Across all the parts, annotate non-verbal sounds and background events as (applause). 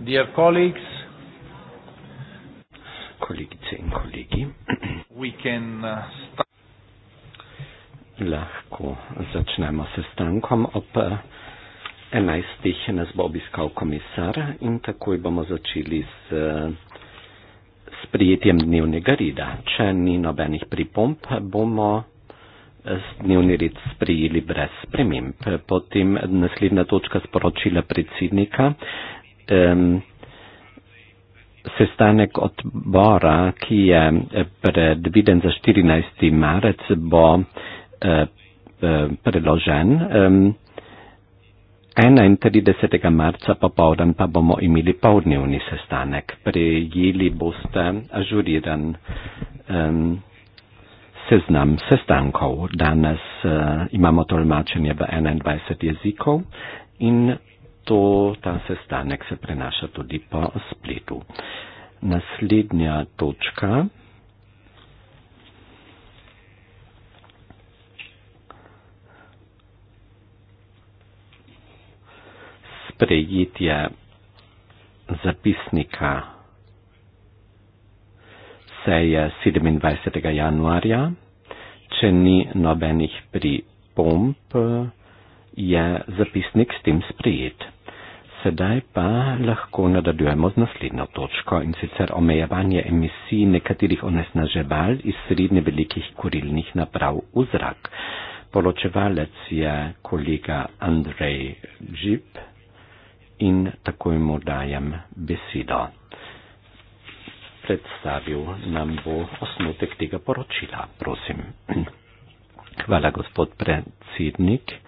Dear colleagues, kolegice in kolegi, we can uh, start. lahko začnemo s stankom ob 11. Eh, nas bo obiskal komisar in takoj bomo začeli eh, s sprijetjem dnevnega reda. Če ni nobenih pripomp, bomo eh, dnevni red sprijeli brez sprememb. Potem naslednja točka sporočila predsednika um, sestanek odbora, ki je eh, predviden za 14. marec, bo uh, predložen. Um, 31. marca popovdan pa bomo imeli povdnevni sestanek. Prejeli boste ažuriran um, seznam sestankov. Danes uh, imamo tolmačenje v 21 jezikov in to, ta sestanek se prenaša tudi po spletu. Naslednja točka. Prejetje zapisnika seje 27. januarja, če ni nobenih pripomp, je zapisnik s tem sprejet. Sedaj pa lahko nadaljujemo z naslednjo točko in sicer omejevanje emisij nekaterih onesnaževal iz srednje velikih kurilnih naprav v zrak. Poločevalec je kolega Andrej Žip in takoj mu dajem besedo. Predstavil nam bo osnutek tega poročila, prosim. (clears throat) Hvala, gospod predsednik.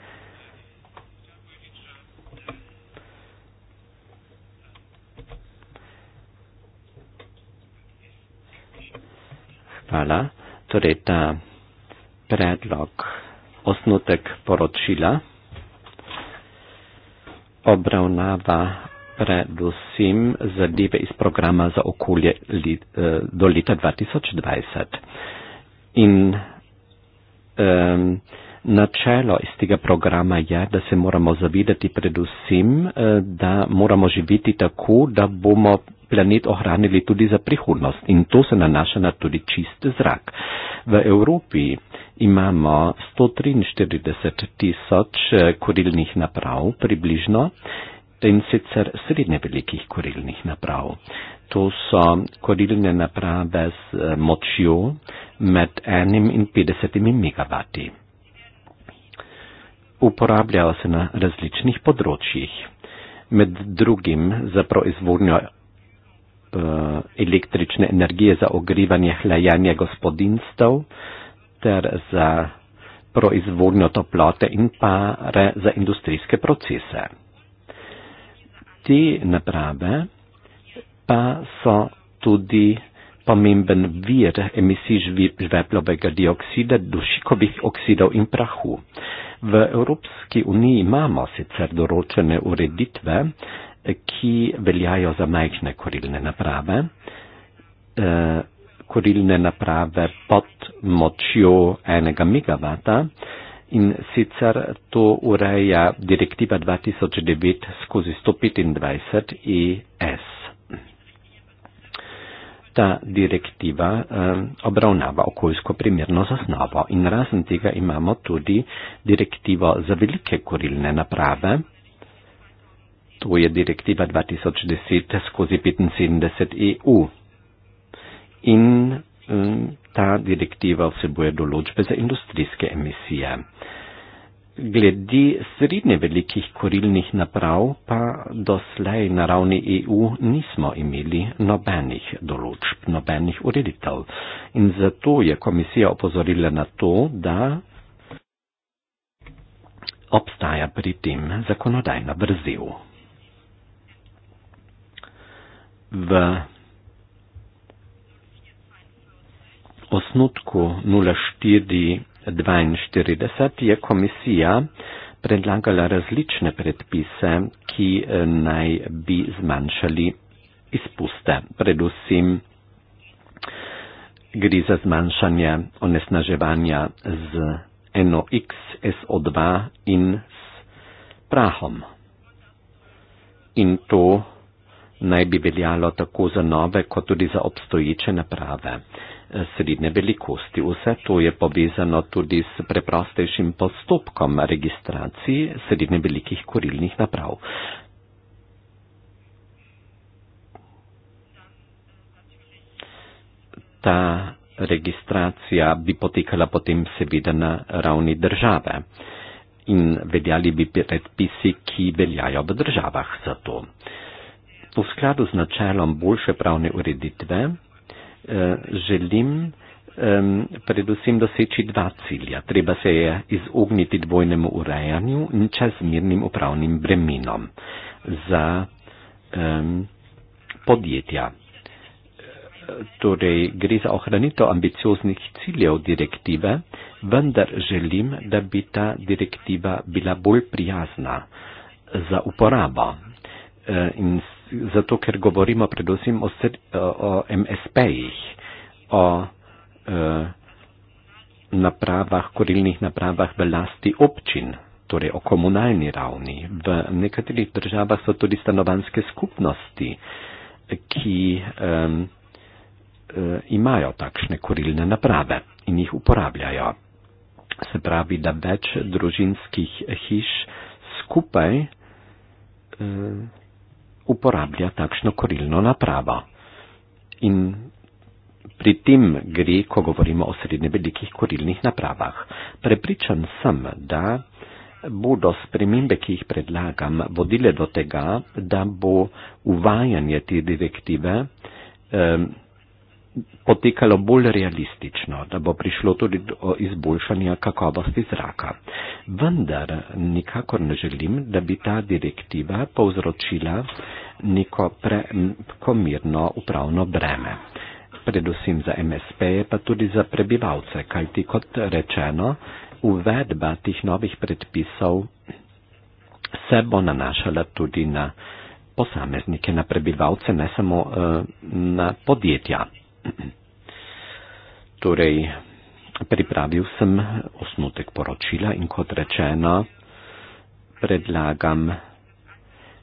hvala. Torej, ta predlog, osnutek poročila obravnava predvsem zadeve iz programa za okolje eh, do leta 2020. In um, Načelo iz tega programa je, da se moramo zavedati predvsem, eh, da moramo živeti tako, da bomo planet ohranili tudi za prihodnost in to se nanaša na tudi čist zrak. V Evropi imamo 143 tisoč eh, korilnih naprav približno in sicer srednje velikih korilnih naprav. To so korilne naprave z eh, močjo med enim in petdesetimi megavatimi uporabljajo se na različnih področjih, med drugim za proizvodnjo eh, električne energije za ogrivanje hlajanje gospodinstv ter za proizvodnjo toplote in pare za industrijske procese. Te naprave pa so tudi pomemben vir emisij žveplovega dioksida, dušikovih oksidov in prahu. V Evropski uniji imamo sicer določene ureditve, ki veljajo za majhne korilne naprave. E, korilne naprave pod močjo enega megavata in sicer to ureja direktiva 2009 skozi 125 ES ta direktiva eh, obravnava okoljsko primerno zasnovo in razen tega imamo tudi direktivo za velike korilne naprave. To je direktiva 2010 skozi 75 EU. In eh, ta direktiva vsebuje določbe za industrijske emisije. Eh, Glede srednje velikih korilnih naprav pa doslej na ravni EU nismo imeli nobenih določb, nobenih ureditev. In zato je komisija opozorila na to, da obstaja pri tem zakonodajna brzel. V osnutku 04. 42 je komisija predlagala različne predpise, ki eh, naj bi zmanjšali izpuste. Predvsem gre za zmanjšanje onesnaževanja z NOx, SO2 in s prahom. In to naj bi veljalo tako za nove, kot tudi za obstoječe naprave srednje velikosti. Vse to je povezano tudi s preprostejšim postopkom registracije srednje velikih korilnih naprav. Ta registracija bi potekala potem seveda na ravni države in veljali bi predpisi, ki veljajo v državah za to. V skladu z načelom boljše pravne ureditve Eh, želim predvsem doseči dva cilja. Treba se je izogniti dvojnemu urejanju in čezmirnim upravnim breminom za um, podjetja. Torej, gre za ohranitev ambicioznih ciljev direktive, vendar želim, da bi ta direktiva bila bolj prijazna za uporabo. Eh, in s zato ker govorimo predvsem o, o MSP-jih, o eh, napravah, korilnih napravah v lasti občin, torej o komunalni ravni. V nekaterih državah so tudi stanovanske skupnosti, ki eh, imajo takšne korilne naprave in jih uporabljajo. Se pravi, da več družinskih hiš skupaj. Eh, uporablja takšno korilno napravo. In pri tem gre, ko govorimo o srednje velikih korilnih napravah. Prepričan sem, da bodo spremembe, ki jih predlagam, vodile do tega, da bo uvajanje te direktive eh, potekalo bolj realistično, da bo prišlo tudi do izboljšanja kakovosti zraka. Vendar nikakor ne želim, da bi ta direktiva povzročila neko prekomirno upravno breme. Predvsem za MSP, pa tudi za prebivalce, kajti kot rečeno, uvedba tih novih predpisov se bo nanašala tudi na posameznike, na prebivalce, ne samo uh, na podjetja. Torej, pripravil sem osnutek poročila in kot rečeno, predlagam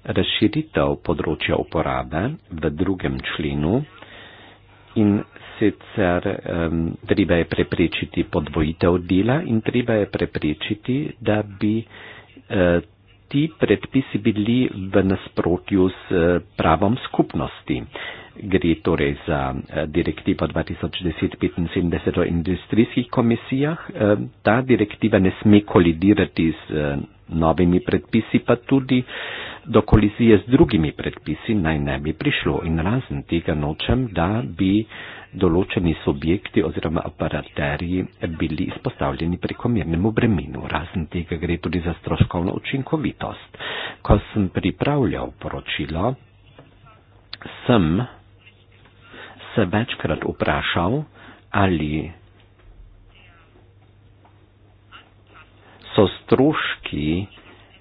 razširitev področja uporabe v drugem členu in sicer um, treba je preprečiti podvojitev dela in treba je preprečiti, da bi uh, ti predpisi bili v nasprotju s eh, pravom skupnosti. Gre torej za eh, direktivo 2010-75 o industrijskih komisijah. Eh, ta direktiva ne sme kolidirati z novimi predpisi, pa tudi do kolizije z drugimi predpisi naj ne bi prišlo. In razen tega nočem, da bi določeni subjekti oziroma aparaterji bili izpostavljeni prekomernemu bremenu. Razen tega gre tudi za stroškovno učinkovitost. Ko sem pripravljal poročilo, sem se večkrat vprašal, ali so stroški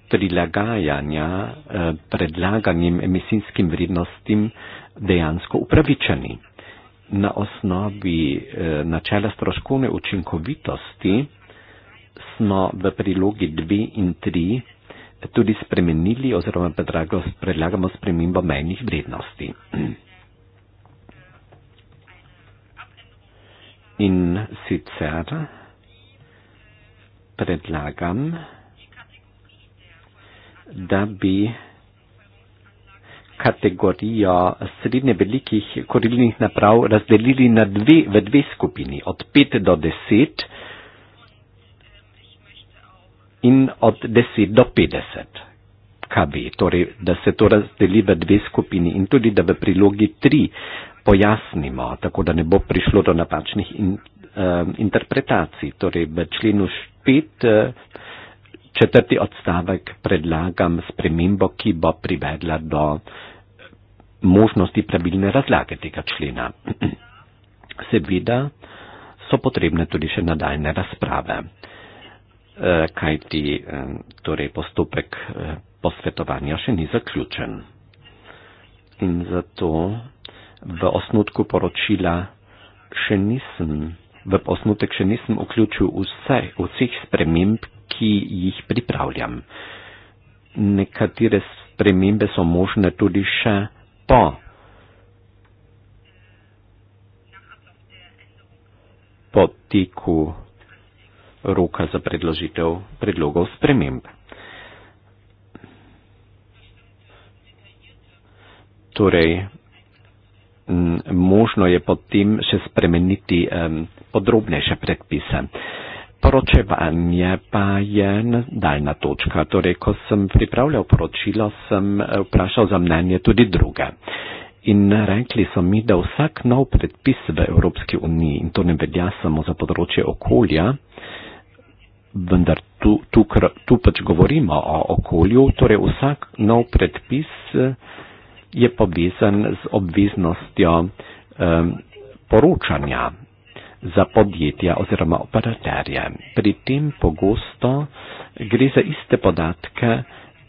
prilagajanja eh, predlaganim emisijskim vrednostim dejansko upravičeni na osnovi eh, načela stroškovne učinkovitosti smo v prilogi 2 in 3 tudi spremenili oziroma predlagamo spremembo menjih vrednosti. In sicer predlagam, da bi kategorijo srednje velikih korilnih naprav razdelili na dve, v dve skupini, od 5 do 10 in od 10 do 50 kV, torej da se to razdeli v dve skupini in tudi da v prilogi 3 pojasnimo, tako da ne bo prišlo do napačnih in, uh, interpretacij. Torej v členu 5. Eh, četrti odstavek predlagam spremembo, ki bo privedla do uh, možnosti pravilne razlage tega člena. (clears throat) Seveda so potrebne tudi še nadaljne razprave, eh, kaj ti eh, torej postopek eh, posvetovanja še ni zaključen. In zato v osnutku poročila še nisem, v osnutek še nisem vključil vse, vseh sprememb, ki jih pripravljam. Nekatere spremembe so možne tudi še pa. Po teku roka za predložitev predlogov sprememb. Torej, možno je potem še spremeniti um, podrobnejše predpise. Um, Poroče vam je, pa je daljna točka. Torej, ko sem pripravljal poročilo, sem eh, vprašal za mnenje tudi druge. In rekli so mi, da vsak nov predpis v Evropski uniji, in to ne velja samo za področje okolja, vendar tu, tu, tu pač govorimo o okolju, torej vsak nov predpis eh, je povezan z obveznostjo eh, poročanja za podjetja oziroma operaterje. Pri tem pogosto gre za iste podatke,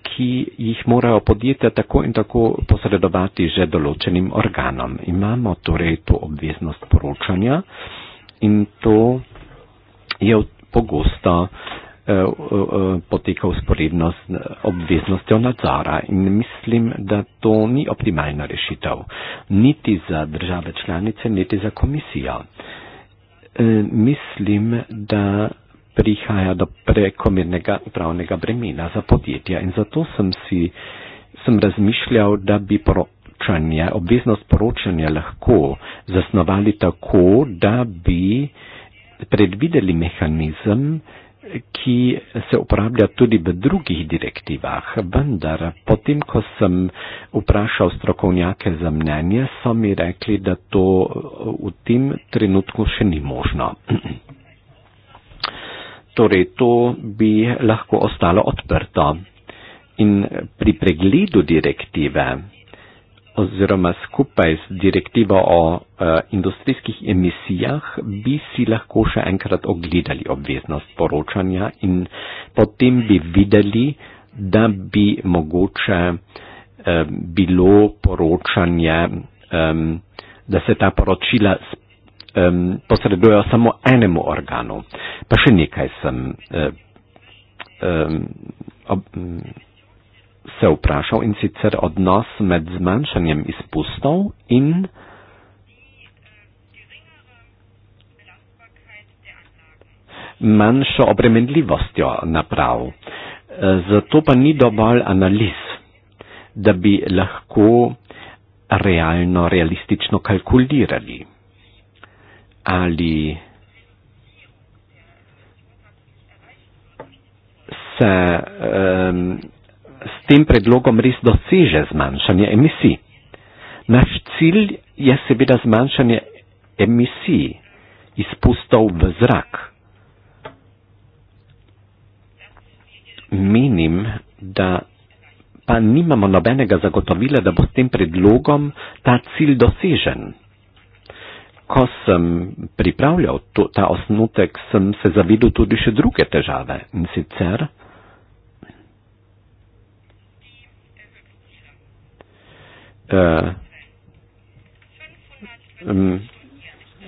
ki jih morajo podjetja tako in tako posredovati že določenim organom. Imamo torej to obveznost poročanja in to je pogosto eh, eh, eh, poteka usporedno z obveznostjo nadzora in mislim, da to ni optimalna rešitev, niti za države članice, niti za komisijo. Eh, mislim, da prihaja do prekomernega upravnega bremena za podjetja in zato sem si sem razmišljal, da bi poročanje, obveznost poročanja lahko zasnovali tako, da bi predvideli mehanizem, ki se uporablja tudi v drugih direktivah, vendar potem, ko sem vprašal strokovnjake za mnenje, so mi rekli, da to v tem trenutku še ni možno. (clears throat) Torej, to bi lahko ostalo odprto. In pri pregledu direktive oziroma skupaj z direktivo o uh, industrijskih emisijah bi si lahko še enkrat ogledali obveznost poročanja in potem bi videli, da bi mogoče uh, bilo poročanje, um, da se ta poročila um, posredujejo samo enemu organu. Pa še nekaj sem. Uh, um, ob, um, se vprašal in sicer odnos med zmanjšanjem izpustov in manjšo obremenljivostjo naprav. Zato pa ni dovolj analiz, da bi lahko realno, realistično kalkulirali ali se um, s tem predlogom res doseže zmanjšanje emisij. Naš cilj je seveda zmanjšanje emisij izpustov v zrak. Menim, da pa nimamo nobenega zagotovila, da bo s tem predlogom ta cilj dosežen. Ko sem pripravljal to, ta osnutek, sem se zavedel tudi še druge težave in sicer, Eh,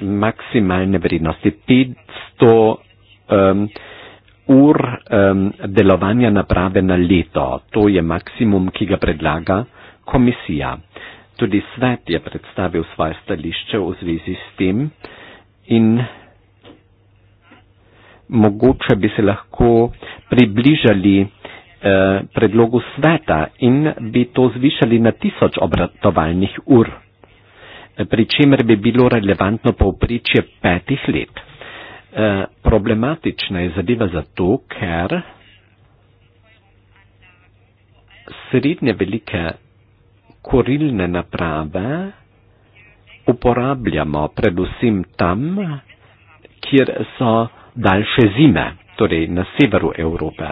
maksimalne vrednosti. 500 um, ur um, delovanja naprave na leto, to je maksimum, ki ga predlaga komisija. Tudi svet je predstavil svoje stališče v zvezi s tem in mogoče bi se lahko približali uh, Eh, predlogu sveta in bi to zvišali na tisoč obratovalnih ur, eh, pri čemer bi bilo relevantno povpričje petih let. Eh, problematična je zadeva zato, ker srednje velike korilne naprave uporabljamo predvsem tam, kjer so daljše zime, torej na severu Evrope.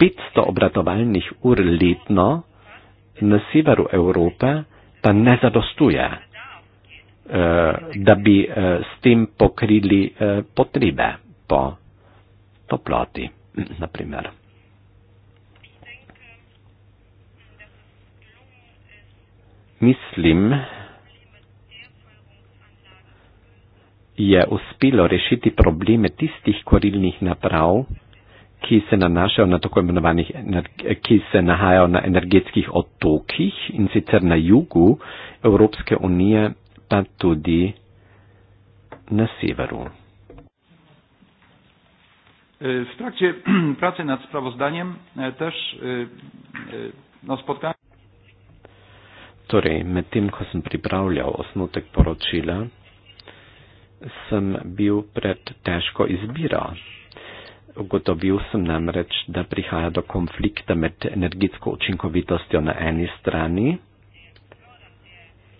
500 obratovalnih ur letno na severu Evrope pa ne zadostuje, eh, da bi eh, s tem pokrili eh, potrebe po toploti, (clears throat) naprimer. Mislim, je uspelo rešiti probleme tistih korilnih naprav, ki se nanašajo na tako imenovanih, ki se nahajajo na energetskih otokih in sicer na jugu Evropske unije, pa tudi na severu. E, v trakcie (clears throat) pracy nad sprawozdaniem e, też e, no, spotkałem Torej, med tem, ko sem pripravljal osnutek poročila, sem bil pred težko izbiro ugotovil sem namreč, da prihaja do konflikta med energetsko učinkovitostjo na eni strani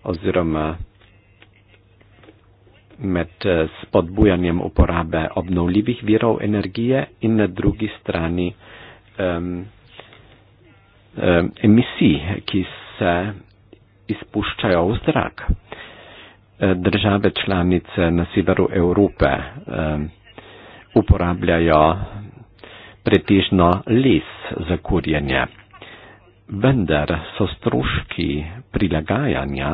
oziroma med eh, spodbujanjem uporabe obnovljivih virov energije in na drugi strani um, um, emisij, ki se izpuščajo v zrak. Eh, države članice na severu Evrope um, uporabljajo pretežno les za kurjenje. Vendar so stroški prilagajanja,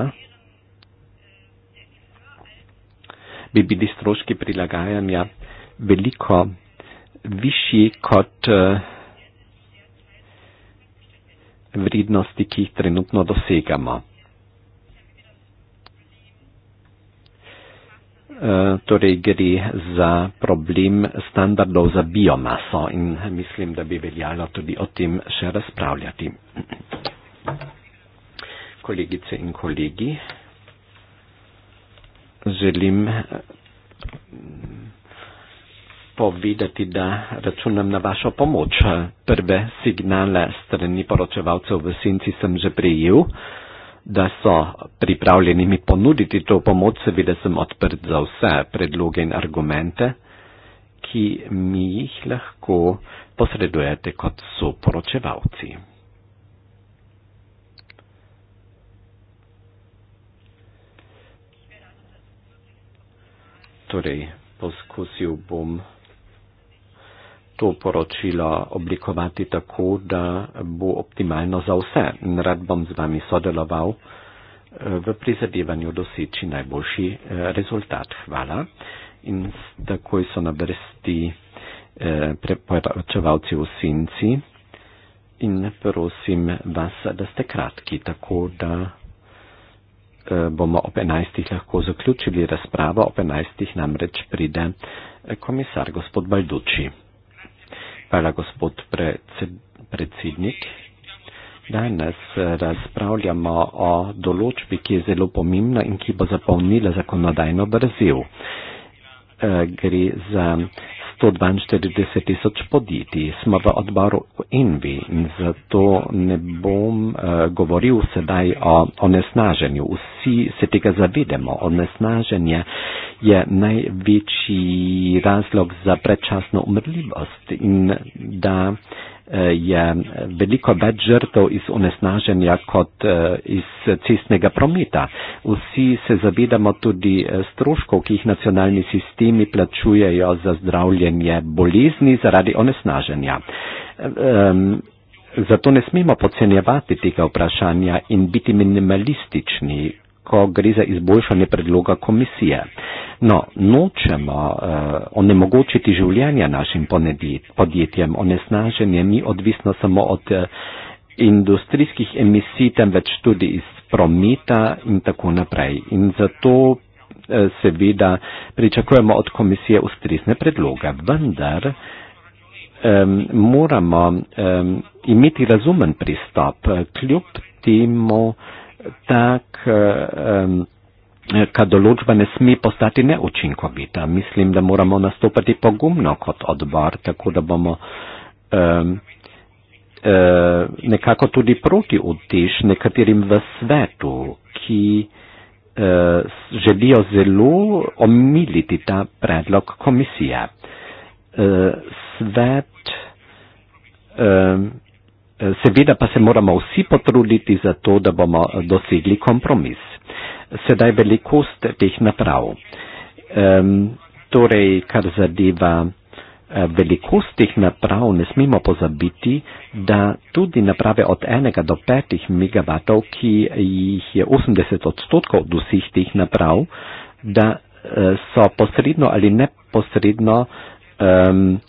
bi bili stroški prilagajanja veliko višji kot eh, vrednosti, ki jih trenutno dosegamo. Eh, torej gre za problem standardov za biomaso in mislim, da bi veljalo tudi o tem še razpravljati. Kolegice in kolegi, želim eh, povedati, da računam na vašo pomoč. Prve signale strani poročevalcev v Sinci sem že prejel da so pripravljeni mi ponuditi to pomoč, seveda sem odprt za vse predloge in argumente, ki mi jih lahko posredujete kot soporočevalci. Torej, poskusil bom to poročilo oblikovati tako, da bo optimalno za vse. Rad bom z vami sodeloval eh, v prizadevanju doseči najboljši eh, rezultat. Hvala. In takoj so na vrsti eh, preporočevalci v Sinci. In prosim vas, da ste kratki, tako da bomo ob 11. lahko zaključili razpravo. Ob 11. namreč pride komisar gospod Balduči. Hvala, gospod predsednik. Danes eh, razpravljamo o določbi, ki je zelo pomembna in ki bo zapolnila zakonodajno brzil. Eh, gre za 142 tisoč podjetij. Smo v odboru Envi in zato ne bom uh, govoril sedaj o onesnaženju. Vsi se tega zavedamo. Onesnaženje je največji razlog za predčasno umrljivost in da uh, Eh, je veliko več žrtev iz onesnaženja kot eh, iz cestnega prometa. Vsi se zavedamo tudi eh, stroškov, ki jih nacionalni sistemi plačujejo za zdravljenje bolezni zaradi onesnaženja. Ehm, zato ne smemo podcenjevati tega vprašanja in biti minimalistični, ko gre za izboljšanje predloga komisije. No, nočemo uh, onemogočiti življenja našim podjetjem, onesnaženje ni odvisno samo od uh, industrijskih emisij, temveč tudi iz prometa in tako naprej. In zato uh, seveda pričakujemo od komisije ustrezne predloge, vendar um, moramo um, imeti razumen pristop, kljub temu, tak, ka določba ne sme postati neučinkovita. Mislim, da moramo nastopati pogumno kot odbor, tako da bomo e, nekako tudi proti utež nekaterim v svetu, ki e, želijo zelo omiliti ta predlog komisije. E, svet Eh, seveda pa se moramo vsi potruditi za to, da bomo eh, dosegli kompromis. Sedaj velikost teh naprav. Um, torej, kar zadeva eh, velikost teh naprav, ne smemo pozabiti, da tudi naprave od 1 do 5 MW, ki jih je 80 odstotkov od vseh teh naprav, da so posredno ali neposredno um,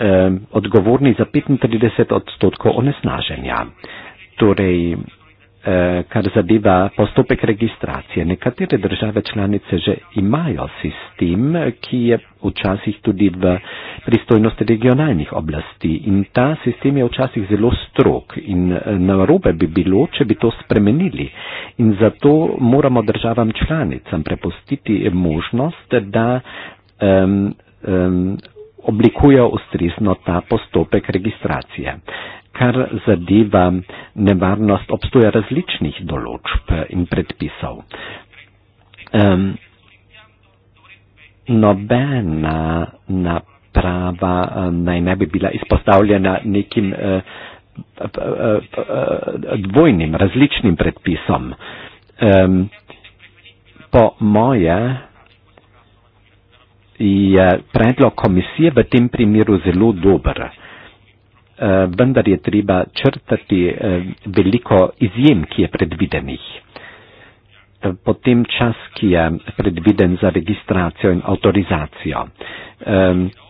eh, odgovorni za 35 odstotkov onesnaženja. Torej, eh, kar zadeva postopek registracije, nekatere države članice že imajo sistem, ki je včasih tudi v pristojnosti regionalnih oblasti in ta sistem je včasih zelo strok in eh, narobe bi bilo, če bi to spremenili. In zato moramo državam članicam prepustiti možnost, da. Eh, oblikujejo ustrezno ta postopek registracije. Kar zadeva nevarnost obstoja različnih določb in predpisov. Um, nobena naprava naj ne bi bila izpostavljena nekim uh, uh, uh, dvojnim, različnim predpisom. Um, po moje je predlog komisije v tem primeru zelo dober, eh, vendar je treba črtati eh, veliko izjem, ki je predvidenih. Eh, potem čas, ki je predviden za registracijo in avtorizacijo.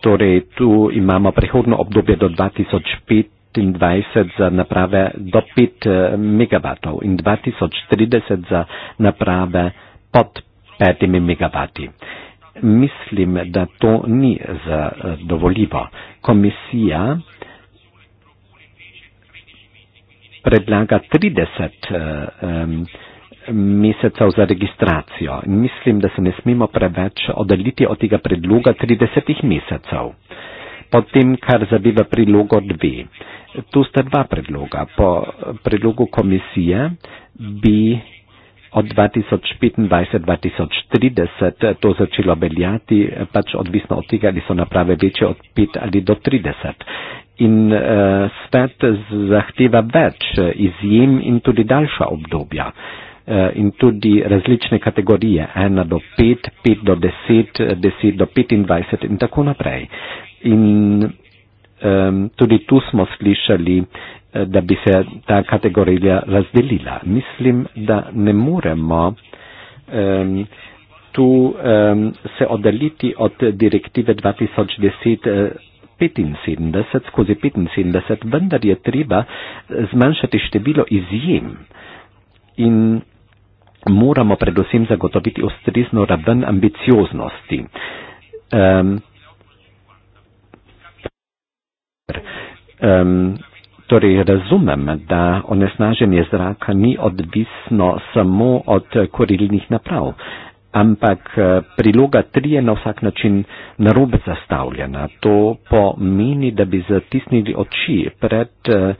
Torej, tu imamo prehodno obdobje do 2025 za naprave do 5 MW in 2030 za naprave pod 5 MW mislim, da to ni zadovoljivo. Komisija predlaga 30 um, eh, mesecev za registracijo. Mislim, da se ne smemo preveč oddaliti od tega predloga 30 mesecev. Potem, kar zadeva prilogo 2. Tu sta dva predloga. Po predlogu komisije bi od 2025-2030 to začelo veljati, pač odvisno od tega, ali so naprave večje od 5 ali do 30. In uh, svet zahteva več eh, izjem in tudi daljša obdobja. Eh, in tudi različne kategorije, 1 do 5, 5 do 10, 10 do 25 in tako naprej. In um, tudi tu smo slišali uh, Eh, da bi se ta kategorija razdelila. Mislim, da ne moremo um, tu um, se oddaliti od direktive 2010. 75 eh, skozi 75, vendar je treba eh, zmanjšati število izjem in moramo predvsem zagotoviti ustrezno raven ambicioznosti. Um, um, Torej razumem, da onesnaženje zraka ni odvisno samo od korilnih naprav, ampak eh, priloga 3 je na vsak način narobe zastavljena. To pomeni, da bi zatisnili oči pred eh,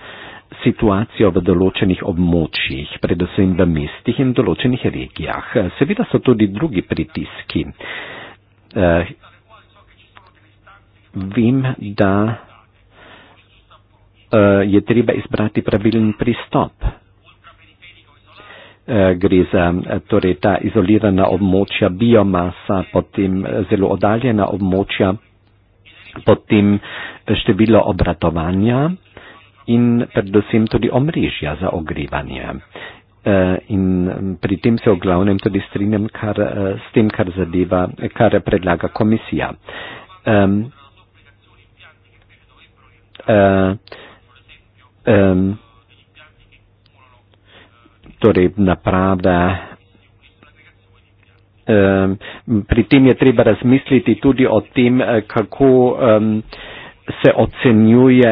situacijo v določenih območjih, predvsem v mestih in določenih regijah. Seveda so tudi drugi pritiski. Eh, vem, da. Eh, je treba izbrati pravilen pristop. Eh, gre za torej, ta izolirana območja, biomasa, potem eh, zelo oddaljena območja, potem število obratovanja in predvsem tudi omrežja za ogrevanje. In mm, pri tem se v glavnem tudi strinjam kar, s tem, kar, zadeva, kar predlaga komisija. Um, uh, um, torej naprave. Um, pri tem je treba razmisliti tudi o tem, eh, kako um, se ocenjuje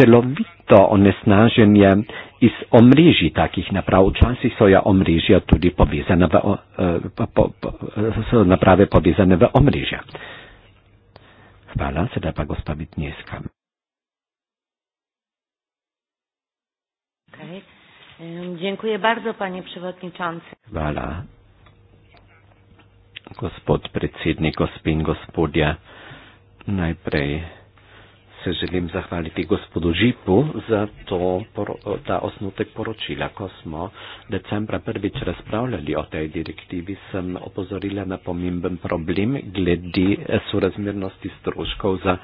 celovito onesnaženje iz omrežij takih naprav. Včasih so ja omrežja tudi povezane v, uh, po, po, naprave povezane v omrežja. Hvala, sedaj pa gospa Vitnjeska. Okay. Dziękuję bardzo, panie przewodniczący. Voilà. Gospod predsednik, gospin, gospodje, najprej se želim zahvaliti gospodu Žipu za to, ta osnutek poročila. Ko smo decembra prvič razpravljali o tej direktivi, sem opozorila na pomemben problem glede eh, sorazmernosti stroškov za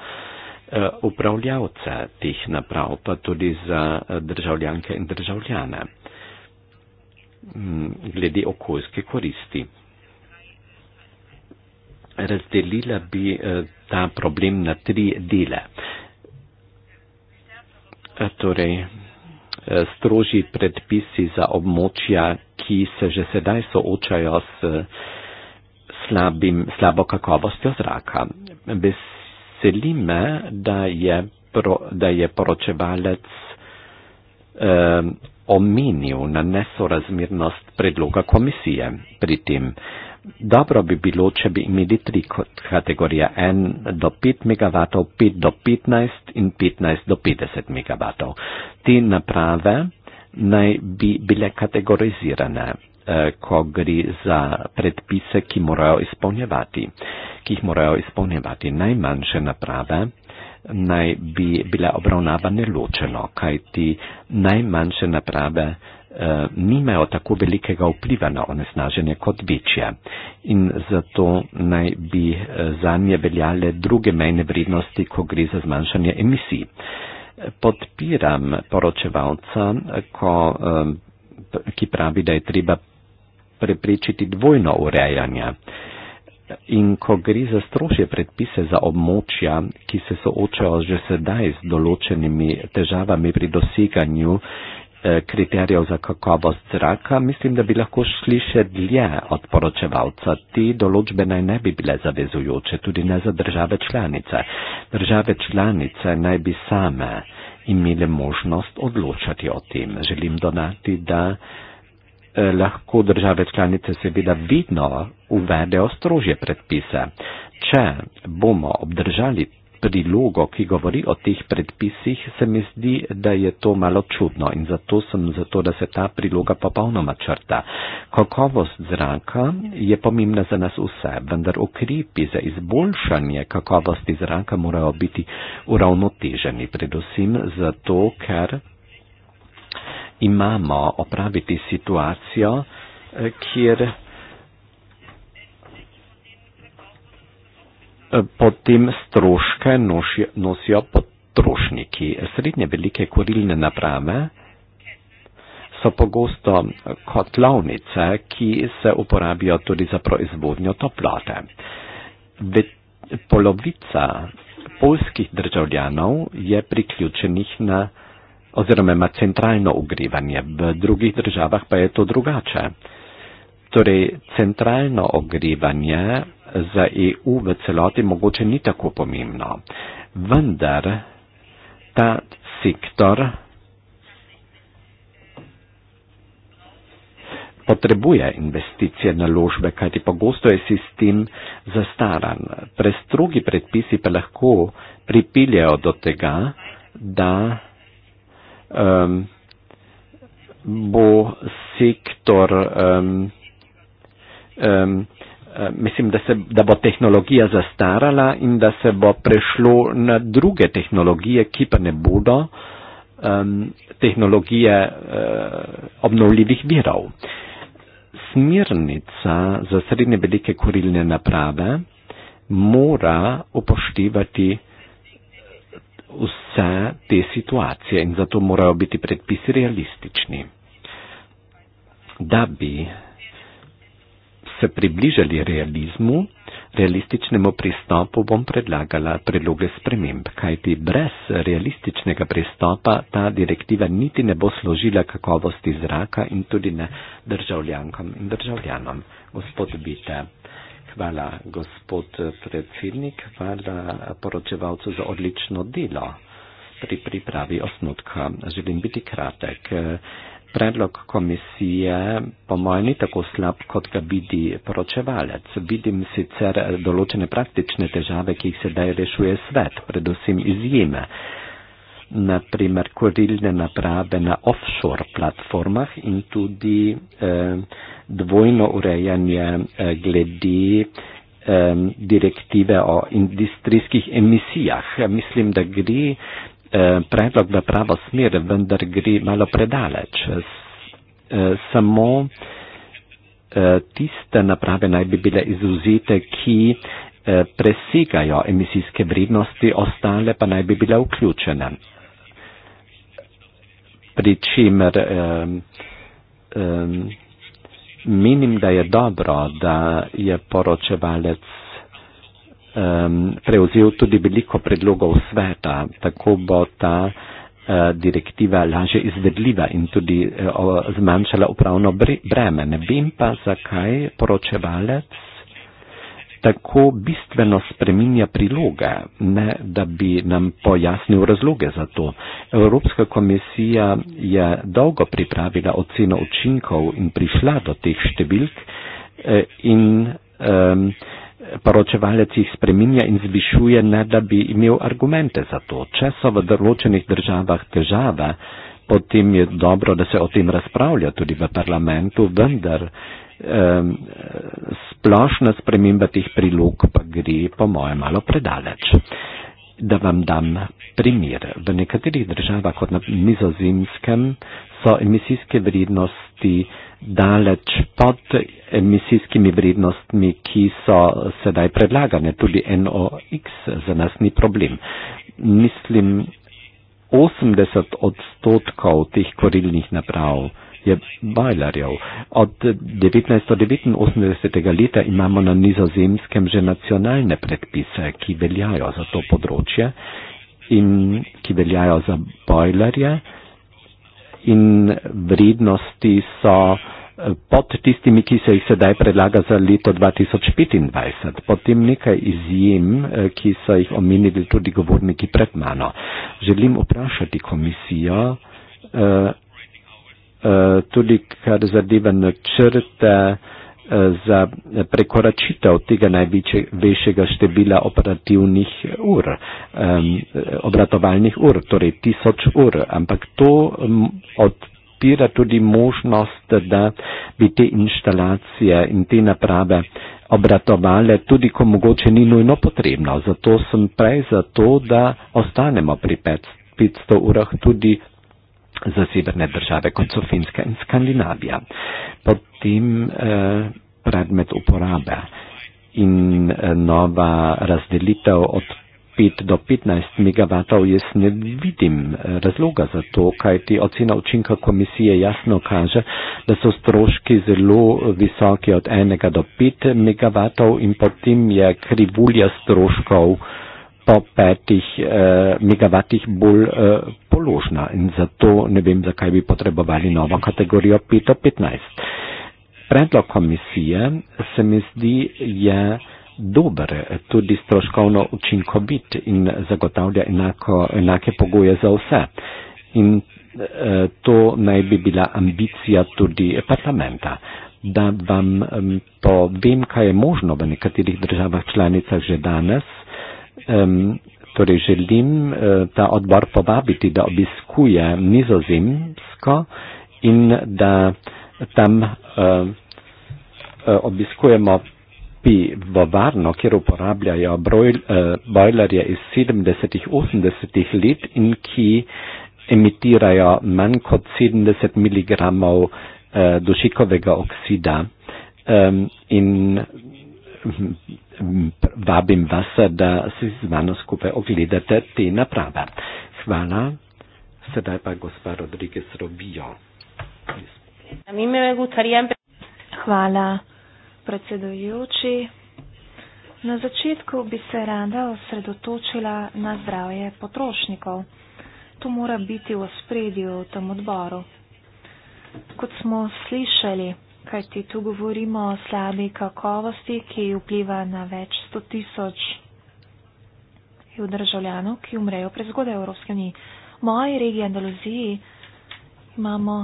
Eh, upravljavce teh naprav, pa tudi za eh, državljanke in državljane mm, glede okoljske koristi. Razdelila bi eh, ta problem na tri dele. Torej, strožji predpisi za območja, ki se že sedaj soočajo s slabim, slabo kakovostjo zraka. Bes celime, da je, pro, da je poročevalec eh, omenil na nesorazmernost predloga komisije pri tem. Dobro bi bilo, če bi imeli tri kategorije 1 do 5 MW, 5 do 15 in 15 do 50 MW. Te naprave naj bi bile kategorizirane. Eh, ko gre za predpise, ki, ki jih morajo izpolnjevati. Najmanjše naprave naj bi bile obravnavane ločeno, kajti najmanjše naprave eh, nimajo tako velikega vpliva na onesnaženje kot večje in zato naj bi eh, za nje veljale druge mejne vrednosti, ko gre za zmanjšanje emisij. Podpiram poročevalca, ko, ki pravi, da je treba preprečiti dvojno urejanje. In ko gre za strošje predpise za območja, ki se soočajo že sedaj z določenimi težavami pri doseganju eh, kriterijev za kakovost zraka, mislim, da bi lahko šli še dlje od poročevalca. Te določbe naj ne bi bile zavezujoče, tudi ne za države članice. Države članice naj bi same imele možnost odločati o tem. Želim donati, da. Eh, lahko države članice seveda vidno uvedejo strožje predpise. Če bomo obdržali prilogo, ki govori o teh predpisih, se mi zdi, da je to malo čudno in zato sem za to, da se ta priloga popolnoma črta. Kakovost zraka je pomembna za nas vse, vendar ukrepi za izboljšanje kakovosti zraka morajo biti uravnoteženi, predvsem zato, ker imamo opraviti situacijo, eh, kjer eh, potem stroške nosijo potrošniki. Srednje velike korilne naprave so pogosto eh, kotlovnice, ki se uporabijo tudi za proizvodnjo toplote. Ve, polovica polskih državljanov je priključenih na oziroma ima centralno ogrivanje, v drugih državah pa je to drugače. Torej, centralno ogrivanje za EU v celoti mogoče ni tako pomembno, vendar ta sektor potrebuje investicije naložbe, kajti pogosto je sistem zastaran. Prestrogi predpisi pa lahko pripeljejo do tega, da um, bo sektor, um, um, mislim, da, se, da bo tehnologija zastarala in da se bo prešlo na druge tehnologije, ki pa ne bodo um, tehnologije uh, obnovljivih virov. Smirnica za srednje velike kurilne naprave mora upoštevati vse te situacije in zato morajo biti predpisi realistični. Da bi se približali realizmu, realističnemu pristopu bom predlagala predloge sprememb, kajti brez realističnega pristopa ta direktiva niti ne bo složila kakovosti zraka in tudi ne državljankam in državljanom. Gospod Bite. Hvala, gospod predsednik, hvala poročevalcu za odlično delo pri pripravi osnutka. Želim biti kratek. Predlog komisije po mojem ni tako slab, kot ga vidi poročevalec. Vidim sicer določene praktične težave, ki jih sedaj rešuje svet, predvsem izjeme naprimer kurilne naprave na offshore platformah in tudi eh, dvojno urejanje eh, glede eh, direktive o industrijskih emisijah. Ja, mislim, da gre eh, predlog v pravo smer, vendar gre malo predaleč. S, eh, samo eh, tiste naprave naj bi bile izuzete, ki eh, presegajo emisijske vrednosti, ostale pa naj bi bile vključene pri čimer um, um, menim, da je dobro, da je poročevalec um, prevzel tudi veliko predlogov sveta, tako bo ta uh, direktiva lažje izvedljiva in tudi uh, zmanjšala upravno bre breme. Ne vem pa, zakaj poročevalec tako bistveno spreminja priloga, ne da bi nam pojasnil razloge za to. Evropska komisija je dolgo pripravila oceno učinkov in prišla do teh številk eh, in um, poročevalec jih spreminja in zvišuje, ne da bi imel argumente za to. Če so v določenih državah težave, potem je dobro, da se o tem razpravlja tudi v parlamentu, vendar. Ehm, splošna sprememba teh prilog pa gre, po moje, malo predaleč. Da vam dam primer. V nekaterih državah, kot na nizozemskem, so emisijske vrednosti daleč pod emisijskimi vrednostmi, ki so sedaj predlagane. Tudi NOx za nas ni problem. Mislim, 80 odstotkov teh korilnih naprav je bajlarjev. Od 1909 19. leta imamo na nizozemskem že nacionalne predpise, ki veljajo za to področje in ki veljajo za bojlerje in vrednosti so eh, pod tistimi, ki se jih sedaj predlaga za leto 2025. Potem nekaj izjem, eh, ki so jih omenili tudi govorniki pred mano. Želim vprašati komisijo, eh, Eh, tudi kar zadeva načrte eh, za prekoračitev tega največjega števila operativnih ur, um, obratovalnih ur, torej tisoč ur. Ampak to odpira tudi možnost, da bi te inštalacije in te naprave obratovale tudi, ko mogoče ni nujno potrebno. Zato sem prej za to, da ostanemo pri 500 urah tudi za severne države, kot so Finska in Skandinavija. Potem eh, predmet uporabe in eh, nova razdelitev od 5 do 15 MW, jaz ne vidim eh, razloga za to, kaj ti ocena učinka komisije jasno kaže, da so stroški zelo visoki od 1 do 5 MW in potem je krivulja stroškov eh, pa petih eh, megavatih bolj eh, položna in zato ne vem, zakaj bi potrebovali novo kategorijo 515. Predlog komisije se mi zdi je dober, tudi stroškovno učinkovit in zagotavlja enako, enake pogoje za vse. In eh, to naj bi bila ambicija tudi parlamenta da vam povem, kaj je možno v nekaterih državah članicah že danes, Um, torej želim uh, ta odbor povabiti, da obiskuje nizozemsko in da tam uh, uh, obiskujemo pivovarno, kjer uporabljajo brojl, uh, bojlerje iz 70-80-ih let in ki emitirajo manj kot 70 mg uh, dušikovega oksida. Um, in vabim vas, da si z mano skupaj ogledate te naprave. Hvala. Sedaj pa gospa Rodriguez Robijo. Hvala, predsedujoči. Na začetku bi se rada osredotočila na zdravje potrošnikov. To mora biti v spredju v tem odboru. Kot smo slišali, kajti tu govorimo o slabi kakovosti, ki vpliva na več sto tisoč EU državljanov, ki umrejo prezgodaj v Evropski uniji. V moji regiji Andaluziji imamo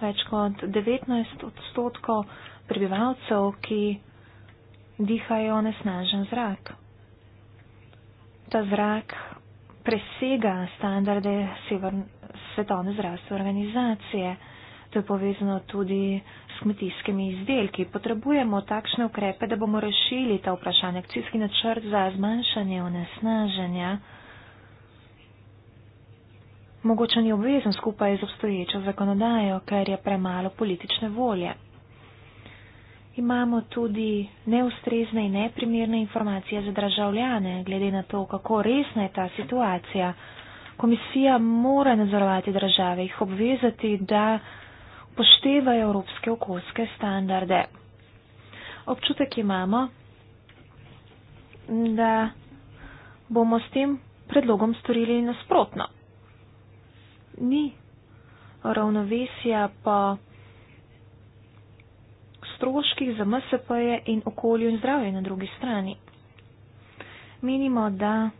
več kot 19 odstotkov prebivalcev, ki dihajo nesnažen zrak. Ta zrak presega standarde Severn svetovne zdravstvene organizacije. To je povezano tudi s kmetijskimi izdelki. Potrebujemo takšne ukrepe, da bomo rešili ta vprašanje. Akcijski načrt za zmanjšanje onesnaženja mogoče ni obvezen skupaj z obstoječo zakonodajo, ker je premalo politične volje. Imamo tudi neustrezne in neprimerne informacije za državljane, glede na to, kako resna je ta situacija. Komisija mora nadzorovati države, jih obvezati, da poštevajo evropske okoljske standarde. Občutek imamo, da bomo s tem predlogom storili nasprotno. Ni ravnovesja po stroških za MSP-je in okolju in zdravje na drugi strani. Menimo, da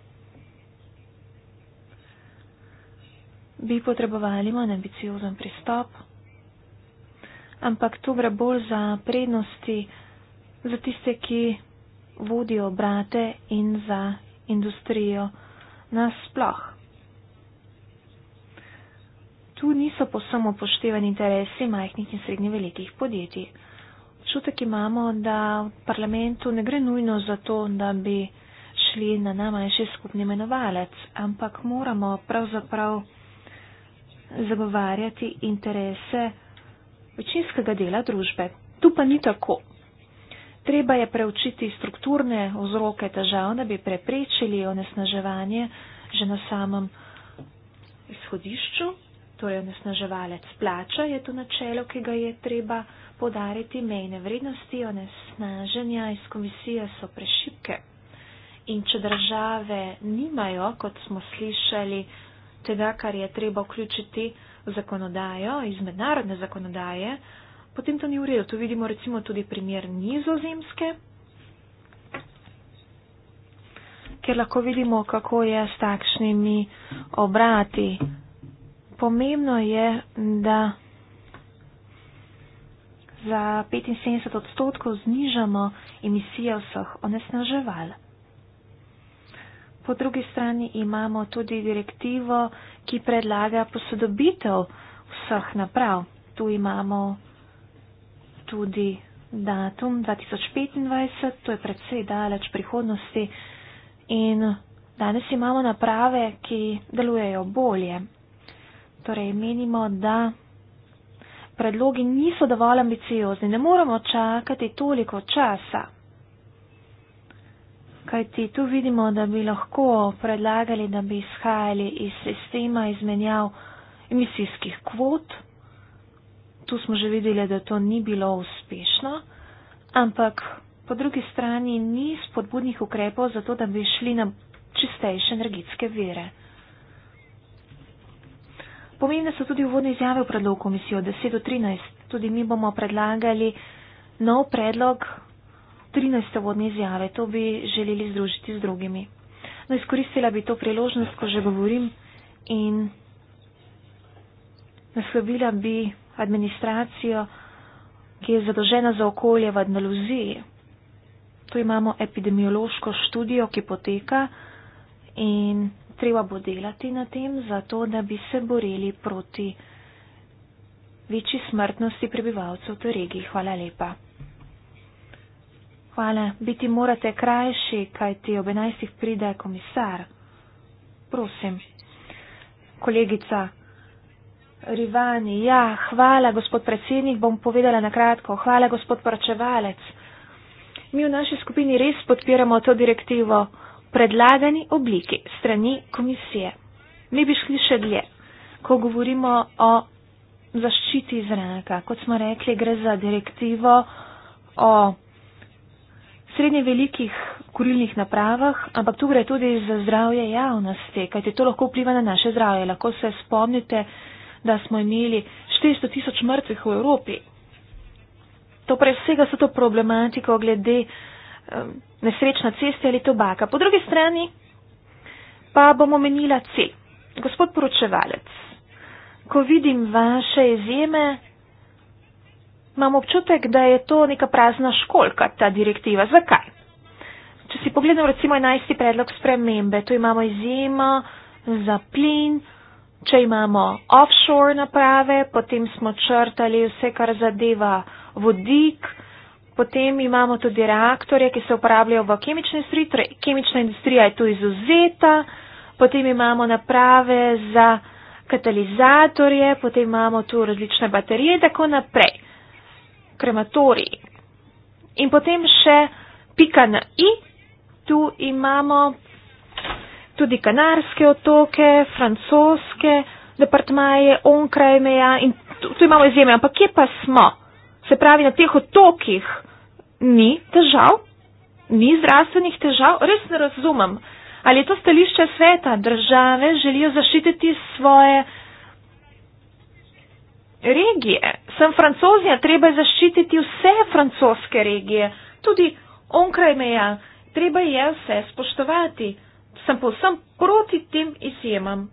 bi potrebovali manj ambiciozen pristop ampak tu gre bolj za prednosti, za tiste, ki vodijo brate in za industrijo nasploh. Tu niso posebno upoštevani interesi majhnih in srednje velikih podjetij. Čutek imamo, da v parlamentu ne gre nujno za to, da bi šli na najmanjši skupni imenovalec, ampak moramo pravzaprav zagovarjati interese večinskega dela družbe. Tu pa ni tako. Treba je preučiti strukturne vzroke težav, da bi preprečili onesnaževanje že na samem izhodišču. Torej, onesnaževalec plača je to načelo, ki ga je treba podariti. Mejne vrednosti onesnaženja iz komisije so prešipke. In če države nimajo, kot smo slišali, tega, kar je treba vključiti, zakonodajo, iz mednarodne zakonodaje, potem to ni v redu. Tu vidimo recimo tudi primer nizozemske, kjer lahko vidimo, kako je s takšnimi obrati. Pomembno je, da za 75 odstotkov znižamo emisije vseh onesnaževalov. Po drugi strani imamo tudi direktivo, ki predlaga posodobitev vseh naprav. Tu imamo tudi datum 2025, to je predvsej daleč prihodnosti in danes imamo naprave, ki delujejo bolje. Torej menimo, da predlogi niso dovolj ambiciozni, ne moramo čakati toliko časa kajti tu vidimo, da bi lahko predlagali, da bi izhajali iz sistema izmenjav emisijskih kvot. Tu smo že videli, da to ni bilo uspešno, ampak po drugi strani ni spodbudnih ukrepov za to, da bi šli na čistejše energetske vere. Pomembne so tudi uvodne izjave v predlogu komisijo 10 do 13. Tudi mi bomo predlagali nov predlog 13 vodne izjave. To bi želeli združiti z drugimi. No, izkoristila bi to priložnost, ko že govorim in naslovila bi administracijo, ki je zadožena za okolje v Andaluziji. Tu imamo epidemiološko študijo, ki poteka in treba bo delati na tem, zato da bi se borili proti večji smrtnosti prebivalcev v tej regiji. Hvala lepa. Hvala, biti morate krajši, kaj ti ob enajstih pride komisar. Prosim, kolegica Rivani, ja, hvala, gospod predsednik, bom povedala na kratko, hvala, gospod poročevalec. Mi v naši skupini res podpiramo to direktivo v predlagani obliki strani komisije. Mi bi šli še dlje, ko govorimo o zaščiti zraka. Kot smo rekli, gre za direktivo o srednje velikih kurilnih napravah, ampak tu gre tudi za zdravje javnosti, kajti to lahko vpliva na naše zdravje. Lahko se spomnite, da smo imeli 400 tisoč mrtvih v Evropi. To prej vsega so to problematiko glede um, nesrečna cesta ali tobaka. Po drugi strani pa bom omenila cilj. Gospod poročevalec, ko vidim vaše izjeme, imam občutek, da je to neka prazna školka, ta direktiva. Zakaj? Če si pogledamo recimo 11. predlog spremembe, tu imamo izjema za plin, če imamo offshore naprave, potem smo črtali vse, kar zadeva vodik, potem imamo tudi reaktorje, ki se uporabljajo v kemični industriji, torej kemična industrija je tu izuzeta, potem imamo naprave za katalizatorje, potem imamo tu različne baterije in tako naprej krematoriji. In potem še pika na i, tu imamo tudi Kanarske otoke, francoske, departmaje, onkraj meja in tu, tu imamo izjeme, ampak kje pa smo? Se pravi, na teh otokih ni težav, ni zdravstvenih težav, res ne razumem. Ali je to stališče sveta, države želijo zaščititi svoje regije. Sem francozija, treba je zaščititi vse francoske regije, tudi onkraj meja, treba je vse spoštovati. Sem povsem proti tem izjemam.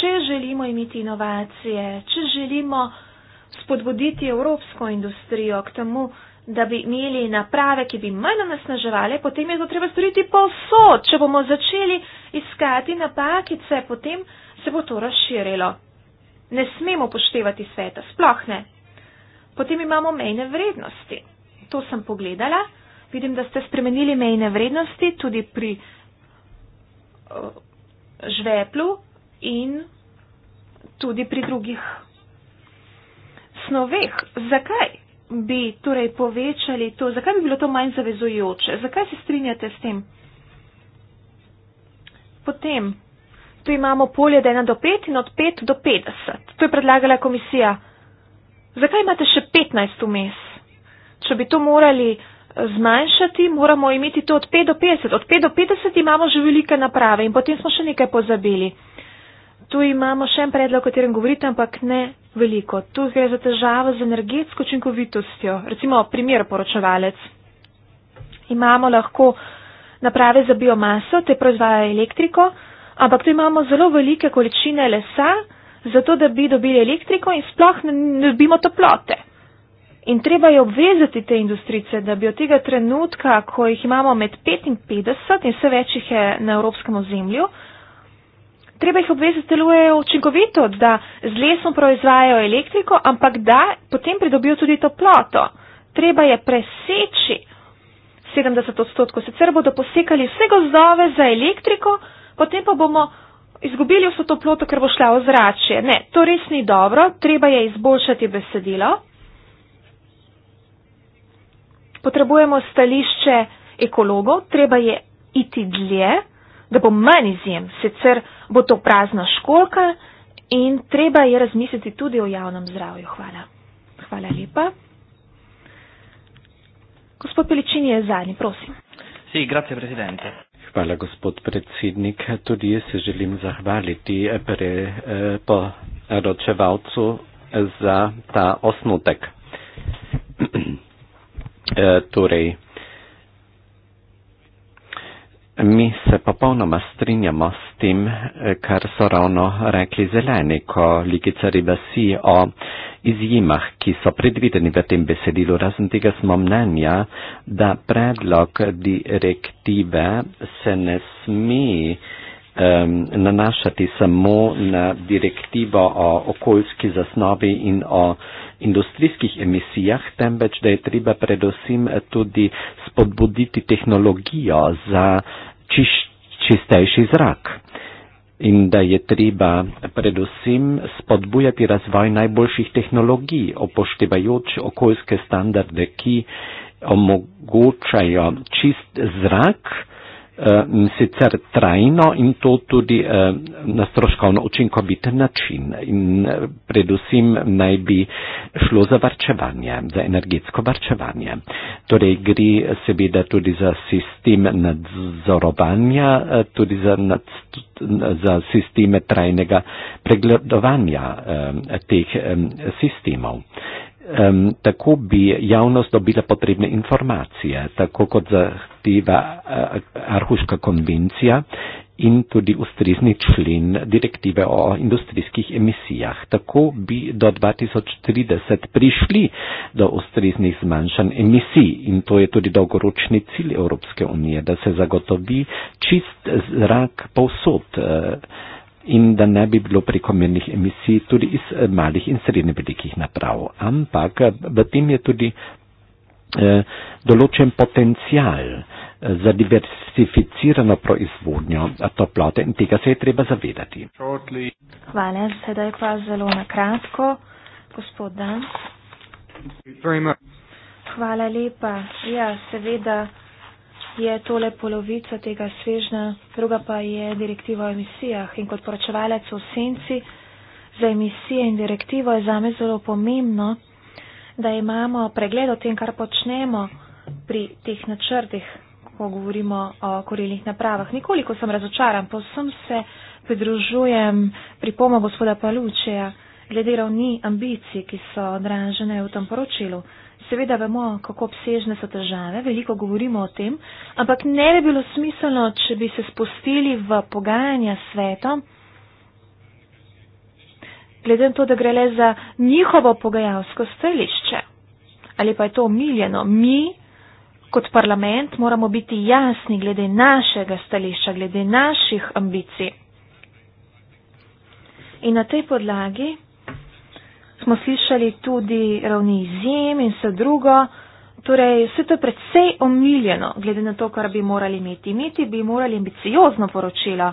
Če želimo imeti inovacije, če želimo spodbuditi evropsko industrijo k temu, da bi imeli naprave, ki bi manj nasnaževale, potem je to treba storiti povsod. Če bomo začeli iskati napakice, potem se bo to razširilo ne smemo poštevati sveta, sploh ne. Potem imamo mejne vrednosti. To sem pogledala, vidim, da ste spremenili mejne vrednosti tudi pri uh, žveplu in tudi pri drugih snoveh. Zakaj bi torej povečali to, zakaj bi bilo to manj zavezujoče, zakaj se strinjate s tem? Potem tu imamo polje od 1 do 5 in od 5 do 50. To je predlagala komisija. Zakaj imate še 15 vmes? Če bi to morali eh, zmanjšati, moramo imeti to od 5 do 50. Od 5 do 50 imamo že velike naprave in potem smo še nekaj pozabili. Tu imamo še en predlog, o katerem govorite, ampak ne veliko. Tu gre za težavo z energetsko učinkovitostjo. Recimo primer poročevalec. Imamo lahko naprave za biomaso, te proizvaja elektriko ampak tu imamo zelo velike količine lesa, zato da bi dobili elektriko in sploh ne dobimo toplote. In treba je obvezati te industrice, da bi od tega trenutka, ko jih imamo med 55 in vse večjih je na evropskem ozemlju, treba jih obvezati, da delujejo učinkovito, da z lesom proizvajajo elektriko, ampak da potem pridobijo tudi toploto. Treba je preseči 70 odstotkov, sicer bodo posekali vse gozdove za elektriko, potem pa bomo izgubili vso to ploto, ker bo šla v zračje. Ne, to res ni dobro, treba je izboljšati besedilo. Potrebujemo stališče ekologov, treba je iti dlje, da bo manj izjem, sicer bo to prazna školka in treba je razmisliti tudi o javnem zdravju. Hvala. Hvala lepa. Gospod Peličin je zadnji, prosim. Sì, grazie Presidente. Hvala, gospod predsednik. Tudi jaz se želim zahvaliti pre, eh, po ročevalcu za ta osnutek. (clears throat) eh, torej, Mi se popolnoma strinjamo s tem, eh, kar so ravno rekli zeleni, ko Likica Ribasi o izjimah, ki so predvideni v tem besedilu. Razen tega smo mnenja, da predlog direktive se ne sme um, nanašati samo na direktivo o okoljski zasnovi in o industrijskih emisijah, temveč da je treba predvsem tudi spodbuditi tehnologijo za čiš, čistejši zrak in da je treba predvsem spodbujati razvoj najboljših tehnologij, opoštevajoč okoljske standarde, ki omogočajo čist zrak, Ehm, sicer trajno in to tudi ehm, na stroškovno učinkovit način. In eh, predvsem naj bi šlo za varčevanje, za energetsko varčevanje. Torej gre seveda tudi za sistem nadzorovanja, eh, tudi za, nad, za sisteme trajnega pregledovanja ehm, teh sistemov um, tako bi javnost dobila potrebne informacije, tako kot zahteva uh, eh, Arhuška konvencija in tudi ustrezni člen direktive o industrijskih emisijah. Tako bi do 2030 prišli do ustreznih zmanjšanj emisij in to je tudi dolgoročni cilj Evropske unije, da se zagotovi čist zrak povsod. Uh, in da ne bi bilo prekomernih emisij tudi iz eh, malih in srednje velikih naprav. Ampak eh, v tem je tudi eh, določen potencial za diversificirano proizvodnjo toplote in tega se je treba zavedati. Hvala, sedaj pa zelo na kratko. Gospod Dan. Hvala lepa. Ja, seveda je tole polovica tega svežna, druga pa je direktiva o emisijah. In kot poročevalec v senci za emisije in direktivo je zame zelo pomembno, da imamo pregled o tem, kar počnemo pri teh načrtih, ko govorimo o korilnih napravah. Nikoliko sem razočaran, posem se pridružujem pri pomo gospoda Palučeja glede ravni ambicij, ki so odražene v tem poročilu. Seveda vemo, kako obsežne so težave, veliko govorimo o tem, ampak ne bi bilo smiselno, če bi se spustili v pogajanja svetom, glede na to, da gre le za njihovo pogajalsko stališče. Ali pa je to omiljeno? Mi kot parlament moramo biti jasni glede našega stališča, glede naših ambicij. In na tej podlagi smo slišali tudi ravni izjem in vse drugo. Torej, vse to je predvsej omiljeno, glede na to, kar bi morali imeti. Imeti bi morali ambiciozno poročilo.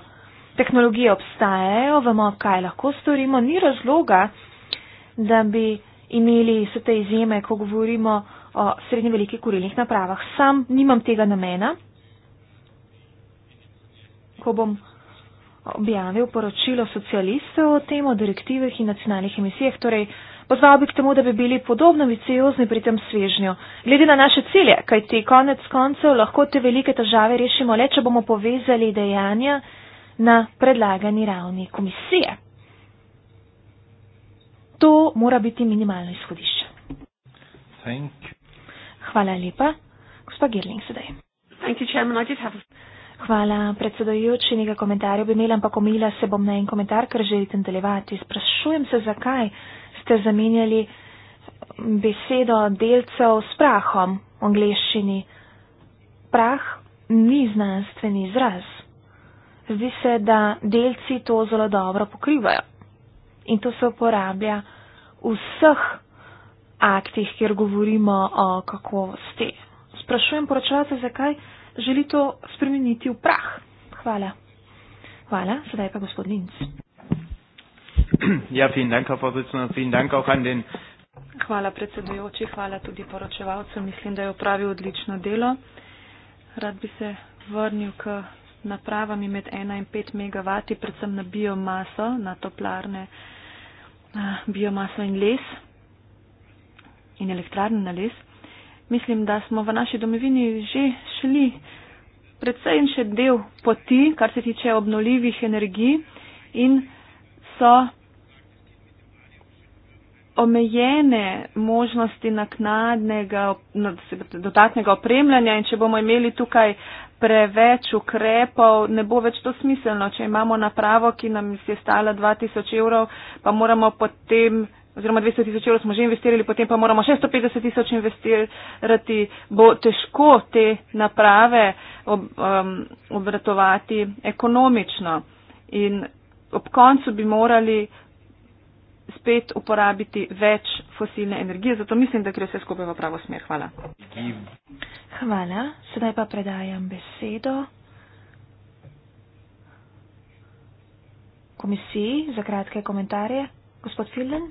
Tehnologije obstajajo, vemo, kaj lahko storimo. Ni razloga, da bi imeli vse te izjeme, ko govorimo o srednje velikih kurilnih napravah. Sam nimam tega namena. Ko bom objavil poročilo socialistov o tem, o direktivih in nacionalnih emisijah. Torej, pozval bi k temu, da bi bili podobno viciozni pri tem svežnju. Glede na naše cilje, kaj ti konec koncev lahko te velike težave rešimo le, če bomo povezali dejanja na predlagani ravni komisije. To mora biti minimalno izhodišče. Thank you. Hvala lepa. Gospa Gerling sedaj. Thank you, chairman. I did have a... Hvala, predsedojoči. Nekaj komentarjev bi imela, ampak omila se bom na en komentar, ker želite nadaljevati. Sprašujem se, zakaj ste zamenjali besedo delcev s prahom v angleščini. Prah ni znanstveni izraz. Zdi se, da delci to zelo dobro pokrivajo. In to se uporablja v vseh aktih, kjer govorimo o kakovosti. Sprašujem poročevalce, zakaj želi to spremeniti v prah. Hvala. Hvala. Sedaj pa gospod Linc. Ja, fin dank, Frau Vorsitzende, fin dank auch an den. Hvala predsedujoči, hvala tudi poročevalcem. Mislim, da je opravil odlično delo. Rad bi se vrnil k napravami med 1 in 5 MW, predvsem na biomaso, na toplarne, na eh, biomaso in les in elektrarne na les mislim, da smo v naši domovini že šli predvsej in še del poti, kar se tiče obnoljivih energij in so omejene možnosti naknadnega, dodatnega opremljanja in če bomo imeli tukaj preveč ukrepov, ne bo več to smiselno. Če imamo napravo, ki nam je stala 2000 evrov, pa moramo potem oziroma 200 tisoč evrov smo že investirali, potem pa moramo 650 tisoč investirati, bo težko te naprave ob, um, obratovati ekonomično. In ob koncu bi morali spet uporabiti več fosilne energije, zato mislim, da gre vse skupaj v pravo smer. Hvala. Hvala. Sedaj pa predajam besedo. Komisiji za kratke komentarje. Gospod Filden.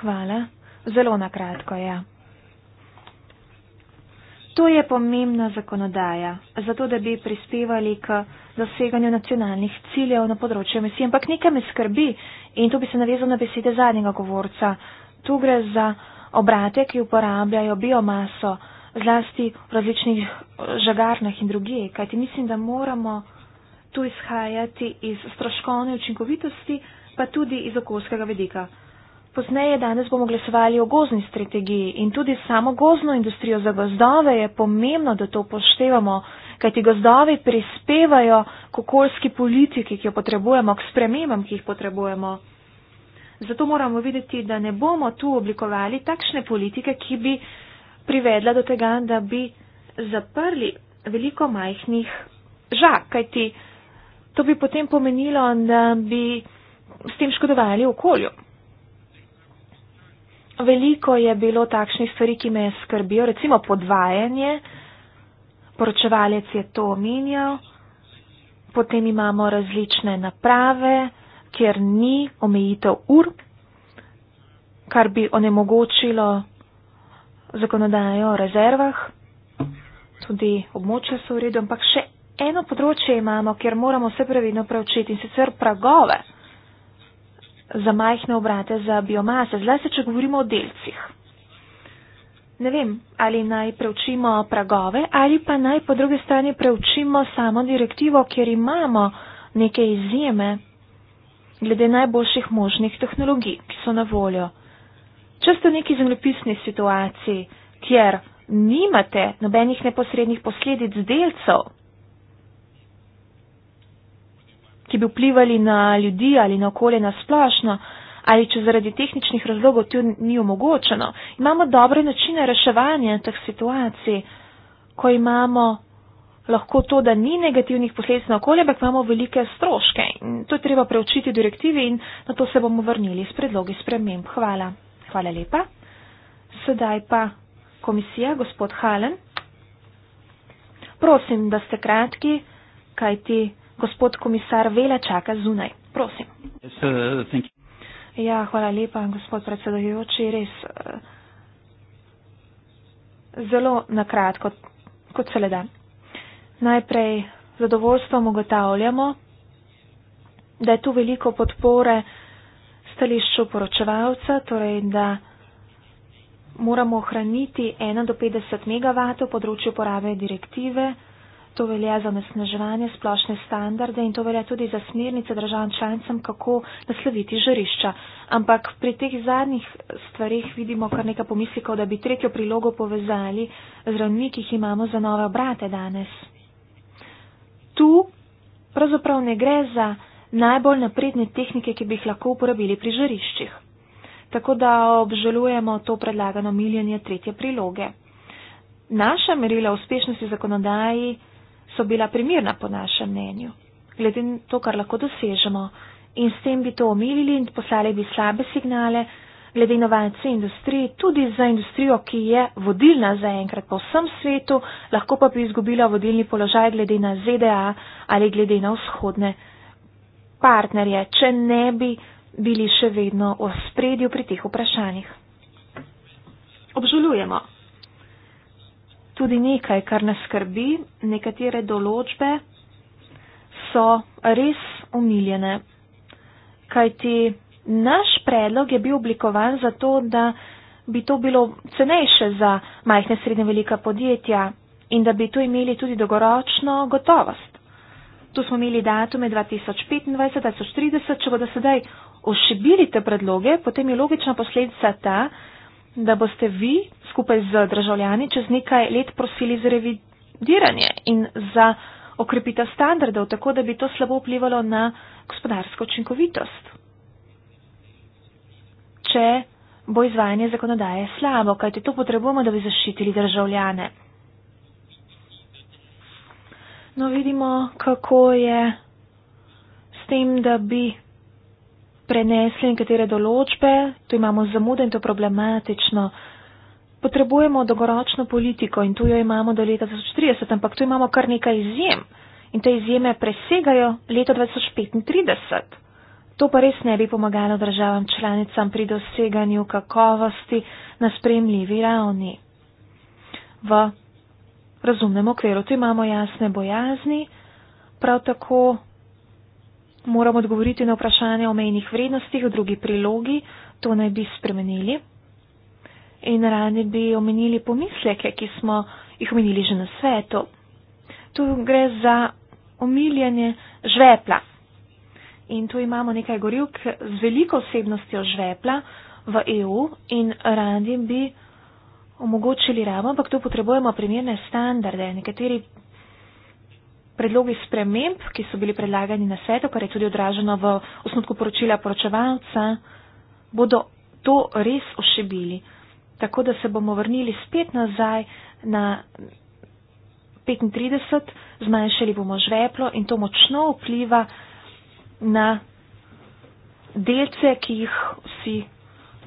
Hvala. Zelo nakratko je. Ja. To je pomembna zakonodaja, zato da bi prispevali k doseganju nacionalnih ciljev na področju emisij, ampak nekaj me skrbi in to bi se navezal na besede zadnjega govorca. Tu gre za obrate, ki uporabljajo biomaso, zlasti v različnih eh, žagarnah in druge, kajti mislim, da moramo tu izhajati iz stroškovne učinkovitosti, pa tudi iz okoljskega vedika. Pozneje danes bomo glasovali o gozni strategiji in tudi samo gozno industrijo za gozdove je pomembno, da to poštevamo, kajti gozdovi prispevajo k okoljski politiki, ki jo potrebujemo, k spremembam, ki jih potrebujemo. Zato moramo videti, da ne bomo tu oblikovali takšne politike, ki bi privedla do tega, da bi zaprli veliko majhnih žak, kajti to bi potem pomenilo, da bi s tem škodovali okolju veliko je bilo takšnih stvari, ki me skrbijo, recimo podvajanje, poročevalec je to omenjal, potem imamo različne naprave, kjer ni omejitev ur, kar bi onemogočilo zakonodajo o rezervah, tudi območja so v redu, ampak še eno področje imamo, kjer moramo vse previdno preučiti in sicer pragove za majhne obrate za biomase, zlasti če govorimo o delcih. Ne vem, ali naj preučimo pragove ali pa naj po drugi strani preučimo samo direktivo, kjer imamo neke izjeme glede najboljših možnih tehnologij, ki so na voljo. Če ste v neki zemljopisni situaciji, kjer nimate nobenih neposrednih posledic delcev, ki bi vplivali na ljudi ali na okolje nasplošno, ali če zaradi tehničnih razlogov to ni omogočeno. Imamo dobre načine reševanja teh situacij, ko imamo lahko to, da ni negativnih posledic na okolje, ampak imamo velike stroške. In to je treba preučiti v direktivi in na to se bomo vrnili s predlogi sprememb. Hvala. Hvala lepa. Sedaj pa komisija, gospod Halen. Prosim, da ste kratki, kaj ti. Te... Gospod komisar Vele čaka zunaj. Prosim. Yes, uh, ja, hvala lepa, gospod predsedojoči. Res uh, zelo nakratko, kot se le da. Najprej zadovoljstvom ugotavljamo, da je tu veliko podpore stališču poročevalca, torej da moramo ohraniti 51 MW področju porabe direktive. To velja za onesnaževanje splošne standarde in to velja tudi za smernice državam članicam, kako nasloviti žarišča. Ampak pri teh zadnjih stvarih vidimo kar nekaj pomislikov, da bi tretjo prilogo povezali z ravni, ki jih imamo za nove obrate danes. Tu pravzaprav ne gre za najbolj napredne tehnike, ki bi jih lahko uporabili pri žariščih. Tako da obžalujemo to predlagano miljenje tretje priloge. Naša merila uspešnosti zakonodaji so bila primirna po našem mnenju, glede na to, kar lahko dosežemo, in s tem bi to omilili in poslali bi slabe signale glede inovacij v industriji, tudi za industrijo, ki je vodilna zaenkrat po vsem svetu, lahko pa bi izgubila vodilni položaj glede na ZDA ali glede na vzhodne partnerje, če ne bi bili še vedno v spredju pri teh vprašanjih. Obžalujemo tudi nekaj, kar nas skrbi, nekatere določbe so res omiljene. Kajti naš predlog je bil oblikovan zato, da bi to bilo cenejše za majhne srednje velika podjetja in da bi tu imeli tudi dolgoročno gotovost. Tu smo imeli datume 2025-2030, če bodo sedaj ošibili te predloge, potem je logična posledica ta, da boste vi skupaj z državljani čez nekaj let prosili za revidiranje in za okrepita standardov, tako da bi to slabo vplivalo na gospodarsko učinkovitost. Če bo izvajanje zakonodaje slabo, kajti to potrebujemo, da bi zaščitili državljane. No, vidimo, kako je s tem, da bi prenesli nekatere določbe, tu imamo zamude in to je problematično. Potrebujemo dolgoročno politiko in tu jo imamo do leta 2030, ampak tu imamo kar nekaj izjem in te izjeme presegajo leto 2035. To pa res ne bi pomagalo državam članicam pri doseganju kakovosti na spremljivi ravni. V razumnem okviru tu imamo jasne bojazni, prav tako moramo odgovoriti na vprašanje o mejnih vrednostih v drugi prilogi, to naj bi spremenili. In radi bi omenili pomisleke, ki smo jih omenili že na svetu. Tu gre za omiljanje žvepla. In tu imamo nekaj gorilk z veliko osebnostjo žvepla v EU in radi bi omogočili ramo, ampak tu potrebujemo primerne standarde. Nekateri predlogi sprememb, ki so bili predlagani na svetu, kar je tudi odraženo v osnutku poročila poročevalca, bodo to res ošibili. Tako da se bomo vrnili spet nazaj na 35, zmanjšali bomo žveplo in to močno vpliva na delce, ki jih vsi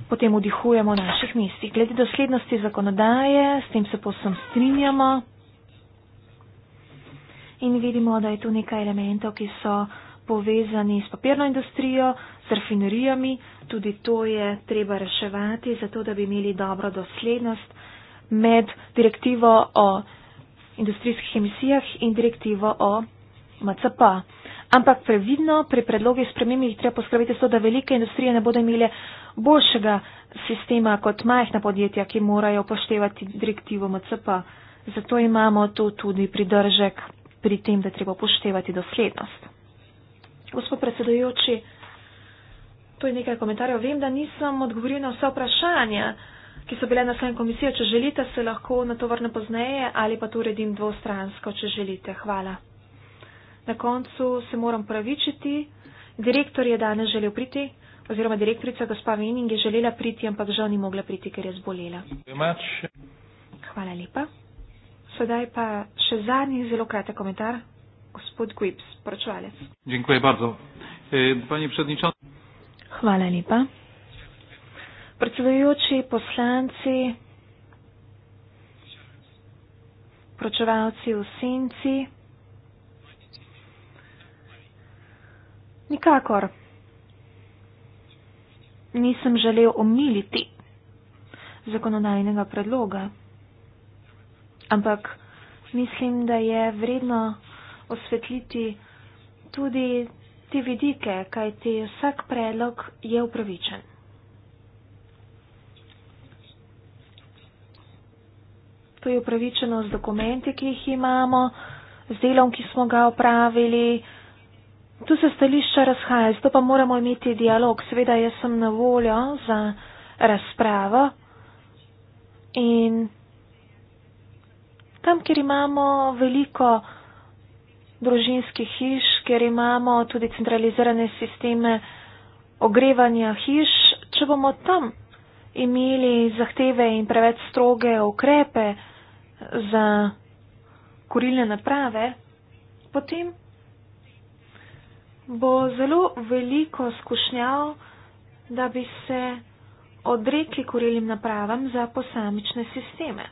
potem vdihujemo v naših mestih. Glede doslednosti zakonodaje, s tem se posem strinjamo in vidimo, da je tu nekaj elementov, ki so povezani s papirno industrijo, s rafinerijami. Tudi to je treba reševati, zato da bi imeli dobro doslednost med direktivo o industrijskih emisijah in direktivo o MCP. Ampak previdno pri predlogi spremem jih treba poskrbeti so, da velike industrije ne bodo imele boljšega sistema kot majhna podjetja, ki morajo upoštevati direktivo MCP. Zato imamo tu tudi pridržek pri tem, da treba upoštevati doslednost. Gospod predsedujoči, to je nekaj komentarjev. Vem, da nisem odgovoril na vse vprašanja, ki so bile na svojem komisiju. Če želite, se lahko na to vrnem pozneje ali pa to uredim dvostransko, če želite. Hvala. Na koncu se moram pravičiti. Direktor je danes želel priti, oziroma direktorica gospa Vening je želela priti, ampak žal ni mogla priti, ker je zbolela. Hvala lepa. Sedaj pa še zadnji zelo kratek komentar. Gospod Gwips, poročevalec. Dziękuję bardzo. E, Pani przewodnicząca. Hvala lepa. Predsedujoči poslanci, poročevalci v senci. Nikakor nisem želel omiliti zakonodajnega predloga ampak mislim, da je vredno osvetliti tudi te vidike, kajti vsak predlog je upravičen. To je upravičeno z dokumenti, ki jih imamo, z delom, ki smo ga opravili. Tu se stališča razhaja, zato pa moramo imeti dialog. Seveda, jaz sem na voljo za razpravo in tam, kjer imamo veliko družinskih hiš, kjer imamo tudi centralizirane sisteme ogrevanja hiš, če bomo tam imeli zahteve in preveč stroge ukrepe za kurilne naprave, potem bo zelo veliko skušnjav, da bi se odrekli kurilnim napravam za posamične sisteme.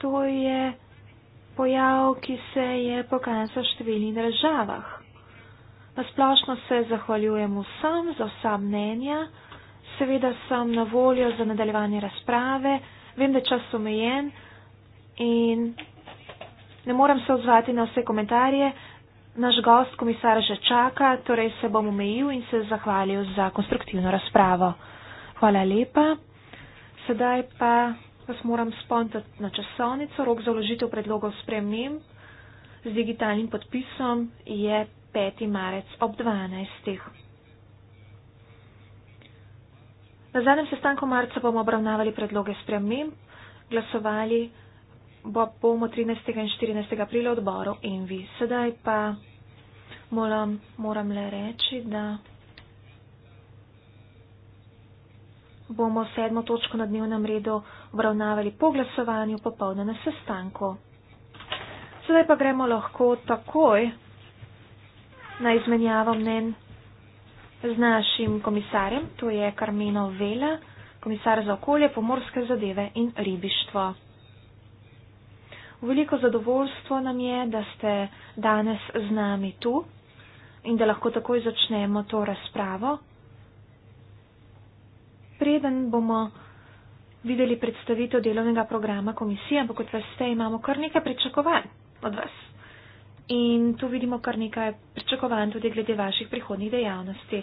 to je pojav, ki se je pokazal v številnih državah. Na splošno se zahvaljujem vsem za vsa mnenja, seveda sem na voljo za nadaljevanje razprave, vem, da je čas omejen in ne morem se odzvati na vse komentarje. Naš gost, komisar, že čaka, torej se bom omejil in se zahvalil za konstruktivno razpravo. Hvala lepa. Sedaj pa vas moram spontati na časovnico, rok za vložitev predlogov spremem z digitalnim podpisom je 5. marec ob 12. Na zadnjem sestanku marca bomo obravnavali predloge spremem, glasovali bo bomo 13. in 14. aprila odboru Envi. Sedaj pa moram, moram le reči, da bomo sedmo točko na dnevnem redu obravnavali po glasovanju popolne na sestanku. Sedaj pa gremo lahko takoj na izmenjavo mnen z našim komisarjem, to je Karmeno Vela, komisar za okolje, pomorske zadeve in ribištvo. Veliko zadovoljstvo nam je, da ste danes z nami tu in da lahko takoj začnemo to razpravo. Preden bomo videli predstavitev delovnega programa komisije, ampak kot veste, imamo kar nekaj pričakovanj od vas. In tu vidimo kar nekaj pričakovanj tudi glede vaših prihodnih dejavnosti.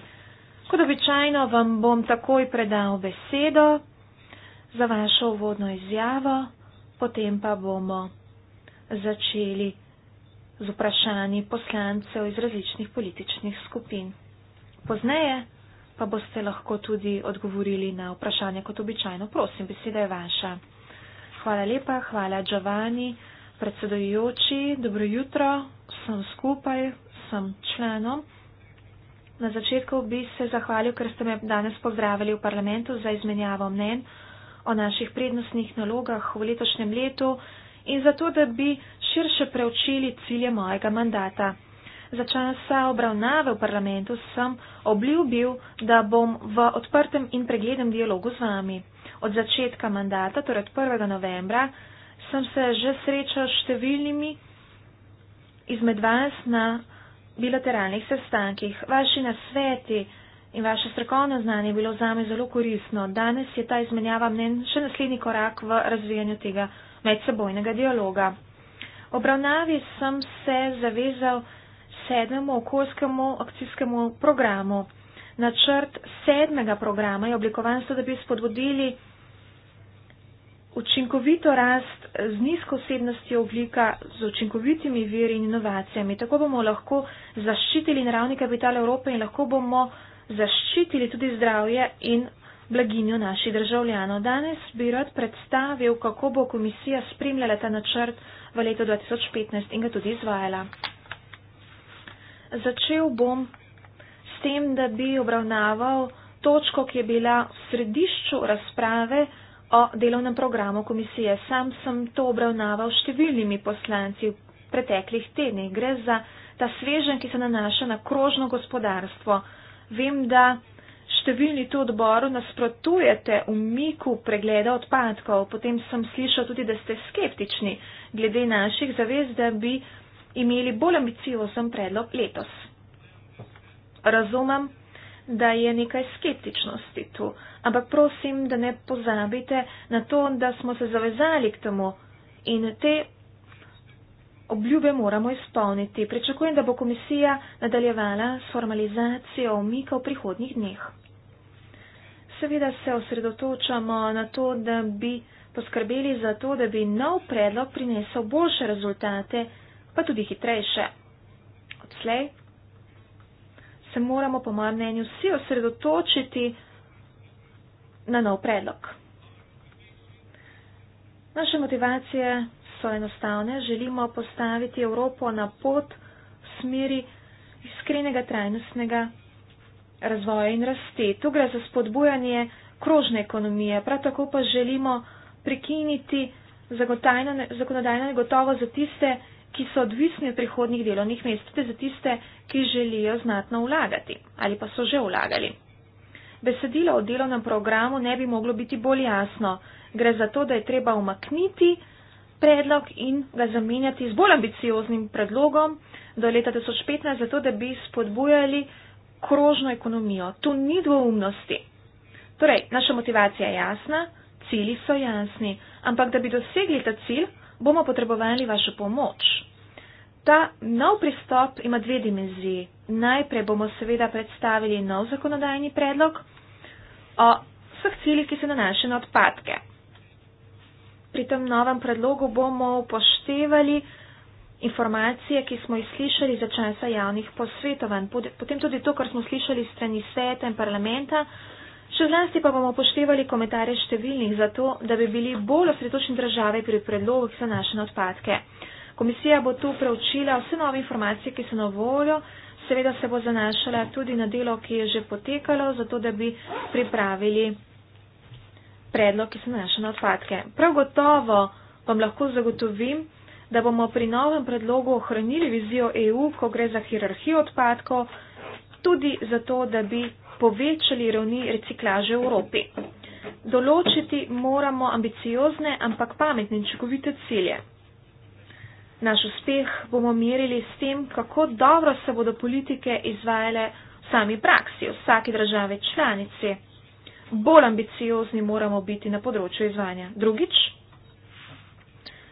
Kot običajno vam bom takoj predal besedo za vašo uvodno izjavo, potem pa bomo začeli z vprašanji poslancev iz različnih političnih skupin. Pozneje pa boste lahko tudi odgovorili na vprašanje kot običajno. Prosim, beseda je vaša. Hvala lepa, hvala Giovanni, predsedojoči, dobro jutro, sem skupaj, sem členom. Na začetku bi se zahvalil, ker ste me danes pozdravili v parlamentu za izmenjavo mnen o naših prednostnih nalogah v letošnjem letu in zato, da bi širše preučili cilje mojega mandata za časa obravnave v parlamentu sem obljubil, da bom v odprtem in preglednem dialogu z vami. Od začetka mandata, torej od 1. novembra, sem se že srečal številnimi izmed vas na bilateralnih sestankih. Vaši nasveti in vaše strokovno znanje je bilo zame zelo koristno. Danes je ta izmenjava mnen še naslednji korak v razvijanju tega medsebojnega dialoga. Obravnavi sem se zavezal, sedmemu okoljskemu akcijskemu programu. Načrt sedmega programa je oblikovan so, da bi spodbudili učinkovito rast z nizko osebnostjo oblika z učinkovitimi viri in inovacijami. Tako bomo lahko zaščitili naravni kapital Evrope in lahko bomo zaščitili tudi zdravje in blaginjo naših državljanov. Danes bi rad predstavil, kako bo komisija spremljala ta načrt v letu 2015 in ga tudi izvajala. Začel bom s tem, da bi obravnaval točko, ki je bila v središču razprave o delovnem programu komisije. Sam sem to obravnaval številnimi poslanci v preteklih tednih. Gre za ta svežen, ki se nanaša na krožno gospodarstvo. Vem, da številni tu odboru nasprotujete umiku pregleda odpadkov. Potem sem slišal tudi, da ste skeptični glede naših zavez, da bi imeli bolj ambiciozen predlog letos. Razumem, da je nekaj skeptičnosti tu, ampak prosim, da ne pozabite na to, da smo se zavezali k temu in te obljube moramo izpolniti. Pričakujem, da bo komisija nadaljevala s formalizacijo omika v prihodnjih dneh. Seveda se osredotočamo na to, da bi poskrbeli za to, da bi nov predlog prinesel boljše rezultate pa tudi hitrejše. Odslej se moramo po mojem mnenju vsi osredotočiti na nov predlog. Naše motivacije so enostavne. Želimo postaviti Evropo na pot v smeri iskrenega trajnostnega razvoja in rasti. Tu gre za spodbujanje krožne ekonomije. Prav tako pa želimo prekiniti zakonodajno negotovo za tiste, ki ki so odvisni od prihodnih delovnih mest, tudi za tiste, ki želijo znatno vlagati ali pa so že vlagali. Besedilo o delovnem programu ne bi moglo biti bolj jasno. Gre za to, da je treba umakniti predlog in ga zamenjati z bolj ambicioznim predlogom do leta 2015, zato da bi spodbujali krožno ekonomijo. Tu ni dvoumnosti. Torej, naša motivacija je jasna, cili so jasni, ampak da bi dosegli ta cilj, bomo potrebovali vašo pomoč. Ta nov pristop ima dve dimenziji. Najprej bomo seveda predstavili nov zakonodajni predlog o vseh ciljih, ki se nanašajo na odpadke. Pri tem novem predlogu bomo upoštevali informacije, ki smo jih slišali za časa javnih posvetovanj, potem tudi to, kar smo slišali strani sveta in parlamenta, Čudnosti pa bomo upoštevali komentarje številnih zato, da bi bili bolj osredotočeni države pri predlogih za naše odpadke. Komisija bo tu preučila vse nove informacije, ki so na voljo, seveda se bo zanašala tudi na delo, ki je že potekalo, zato da bi pripravili predlog, ki se nanaša na odpadke. Prav gotovo vam lahko zagotovim, da bomo pri novem predlogu ohranili vizijo EU, ko gre za hierarhijo odpadkov, tudi zato, da bi povečali ravni reciklaže v Evropi. Določiti moramo ambiciozne, ampak pametne in čukovite cilje. Naš uspeh bomo merili s tem, kako dobro se bodo politike izvajale v sami praksi, v vsaki državi članici. Bolj ambiciozni moramo biti na področju izvajanja. Drugič,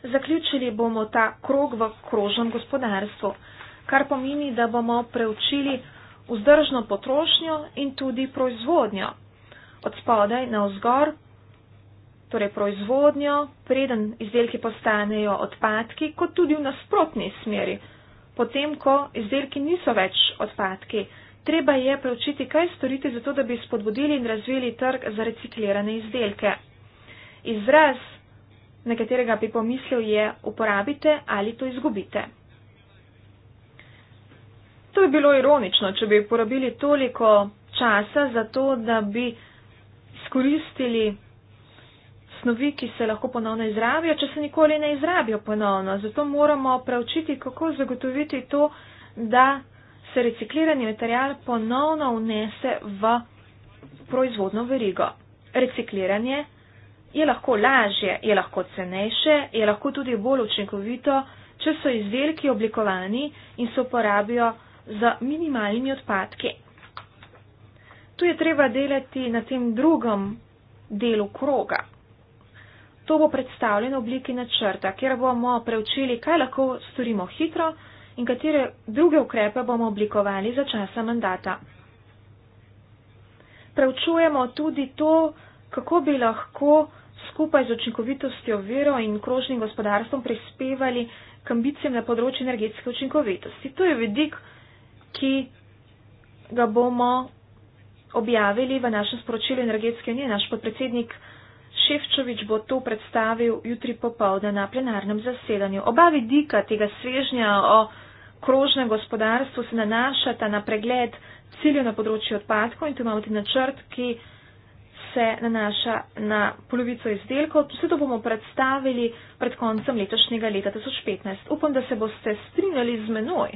zaključili bomo ta krog v krožnem gospodarstvu, kar pomeni, da bomo preučili vzdržno potrošnjo in tudi proizvodnjo. Od spodaj na vzgor, torej proizvodnjo, preden izdelki postanejo odpadki, kot tudi v nasprotni smeri, potem, ko izdelki niso več odpadki. Treba je preučiti, kaj storiti za to, da bi spodbudili in razvili trg za reciklirane izdelke. Izraz, na katerega bi pomislil, je uporabite ali to izgubite. To bi bilo ironično, če bi porabili toliko časa za to, da bi skoristili snovi, ki se lahko ponovno izrabijo, če se nikoli ne izrabijo ponovno. Zato moramo preučiti, kako zagotoviti to, da se reciklirani material ponovno vnese v proizvodno verigo. Recikliranje je lahko lažje, je lahko cenejše, je lahko tudi bolj učinkovito, če so izdelki oblikovani in se uporabijo z minimalnimi odpadki. Tu je treba delati na tem drugem delu kroga. To bo predstavljeno v obliki načrta, kjer bomo preučili, kaj lahko storimo hitro in katere druge ukrepe bomo oblikovali za časa mandata. Preučujemo tudi to, kako bi lahko skupaj z učinkovitostjo vero in krožnim gospodarstvom prispevali k ambicijam na področju energetske učinkovitosti. To je vidik ki ga bomo objavili v našem sporočilu Energetske unije. Naš podpredsednik Ševčovič bo to predstavil jutri popovdne na plenarnem zasedanju. Oba vidika tega svežnja o krožnem gospodarstvu se nanašata na pregled ciljev na področju odpadkov in tu imamo tudi načrt, ki se nanaša na polovico izdelkov. Vse to bomo predstavili pred koncem letošnjega leta 2015. Upam, da se boste strinjali z menoj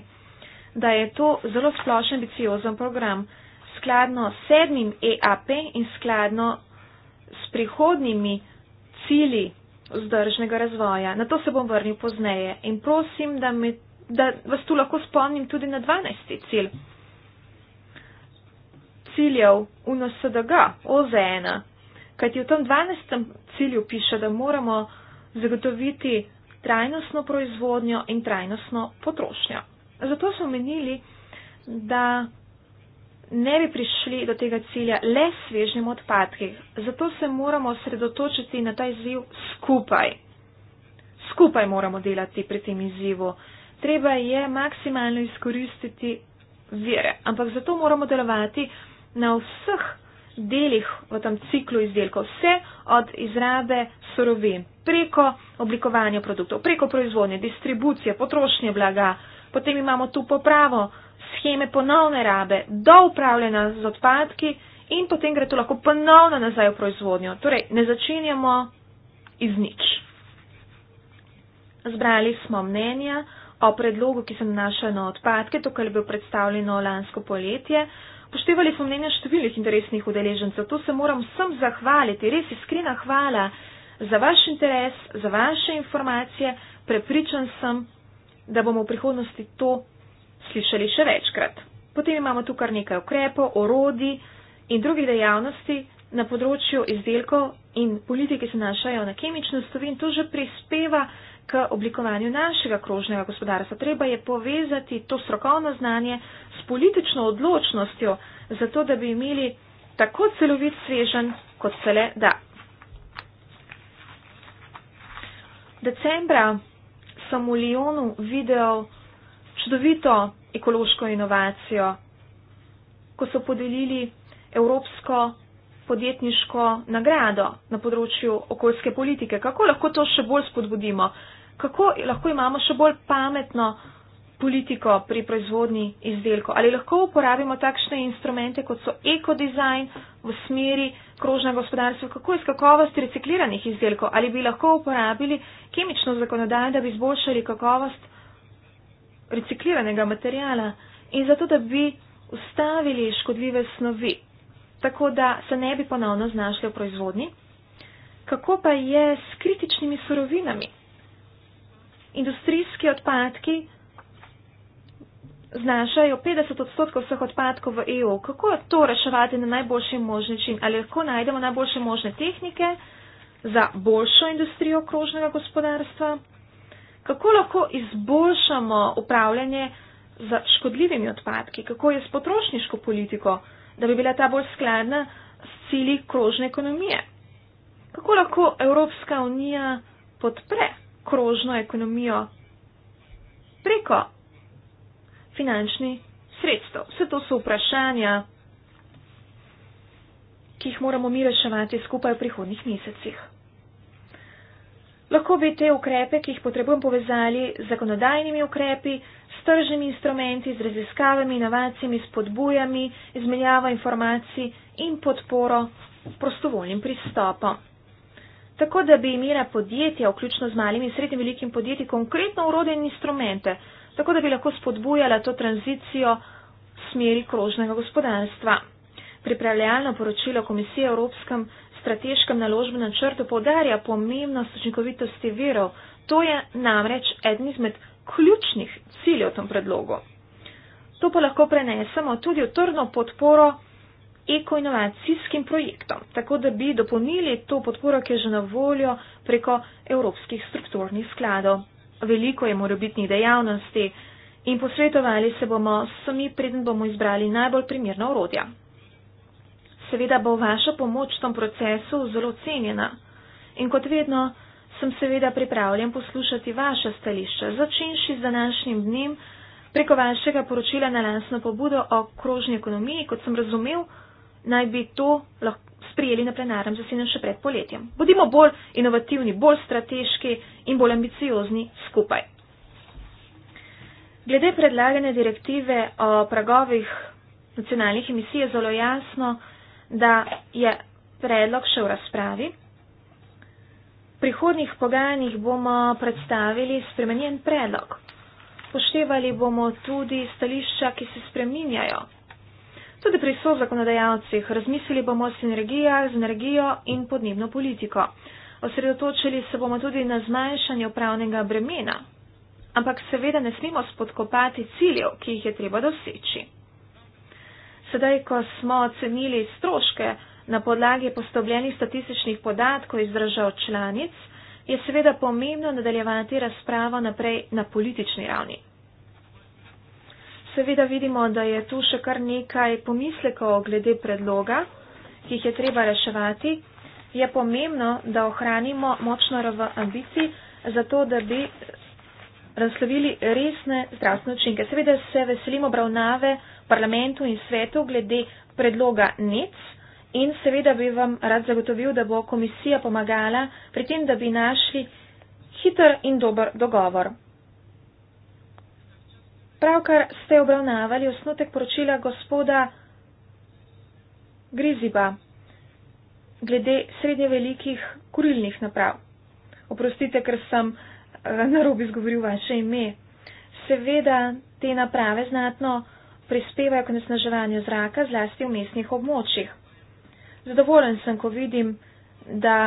da je to zelo splošen ambiciozen program. Skladno s sedmim EAP in skladno s prihodnimi cili vzdržnega razvoja. Na to se bom vrnil pozneje in prosim, da, me, da vas tu lahko spomnim tudi na 12. cilj ciljev UNSDG OZN, kajti v tem 12. cilju piše, da moramo zagotoviti trajnostno proizvodnjo in trajnostno potrošnjo. Zato so menili, da ne bi prišli do tega cilja le s svežnjim odpadki. Zato se moramo sredotočiti na ta izziv skupaj. Skupaj moramo delati pri tem izzivu. Treba je maksimalno izkoristiti vire, ampak zato moramo delovati na vseh delih v tem ciklu izdelkov, vse od izrabe surovin, preko oblikovanja produktov, preko proizvodnje, distribucije, potrošnje blaga, Potem imamo tu popravo scheme ponovne rabe do upravljanja z odpadki in potem gre to lahko ponovno nazaj v proizvodnjo. Torej, ne začenjamo iz nič. Zbrali smo mnenja o predlogu, ki se nanaša na odpadke, to, kar je bilo predstavljeno lansko poletje. Poštevali smo mnenja številnih interesnih udeležencev. Tu se moram vsem zahvaliti. Res iskrena hvala za vaš interes, za vaše informacije. Prepričan sem, da bomo v prihodnosti to slišali še večkrat. Potem imamo tu kar nekaj okrepov, orodij in drugih dejavnosti na področju izdelkov in politike, ki se nanašajo na kemično snov in to že prispeva k oblikovanju našega krožnega gospodarstva. Treba je povezati to strokovno znanje s politično odločnostjo, zato da bi imeli tako celovit svežen, kot se le da. Decembra Samulionu videl čudovito ekološko inovacijo, ko so podelili Evropsko podjetniško nagrado na področju okoljske politike. Kako lahko to še bolj spodbudimo? Kako lahko imamo še bolj pametno politiko pri proizvodni izdelku. Ali lahko uporabimo takšne instrumente, kot so ekodizajn v smeri krožnega gospodarstva, kako je z kakovost recikliranih izdelkov, ali bi lahko uporabili kemično zakonodajo, da bi izboljšali kakovost recikliranega materijala in zato, da bi ustavili škodljive snovi, tako da se ne bi ponovno znašli v proizvodni. Kako pa je s kritičnimi surovinami? Industrijski odpadki znašajo 50 odstotkov vseh odpadkov v EU. Kako je to reševati na najboljši možni način? Ali lahko najdemo najboljše možne tehnike za boljšo industrijo krožnega gospodarstva? Kako lahko izboljšamo upravljanje z škodljivimi odpadki? Kako je s potrošniško politiko, da bi bila ta bolj skladna s cili krožne ekonomije? Kako lahko Evropska unija podpre krožno ekonomijo preko finančni sredstev. Vse to so vprašanja, ki jih moramo mi reševati skupaj v prihodnih mesecih. Lahko bi te ukrepe, ki jih potrebujem, povezali z zakonodajnimi ukrepi, s tržnimi instrumenti, z raziskavami, inovacijami, spodbujami, izmenjavo informacij in podporo prostovoljnim pristopom. Tako da bi imela podjetja, vključno z malimi in srednjim velikim podjetji, konkretno urode in instrumente, tako da bi lahko spodbujala to tranzicijo v smeri krožnega gospodarstva. Pripravljalno poročilo Komisije Evropskem strateškem naložbenem črtu podarja pomembnost učinkovitosti virov. To je namreč eden izmed ključnih ciljev v tem predlogu. To pa lahko prenesemo tudi v trdno podporo ekoinovacijskim projektom, tako da bi dopolnili to podporo, ki je že na voljo preko evropskih strukturnih skladov veliko je morobitnih dejavnosti in posvetovali se bomo sami, preden bomo izbrali najbolj primerna orodja. Seveda bo vaša pomoč v tom procesu zelo cenjena in kot vedno sem seveda pripravljen poslušati vaše stališče, začinši z današnjim dnem preko vašega poročila na lansno pobudo o krožni ekonomiji, kot sem razumel, naj bi to lahko sprijeli na plenarnem zasedanju še pred poletjem. Bodimo bolj inovativni, bolj strateški in bolj ambiciozni skupaj. Glede predlagane direktive o pragovih nacionalnih emisij je zelo jasno, da je predlog še v razpravi. V prihodnih pogajanjih bomo predstavili spremenjen predlog. Poštevali bomo tudi stališča, ki se spreminjajo Tudi pri sozakonodajalcih razmislili bomo o sinergijah z energijo in podnebno politiko. Osredotočili se bomo tudi na zmanjšanje upravnega bremena. Ampak seveda ne smemo spodkopati ciljev, ki jih je treba doseči. Sedaj, ko smo ocenili stroške na podlagi postavljenih statističnih podatkov iz držav članic, je seveda pomembno nadaljevati razpravo naprej na politični ravni. Seveda vidimo, da je tu še kar nekaj pomislekov glede predloga, ki jih je treba reševati. Je pomembno, da ohranimo močno rovo ambicij za to, da bi razslovili resne zdravstvene učinke. Seveda se veselimo obravnave parlamentu in svetu glede predloga NEC in seveda bi vam rad zagotovil, da bo komisija pomagala pri tem, da bi našli hiter in dober dogovor. Pravkar ste obravnavali osnutek poročila gospoda Griziba glede srednje velikih kurilnih naprav. Oprostite, ker sem eh, na robi izgovoril vaše ime. Seveda te naprave znatno prispevajo k nesnaževanju zraka, zlasti v mestnih območjih. Zadovoljen sem, ko vidim, da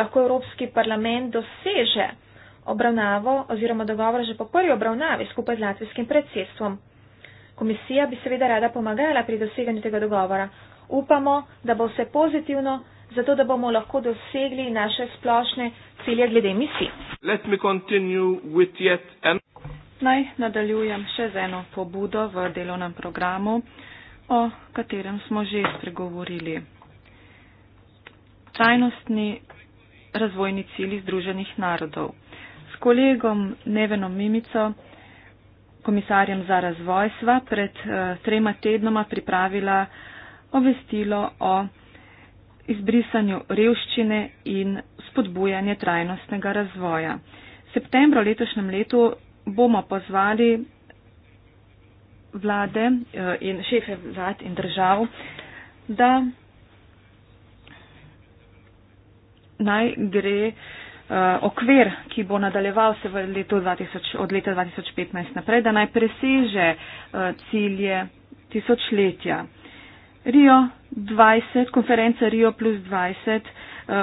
lahko Evropski parlament doseže obravnavo oziroma dogovor že po prvi obravnavi skupaj z latvijskim predsedstvom. Komisija bi seveda rada pomagala pri doseganju tega dogovora. Upamo, da bo vse pozitivno, zato da bomo lahko dosegli naše splošne cilje glede misij. Naj nadaljujem še z eno pobudo v delovnem programu, o katerem smo že spregovorili. Trajnostni razvojni cilji Združenih narodov kolegom Nevenom Mimico, komisarjem za razvoj, sva pred eh, trema tednoma pripravila obvestilo o izbrisanju revščine in spodbujanje trajnostnega razvoja. V septembru letošnjem letu bomo pozvali vlade eh, in šefe vlad in držav, da naj gre Eh, okvir, ki bo nadaljeval se v letu 2000, od leta 2015 naprej, da naj preseže eh, cilje tisočletja. Rio 20, konferenca Rio plus 20 eh,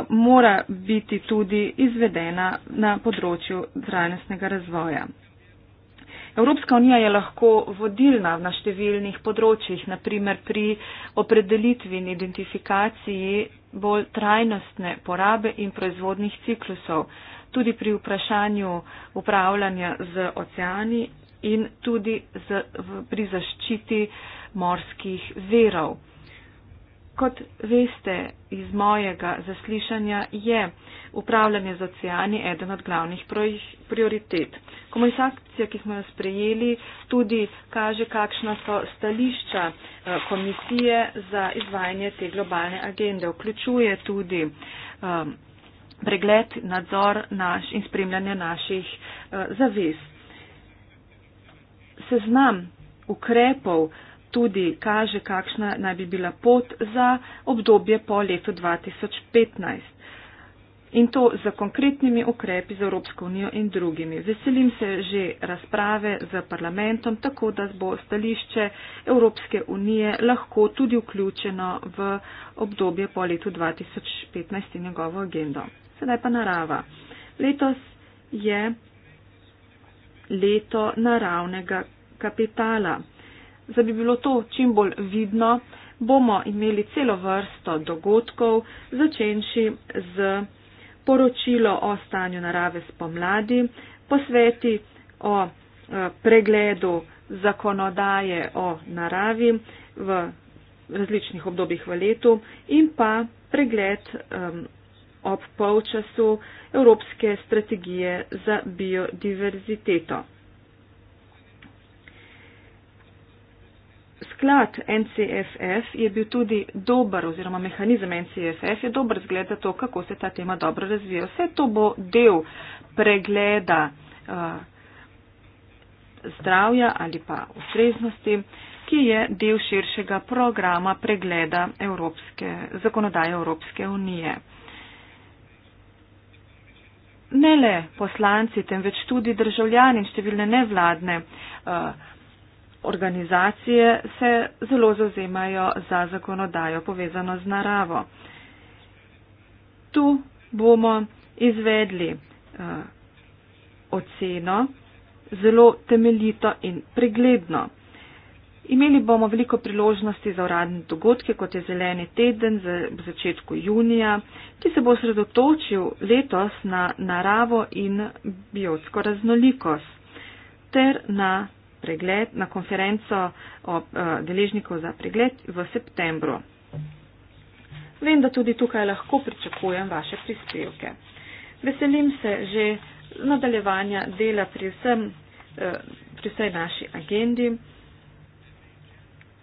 mora biti tudi izvedena na področju trajnostnega razvoja. Evropska unija je lahko vodilna na številnih področjih, naprimer pri opredelitvi in identifikaciji bolj trajnostne porabe in proizvodnih ciklusov, tudi pri vprašanju upravljanja z oceani in tudi z, v, pri zaščiti morskih verov kot veste iz mojega zaslišanja, je upravljanje z oceani eden od glavnih prioritet. Komunikacija, ki smo jo sprejeli, tudi kaže, kakšna so stališča eh, komisije za izvajanje te globalne agende. Vključuje tudi um, pregled, nadzor naš in spremljanje naših uh, zavez. Seznam ukrepov, uh, tudi kaže, kakšna naj bi bila pot za obdobje po letu 2015. In to z konkretnimi ukrepi za Evropsko unijo in drugimi. Veselim se že razprave z parlamentom, tako da bo stališče Evropske unije lahko tudi vključeno v obdobje po letu 2015 in njegovo agendo. Sedaj pa narava. Letos je leto naravnega kapitala da bi bilo to čim bolj vidno, bomo imeli celo vrsto dogodkov, začenši z poročilo o stanju narave spomladi, posveti o eh, pregledu zakonodaje o naravi v različnih obdobjih v letu in pa pregled um, ob polčasu Evropske strategije za biodiverziteto. sklad NCFF je bil tudi dober oziroma mehanizem NCFF je dober zgled za to, kako se ta tema dobro razvija. Vse to bo del pregleda uh, zdravja ali pa ustreznosti, ki je del širšega programa pregleda Evropske, zakonodaje Evropske unije. Ne le poslanci, temveč tudi državljani in številne nevladne uh, organizacije se zelo zazemajo za zakonodajo povezano z naravo. Tu bomo izvedli uh, oceno zelo temeljito in pregledno. Imeli bomo veliko priložnosti za uradne dogodke, kot je zeleni teden za začetku junija, ki se bo sredotočil letos na naravo in biotsko raznolikost ter na pregled, na konferenco ob, uh, eh, deležnikov za pregled v septembru. Vem, da tudi tukaj lahko pričakujem vaše prispevke. Veselim se že nadaljevanja dela pri, vsem, eh, pri vsej naši agendi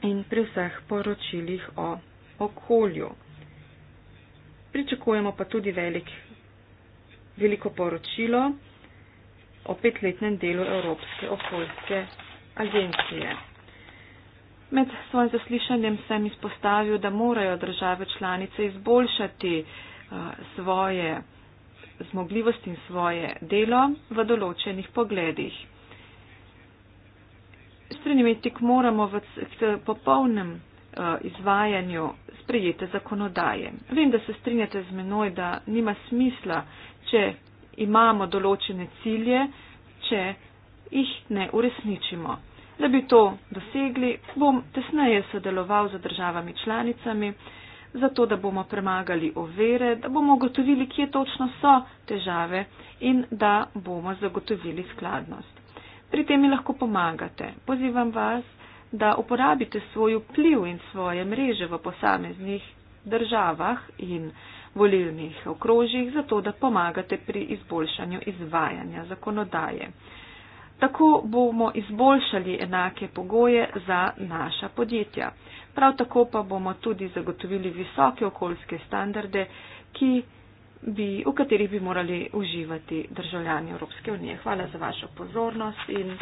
in pri vseh poročilih o okolju. Pričakujemo pa tudi velik, veliko poročilo o petletnem delu Evropske okoljske agencije. Med svojim zaslišanjem sem izpostavil, da morajo države članice izboljšati eh, svoje zmogljivosti in svoje delo v določenih pogledih. Strenimi tik moramo v popolnem eh, izvajanju sprejete zakonodaje. Vem, da se strinjate z menoj, da nima smisla, če imamo določene cilje, če jih ne uresničimo. Da bi to dosegli, bom tesneje sodeloval z državami članicami, zato da bomo premagali overe, da bomo ugotovili, kje točno so težave in da bomo zagotovili skladnost. Pri tem mi lahko pomagate. Pozivam vas, da uporabite svoj vpliv in svoje mreže v posameznih državah in volilnih okrožjih, zato da pomagate pri izboljšanju izvajanja zakonodaje. Tako bomo izboljšali enake pogoje za naša podjetja. Prav tako pa bomo tudi zagotovili visoke okoljske standarde, ki bi, v katerih bi morali uživati državljani Evropske unije. Hvala za vašo pozornost in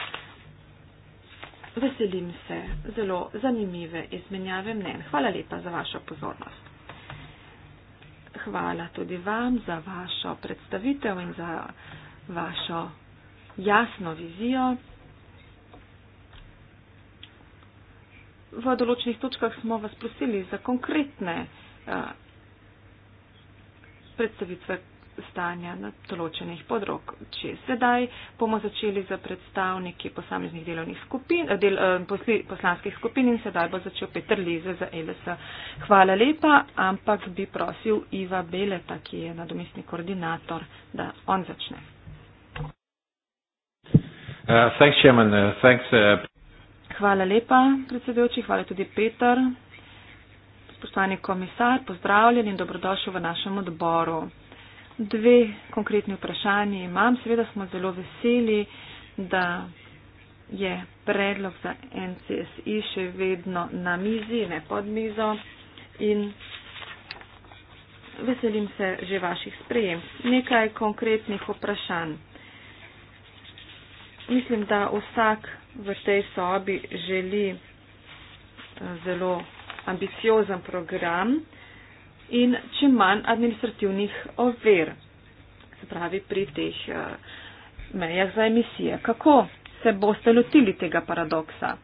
veselim se zelo zanimive izmenjave mnen. Hvala lepa za vašo pozornost. Hvala tudi vam za vašo predstavitev in za vašo jasno vizijo. V določenih točkah smo vas prosili za konkretne eh, predstavitve stanja na določenih področjih. Sedaj bomo začeli za predstavniki posameznih delovnih skupin, eh, del, eh, posli, poslanskih skupin in sedaj bo začel Petr Lize za e LS. Hvala lepa, ampak bi prosil Iva Beleta, ki je nadomestni koordinator, da on začne. Uh, thanks, Chairman. Uh, thanks, uh, hvala lepa, predsedujoči. Hvala tudi Peter. Spoštovani komisar, pozdravljeni in dobrodošli v našem odboru. Dve konkretni vprašanji imam. Seveda smo zelo veseli, da je predlog za NCSI še vedno na mizi, ne pod mizo. In veselim se že vaših sprejem. Nekaj konkretnih vprašanj mislim, da vsak v tej sobi želi eh, zelo ambiciozen program in čim manj administrativnih ovir, se pravi pri teh eh, mejah za emisije. Kako se boste lotili tega paradoksa?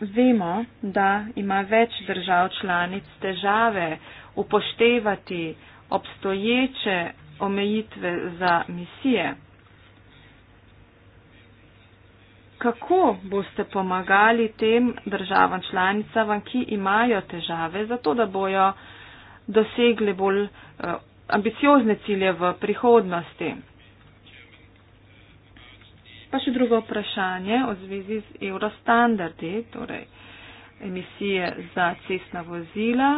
Vemo, da ima več držav članic težave upoštevati obstoječe omejitve za misije. Kako boste pomagali tem državam članicam, ki imajo težave, zato da bojo dosegli bolj eh, ambiciozne cilje v prihodnosti? Pa še drugo vprašanje v zvezi z eurostandardi, torej emisije za cestna vozila.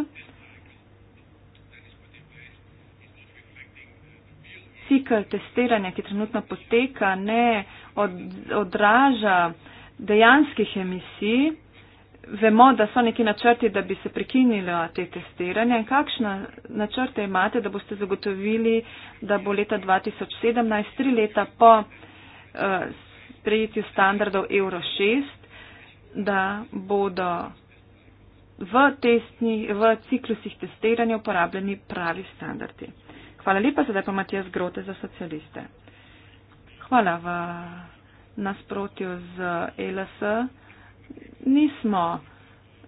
cikl testiranja, ki trenutno poteka, ne od, odraža dejanskih emisij. Vemo, da so neki načrti, da bi se prekinilo te testiranja in kakšne načrte imate, da boste zagotovili, da bo leta 2017, tri leta po eh, sprejetju standardov Euro 6, da bodo v, testni, v ciklusih testiranja uporabljeni pravi standardi. Hvala lepa, zdaj pa Matijas Grote za socialiste. Hvala v nasprotju z e LS. Nismo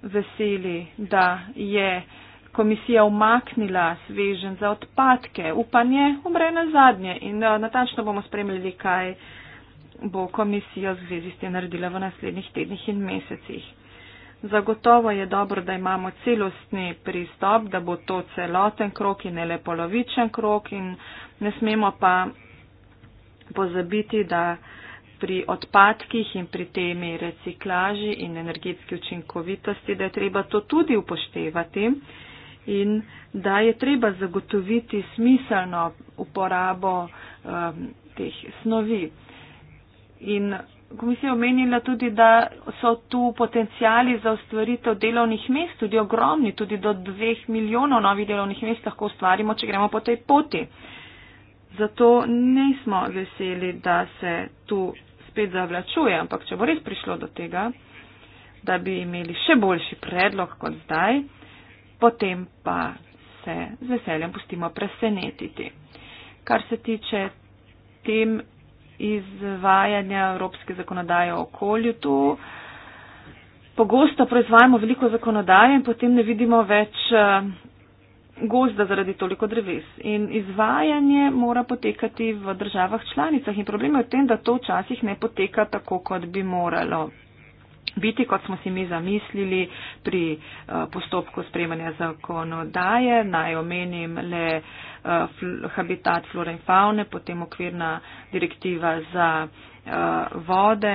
veseli, da je komisija umaknila svežen za odpadke. Upanje umre na zadnje in eh, natančno bomo spremljali, kaj bo komisija v zvezi s tem naredila v naslednjih tednih in mesecih. Zagotovo je dobro, da imamo celostni pristop, da bo to celoten krok in ne le polovičen krok in ne smemo pa pozabiti, da pri odpadkih in pri temi reciklaži in energetski učinkovitosti, da je treba to tudi upoštevati in da je treba zagotoviti smiselno uporabo um, teh snovi. In komisija omenila tudi, da so tu potencijali za ustvaritev delovnih mest tudi ogromni, tudi do dveh milijonov novih delovnih mest lahko ustvarimo, če gremo po tej poti. Zato nismo veseli, da se tu spet zavlačuje, ampak če bo res prišlo do tega, da bi imeli še boljši predlog kot zdaj, potem pa se z veseljem pustimo presenetiti. Kar se tiče tem izvajanja evropske zakonodaje o okolju. Tu pogosto proizvajamo veliko zakonodaje in potem ne vidimo več eh, gozda zaradi toliko dreves. In izvajanje mora potekati v državah članicah in problem je v tem, da to včasih ne poteka tako, kot bi moralo biti, kot smo si mi zamislili pri eh, postopku spremanja zakonodaje. Naj omenim le eh, habitat flora in faune, potem okvirna direktiva za eh, vode.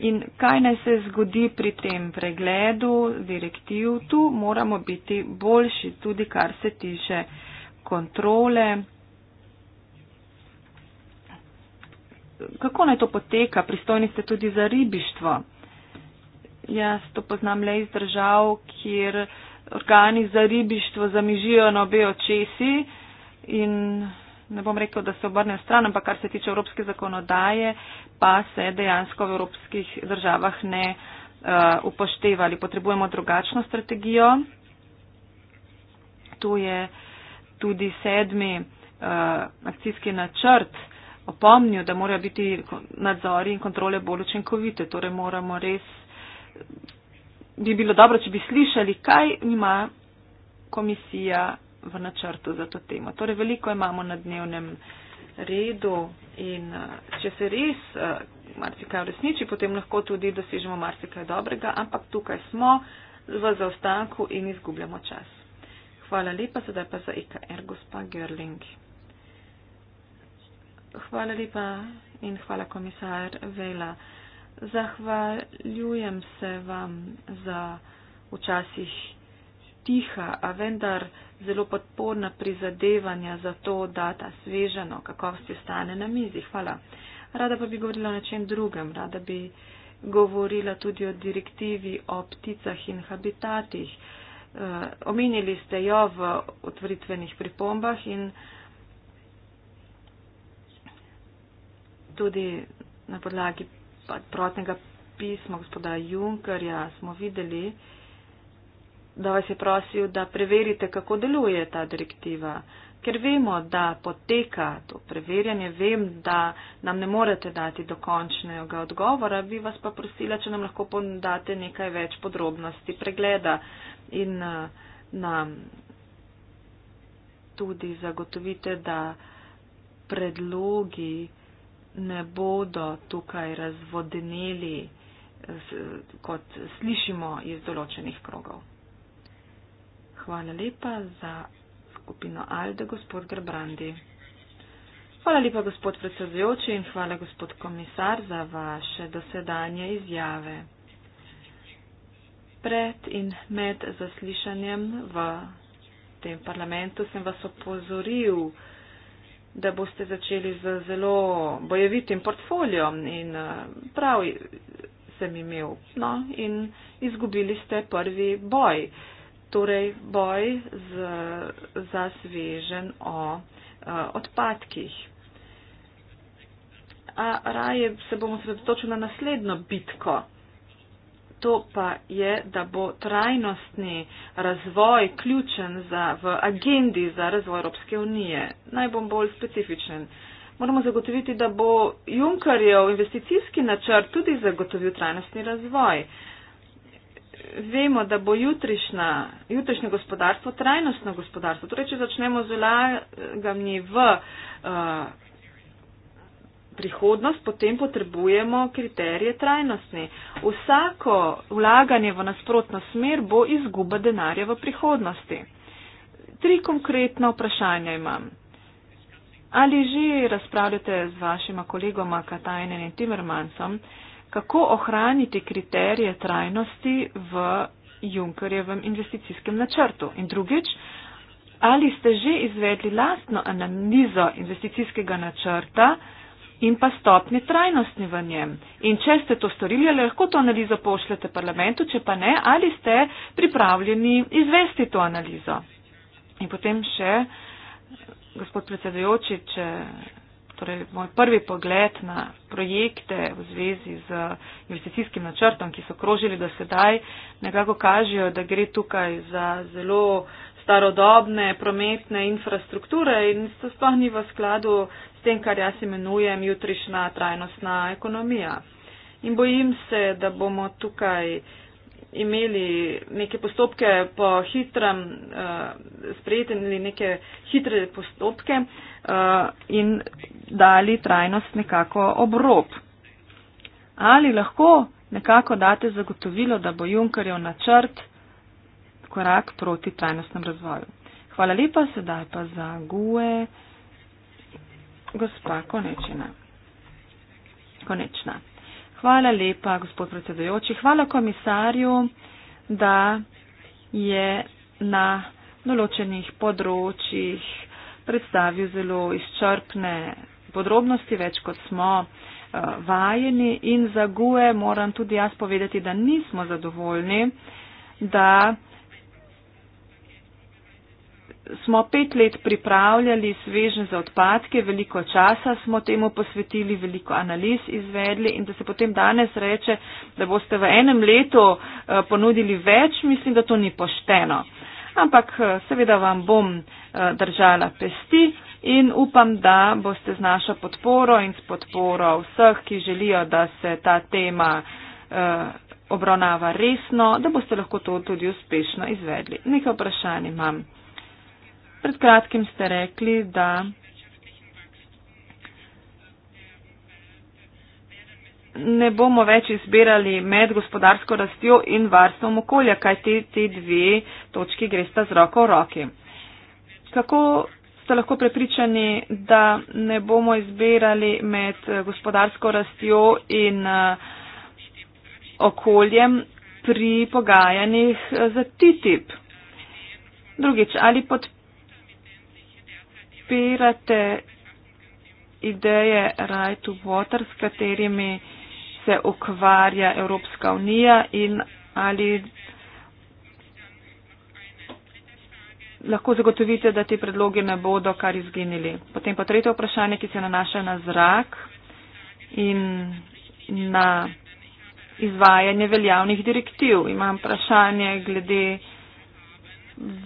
In kaj naj se zgodi pri tem pregledu direktiv? Tu moramo biti boljši, tudi kar se tiče kontrole. Kako naj to poteka? Pristojni ste tudi za ribištvo. Jaz to poznam le iz držav, kjer organi za ribištvo zamižijo na obe očesi in ne bom rekel, da se obrnejo stran, ampak kar se tiče evropske zakonodaje, pa se dejansko v evropskih državah ne uh, upoštevali. Potrebujemo drugačno strategijo. Tu je tudi sedmi uh, akcijski načrt opomnil, da morajo biti nadzori in kontrole bolj učinkovite. Torej moramo res bi bilo dobro, če bi slišali, kaj ima komisija v načrtu za to temo. Torej, veliko imamo na dnevnem redu in eh, če se res eh, marsikaj uresniči, potem lahko tudi dosežemo marsikaj dobrega, ampak tukaj smo v zaostanku in izgubljamo čas. Hvala lepa, sedaj pa za IKR, e gospa Gerling. Hvala lepa in hvala komisar Vela zahvaljujem se vam za včasih tiha, a vendar zelo podporna prizadevanja za to, da ta svežano kakovosti stane na mizi. Hvala. Rada pa bi govorila o nečem drugem. Rada bi govorila tudi o direktivi o pticah in habitatih. E, omenili ste jo v otvoritvenih pripombah in tudi na podlagi prvotnega pisma gospoda Junkerja smo videli, da vas je prosil, da preverite, kako deluje ta direktiva. Ker vemo, da poteka to preverjanje, vem, da nam ne morete dati dokončnega odgovora, bi vas pa prosila, če nam lahko podate nekaj več podrobnosti pregleda in eh, nam tudi zagotovite, da predlogi ne bodo tukaj razvodneli, eh, kot slišimo iz določenih krogov. Hvala lepa za skupino Alde, gospod Grbrandi. Hvala lepa, gospod predsedujoči in hvala, gospod komisar, za vaše dosedanje izjave. Pred in med zaslišanjem v tem parlamentu sem vas opozoril, da boste začeli z zelo bojevitim portfoljem in eh, prav sem imel. No, in izgubili ste prvi boj, torej boj z, za svežen o, o eh, odpadkih. A raje se bom osredotočil na naslednjo bitko to pa je, da bo trajnostni razvoj ključen za, v agendi za razvoj Evropske unije. Naj bom bolj specifičen. Moramo zagotoviti, da bo Junkerjev investicijski načrt tudi zagotovil trajnostni razvoj. Vemo, da bo jutrišnja, jutrišnje gospodarstvo trajnostno gospodarstvo. Torej, če začnemo z vlagami v uh, prihodnost, potem potrebujemo kriterije trajnostne. Vsako vlaganje v nasprotno smer bo izguba denarja v prihodnosti. Tri konkretna vprašanja imam. Ali že razpravljate z vašima kolegoma Katajnen in Timmermansom, kako ohraniti kriterije trajnosti v Junkerjevem investicijskem načrtu? In drugič, ali ste že izvedli lastno analizo investicijskega načrta, in pa stopni trajnostni v njem. In če ste to storili, lahko to analizo pošljete parlamentu, če pa ne, ali ste pripravljeni izvesti to analizo. In potem še, gospod predsedujoči, če. Torej, moj prvi pogled na projekte v zvezi z investicijskim načrtom, ki so krožili do sedaj, nekako kažejo, da gre tukaj za zelo uh, starodobne prometne infrastrukture in to sploh ni v skladu s tem, kar jaz imenujem jutrišnja trajnostna ekonomija. In bojim se, da bomo tukaj imeli neke postopke po hitrem, uh, eh, sprejeteni neke hitre postopke uh, in dali trajnost nekako obrob. Ali lahko nekako date zagotovilo, da bo Junkerjev načrt korak proti trajnostnem razvoju. Hvala lepa, sedaj pa za GUE, gospa Konečina. Konečna. Hvala lepa, gospod predsedojoči. Hvala komisarju, da je na določenih področjih predstavil zelo izčrpne podrobnosti, več kot smo uh, vajeni in za GUE moram tudi jaz povedati, da nismo zadovoljni, da smo pet let pripravljali svežen za odpadke, veliko časa smo temu posvetili, veliko analiz izvedli in da se potem danes reče, da boste v enem letu eh, ponudili več, mislim, da to ni pošteno. Ampak eh, seveda vam bom eh, držala pesti in upam, da boste z našo podporo in s podporo vseh, ki želijo, da se ta tema obravnava resno, da boste lahko to tudi uspešno izvedli. Nekaj vprašanj imam. Pred kratkim ste rekli, da ne bomo več izbirali med gospodarsko rastjo in varstvom okolja, kaj ti ti dve točki gresta z roko v roki. Kako ste lahko prepričani, da ne bomo izbirali med gospodarsko rastjo in eh, okoljem pri pogajanjih za TTIP? Drugič, ali podpirate? podpirate ideje Right to Water, s katerimi se ukvarja Evropska unija in ali lahko zagotovite, da ti predlogi ne bodo kar izginili. Potem pa tretje vprašanje, ki se nanaša na zrak in na izvajanje veljavnih direktiv. Imam vprašanje glede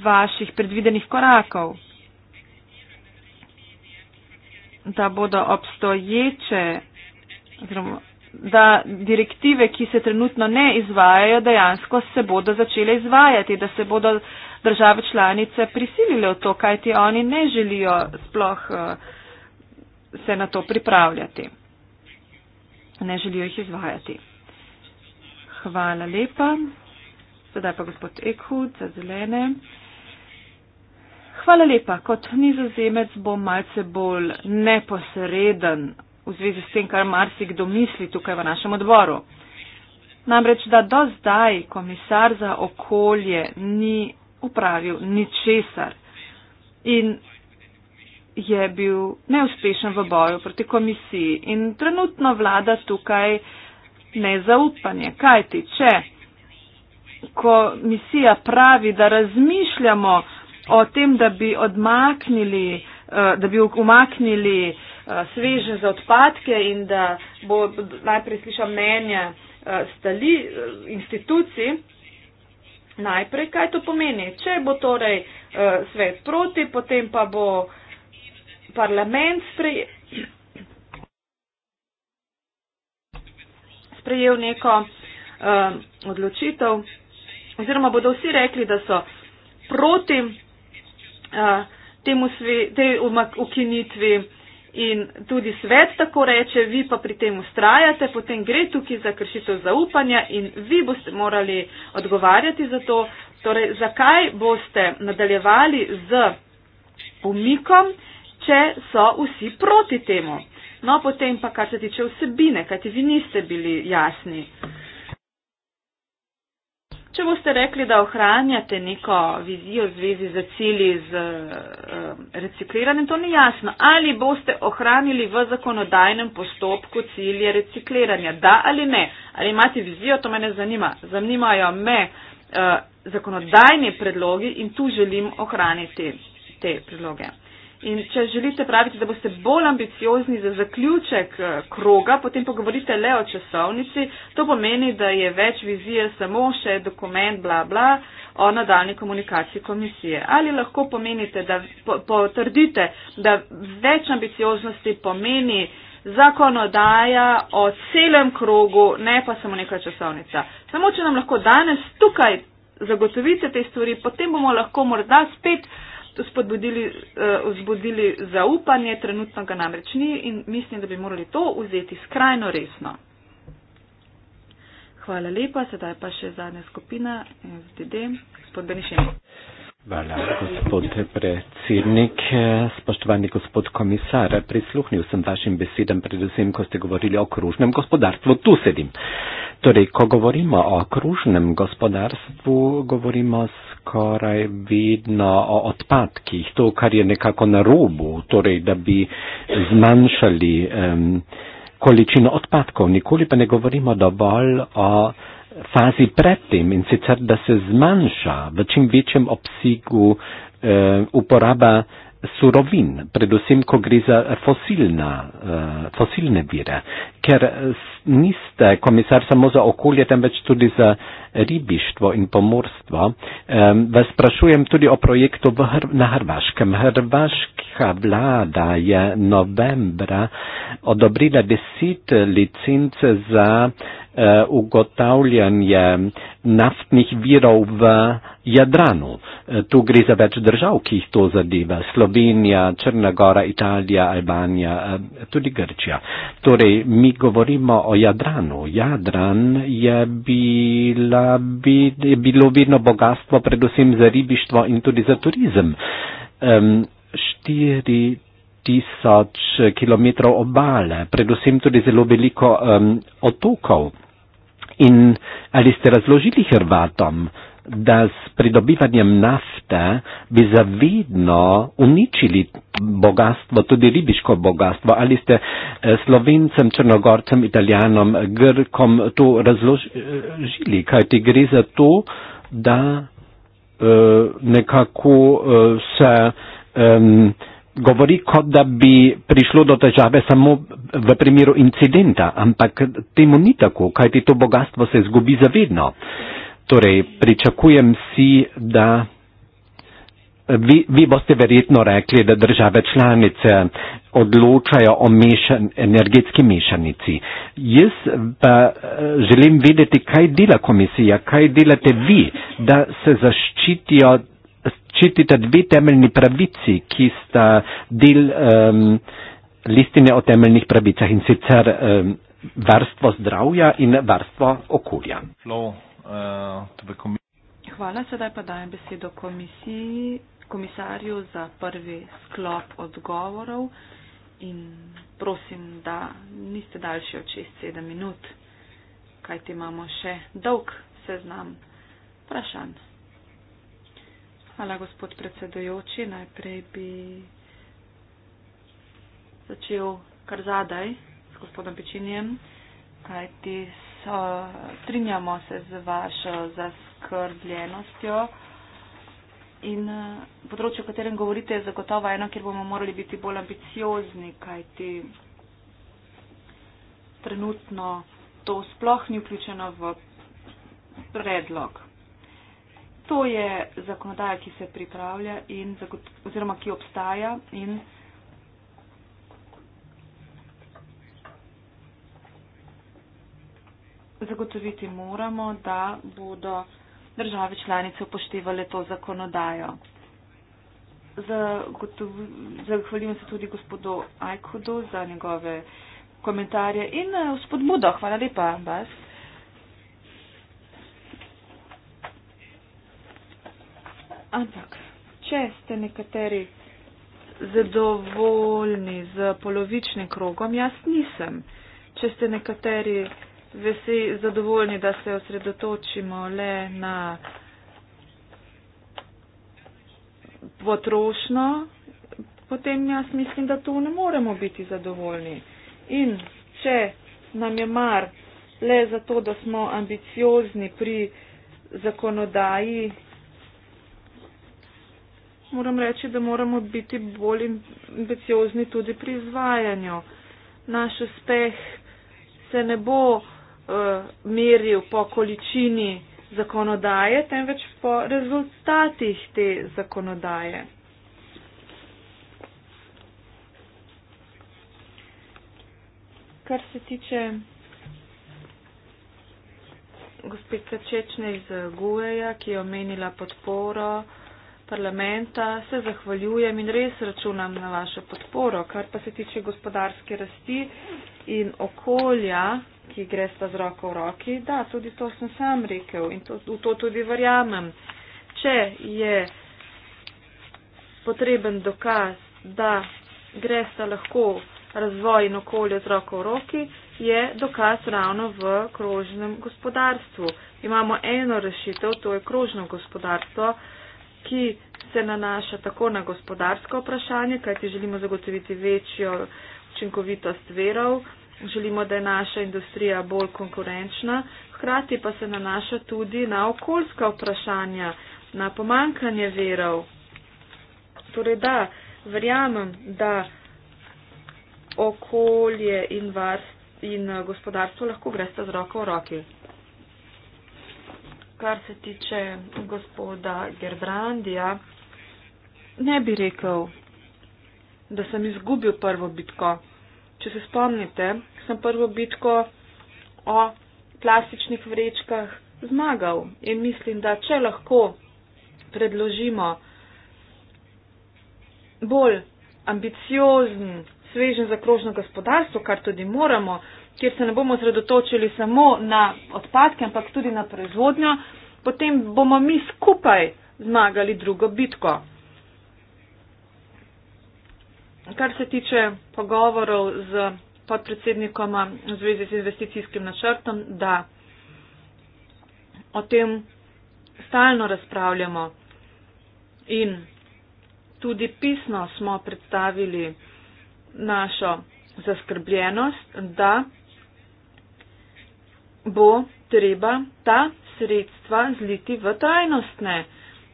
vaših predvidenih korakov da bodo obstoječe, da direktive, ki se trenutno ne izvajajo, dejansko se bodo začele izvajati, da se bodo države članice prisilile v to, kaj ti oni ne želijo sploh eh, se na to pripravljati. Ne želijo jih izvajati. Hvala lepa. Sedaj pa gospod Ekhud za zelene. Hvala lepa. Kot nizozemec bom malce bolj neposreden v zvezi s tem, kar marsikdo misli tukaj v našem odboru. Namreč, da do zdaj komisar za okolje ni upravil ničesar in je bil neuspešen v boju proti komisiji in trenutno vlada tukaj nezaupanje. Kaj ti, če komisija pravi, da razmišljamo, o tem, da bi odmaknili, eh, da bi umaknili eh, sveže za odpadke in da bo najprej slišal mnenja eh, stali institucij. Najprej, kaj to pomeni? Če bo torej svet proti, potem pa bo parlament sprejel. prejel neko uh, odločitev oziroma bodo vsi rekli, da so proti temu sve, tej ukinitvi in tudi svet tako reče, vi pa pri tem ustrajate, potem gre tukaj za kršitev zaupanja in vi boste morali odgovarjati za to, torej zakaj boste nadaljevali z umikom, če so vsi proti temu. No, potem pa kar se tiče vsebine, kajti vi niste bili jasni. Uh, Če boste rekli, da ohranjate neko vizijo v zvezi z cilji z eh, recikliranjem, to ni jasno. Ali boste ohranili v zakonodajnem postopku cilje recikliranja, da ali ne? Ali imate vizijo, to mene zanima. Zanimajo me eh, zakonodajni predlogi in tu želim ohraniti te predloge. In če želite praviti, da boste bolj ambiciozni za zaključek eh, kroga, potem pogovorite le o časovnici. To pomeni, da je več vizije samo še dokument, bla bla, o nadaljni komunikaciji komisije. Ali lahko pomenite, da potrdite, da več ambicioznosti pomeni zakonodaja o celem krogu, ne pa samo neka časovnica. Samo če nam lahko danes tukaj zagotovite te stvari, potem bomo lahko morda spet spodbudili, uh, vzbudili zaupanje, trenutno ga namreč ni in mislim, da bi morali to vzeti skrajno resno. Hvala lepa, sedaj pa še zadnja skupina, SDD, gospod Benišem. Hvala, gospod predsednik, spoštovani gospod komisar. Prisluhnil sem vašim besedam, predvsem, ko ste govorili o kružnem gospodarstvu. Tu sedim. Torej, ko govorimo o kružnem gospodarstvu, govorimo s skoraj vidno o odpadkih, to, kar je nekako na robu, torej, da bi zmanjšali um, količino odpadkov. Nikoli pa ne govorimo dovolj o fazi predtem in sicer, da se zmanjša v čim večjem obsegu um, uporaba surovin, predvsem, ko gre za fosilna, uh, fosilne vire, ker niste komisar samo za okolje, temveč tudi za ribištvo in pomorstvo. Um, vas sprašujem tudi o projektu Hr na Hrvaškem. Hrvaška vlada je novembra odobrila deset licence za uh, Eh, ugotavljanje naftnih virov v Jadranu. Eh, tu gre za več držav, ki jih to zadeva. Slovenija, Črna Gora, Italija, Albanija, eh, tudi Grčija. Torej, mi govorimo o Jadranu. Jadran je bila, bi, bilo vedno bogatstvo, predvsem za ribištvo in tudi za turizem. Um, štiri tisoč kilometrov obale, predvsem tudi zelo veliko um, otokov. In ali ste razložili Hrvatom, da s pridobivanjem nafte bi zavidno uničili bogatstvo, tudi ribiško bogatstvo? Ali ste eh, slovencem, črnogorcem, italijanom, grkom to razložili, kaj ti gre za to, da uh, nekako uh, se um, govori, kot da bi prišlo do težave samo v primeru incidenta, ampak temu ni tako, kajti to bogatstvo se izgubi zavedno. Torej, pričakujem si, da vi, vi boste verjetno rekli, da države članice odločajo o mešan, energetski mešanici. Jaz pa eh, želim vedeti, kaj dela komisija, kaj delate vi, da se zaščitijo ščitite dve temeljni pravici, ki sta del um, listine o temeljnih pravicah in sicer um, varstvo zdravja in varstvo okolja. Eh, Hvala, sedaj pa dajem besedo komisiji, komisarju za prvi sklop odgovorov in prosim, da niste daljši od 6-7 minut, kajti imamo še dolg seznam vprašanj. Hvala, gospod predsedujoči. Najprej bi začel kar zadaj s gospodom Pečinjem, kajti so, trinjamo se z vašo zaskrbljenostjo. In področje, o katerem govorite, je zagotovo eno, kjer bomo morali biti bolj ambiciozni, kajti trenutno to sploh ni vključeno v predlog to je zakonodaja, ki se pripravlja in oziroma ki obstaja in zagotoviti moramo, da bodo države članice upoštevale to zakonodajo. Zahvaljujem se tudi gospodu Ajkodu za njegove komentarje in eh, spodbudo. Hvala lepa, Bas. Ampak, če ste nekateri zadovoljni z polovičnim krogom, jaz nisem. Če ste nekateri vesi zadovoljni, da se osredotočimo le na potrošno, potem jaz mislim, da tu ne moremo biti zadovoljni. In če nam je mar le zato, da smo ambiciozni pri zakonodaji moram reči, da moramo biti bolj ambiciozni tudi pri izvajanju. Naš uspeh se ne bo uh, meril po količini zakonodaje, temveč po rezultatih te zakonodaje. Kar se tiče gospe Kačečne iz Gueja, ki je omenila podporo, parlamenta se zahvaljujem in res računam na vašo podporo. Kar pa se tiče gospodarske rasti in okolja, ki gre sta z roko v roki, da, tudi to sem sam rekel in to, v to tudi verjamem. Če je potreben dokaz, da gre sta lahko razvoj in okolje z roko v roki, je dokaz ravno v krožnem gospodarstvu. Imamo eno rešitev, to je krožno gospodarstvo, ki se nanaša tako na gospodarsko vprašanje, kajti želimo zagotoviti večjo učinkovitost verov, želimo, da je naša industrija bolj konkurenčna, hkrati pa se nanaša tudi na okoljska vprašanja, na pomankanje verov. Torej da, verjamem, da okolje in varstvo in gospodarstvo lahko gresta z roko v roki kar se tiče gospoda Gerbrandija, ne bi rekel, da sem izgubil prvo bitko. Če se spomnite, sem prvo bitko o plastičnih vrečkah zmagal in mislim, da če lahko predložimo bolj ambiciozen, svežen za krožno gospodarstvo, kar tudi moramo, kjer se ne bomo zredotočili samo na odpadke, ampak tudi na proizvodnjo, potem bomo mi skupaj zmagali drugo bitko. Kar se tiče pogovorov z podpredsednikoma v zvezi z investicijskim načrtom, da o tem stalno razpravljamo in tudi pisno smo predstavili našo zaskrbljenost, da bo treba ta sredstva zliti v trajnostne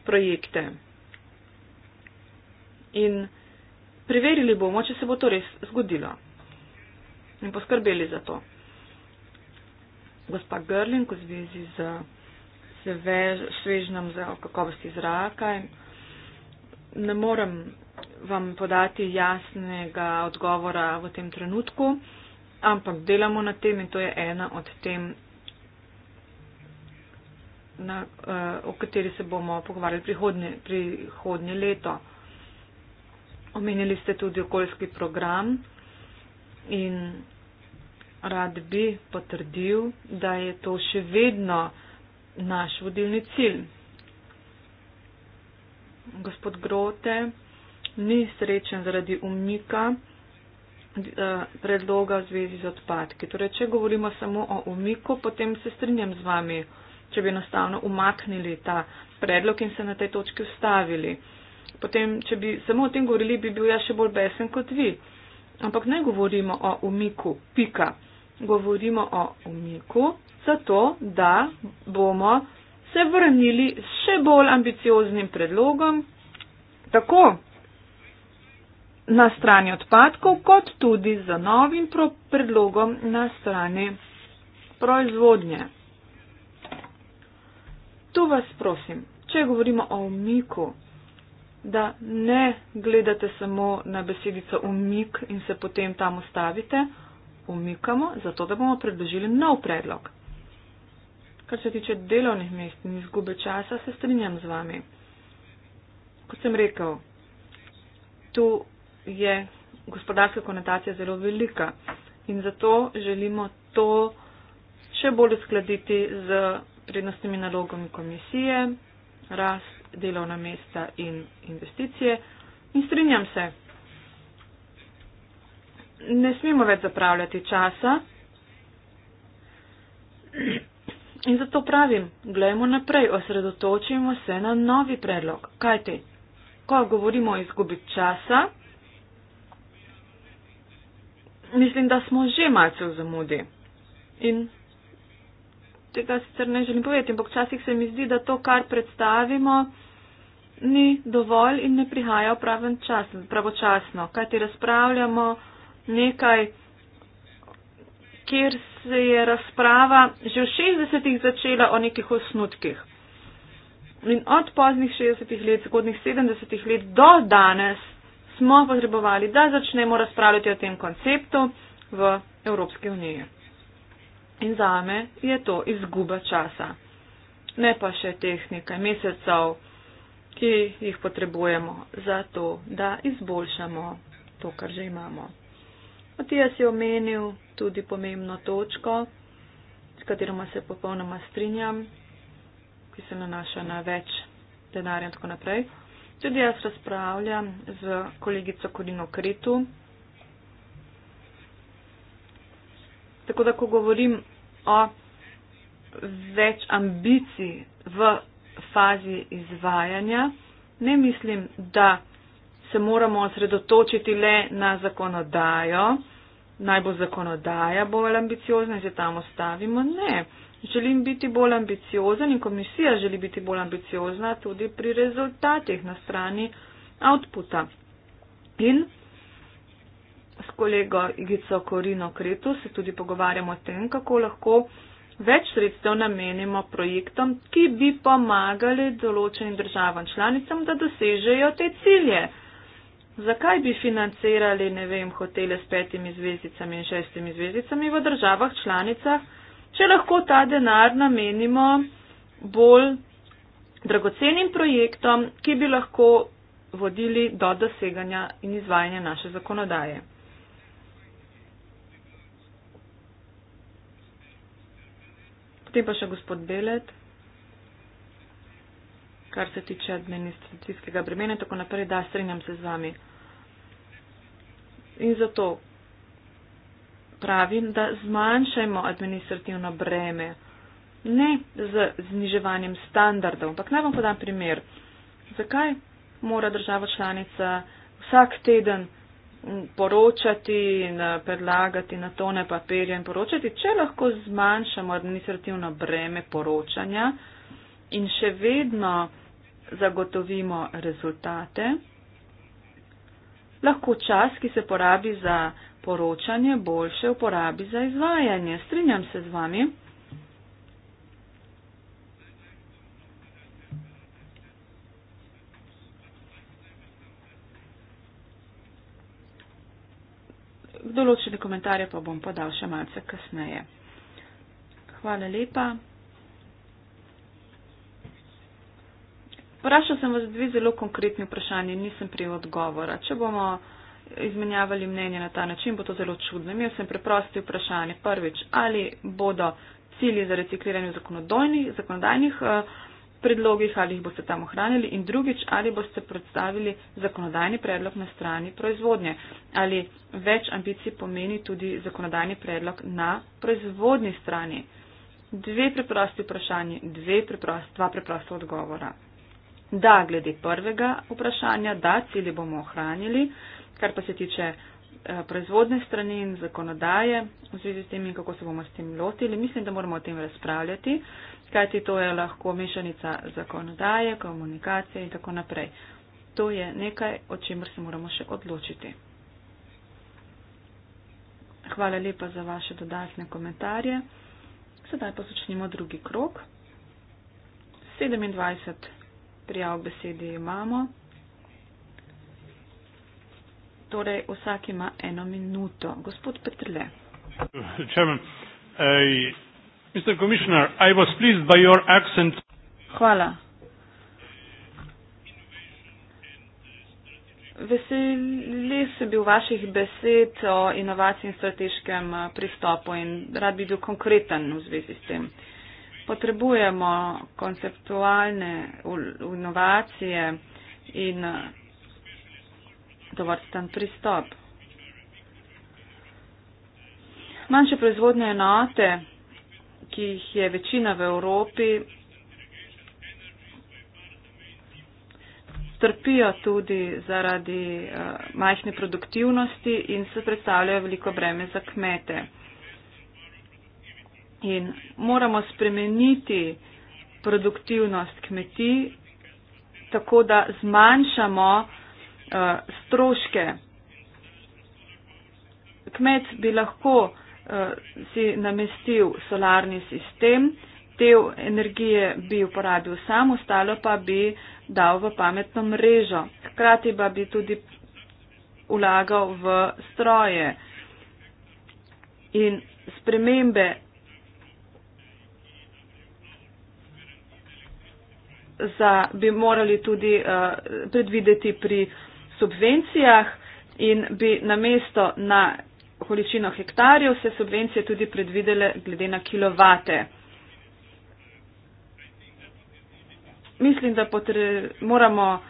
projekte. In preverili bomo, če se bo to res zgodilo. In poskrbeli za to. Gospa Grling v zvezi z svežnjem za kakovosti zraka. Ne morem vam podati jasnega odgovora v tem trenutku ampak delamo na tem in to je ena od tem, na, eh, o kateri se bomo pogovarjali prihodnje, prihodnje leto. Omenili ste tudi okoljski program in rad bi potrdil, da je to še vedno naš vodilni cilj. Gospod Grote ni srečen zaradi umika. Eh, predloga v zvezi z odpadki. Torej, če govorimo samo o umiku, potem se strinjam z vami, če bi enostavno umaknili ta predlog in se na tej točki ustavili. Potem, če bi samo o tem govorili, bi bil jaz še bolj besen kot vi. Ampak ne govorimo o umiku, pika. Govorimo o umiku, zato da bomo se vrnili s še bolj ambicioznim predlogom. Tako, na strani odpadkov, kot tudi za novim predlogom na strani proizvodnje. Tu vas prosim, če govorimo o umiku, da ne gledate samo na besedico umik in se potem tam ustavite, umikamo, zato da bomo predložili nov predlog. Kar se tiče delovnih mest in izgube časa, se strinjam z vami. Kot sem rekel, tu je gospodarska konotacija zelo velika in zato želimo to še bolj uskladiti z prednostnimi nalogami komisije, rast delovna mesta in investicije. In strinjam se, ne smemo več zapravljati časa. In zato pravim, gledajmo naprej, osredotočimo se na novi predlog. Kajte, ko govorimo o izgubi časa, mislim, da smo že malce v zamudi. In tega sicer ne želim povedati, ampak včasih se mi zdi, da to, kar predstavimo, ni dovolj in ne prihaja v pravem času, pravočasno. Kaj ti razpravljamo nekaj, kjer se je razprava že v 60-ih začela o nekih osnutkih. In od poznih 60-ih let, zgodnih 70-ih let do danes smo potrebovali, da začnemo razpravljati o tem konceptu v Evropski uniji. In za me je to izguba časa, ne pa še teh nekaj mesecev, ki jih potrebujemo za to, da izboljšamo to, kar že imamo. Matijas je omenil tudi pomembno točko, s katero se popolnoma strinjam, ki se nanaša na več denarja in tako naprej. Tudi jaz razpravljam z kolegico Korino Kretu. Tako da, ko govorim o več ambicij v fazi izvajanja, ne mislim, da se moramo osredotočiti le na zakonodajo, naj bo zakonodaja bolj ambiciozna in se tam ostavimo. Ne. Želim biti bolj ambiciozen in komisija želi biti bolj ambiciozna tudi pri rezultatih na strani outputa. In s kolego Igico Korino Kretu se tudi pogovarjamo o tem, kako lahko več sredstev namenimo projektom, ki bi pomagali določenim državam članicam, da dosežejo te cilje. Zakaj bi financirali, ne vem, hotele s petimi zvezdicami in šestimi zvezdicami v državah članicah? če lahko ta denar namenimo bolj dragocenim projektom, ki bi lahko vodili do doseganja in izvajanja naše zakonodaje. Potem pa še gospod Belet, kar se tiče administracijskega bremena in tako naprej, da strinjam se z vami. In zato, pravim, da zmanjšajmo administrativno breme. Ne z zniževanjem standardov, ampak naj vam podam primer. Zakaj mora država članica vsak teden poročati in eh, predlagati na tone papirja in poročati, če lahko zmanjšamo administrativno breme poročanja in še vedno zagotovimo rezultate, lahko čas, ki se porabi za poročanje, boljše uporabi za izvajanje. Strinjam se z vami. Določene komentarje pa bom podal še malce kasneje. Hvala lepa. Vprašal sem vas dve zelo konkretni vprašanje, nisem pri odgovora. Če bomo izmenjavali mnenje na ta način, bo to zelo čudno. Imel sem preprosti vprašanje. Prvič, ali bodo cilji za recikliranje v zakonodajnih, zakonodajnih eh, predlogih, ali jih boste tam ohranili in drugič, ali boste predstavili zakonodajni predlog na strani proizvodnje. Ali več ambicij pomeni tudi zakonodajni predlog na proizvodni strani. Dve preprosti vprašanje, dve preprost, dva preprosta odgovora da glede prvega vprašanja, da cilje bomo ohranili, kar pa se tiče eh, proizvodne strani in zakonodaje v zvezi s tem in kako se bomo s tem lotili. Mislim, da moramo o tem razpravljati, kajti to je lahko mešanica zakonodaje, komunikacije in tako naprej. To je nekaj, o čemer se moramo še odločiti. Hvala lepa za vaše dodatne komentarje. Sedaj pa začnimo drugi krok. 27 prijav besedi imamo. Torej, vsak ima eno minuto. Gospod Petrle. Hvala. Veseli se bil vaših besed o inovaciji in strateškem pristopu in rad bi bil konkreten v zvezi s tem potrebujemo konceptualne inovacije in tovrsten pristop. Manjše proizvodne enote, ki jih je večina v Evropi, trpijo tudi zaradi uh, majhne produktivnosti in se predstavljajo veliko breme za kmete. In moramo spremeniti produktivnost kmetij, tako da zmanjšamo uh, stroške. Kmet bi lahko uh, si namestil solarni sistem, del energije bi uporabil sam, ostalo pa bi dal v pametno mrežo. Hkrati pa bi tudi ulagal v stroje. In spremembe za, bi morali tudi uh, predvideti pri subvencijah in bi na mesto na količino hektarjev se subvencije tudi predvidele glede na kilovate. Mislim, da potre, moramo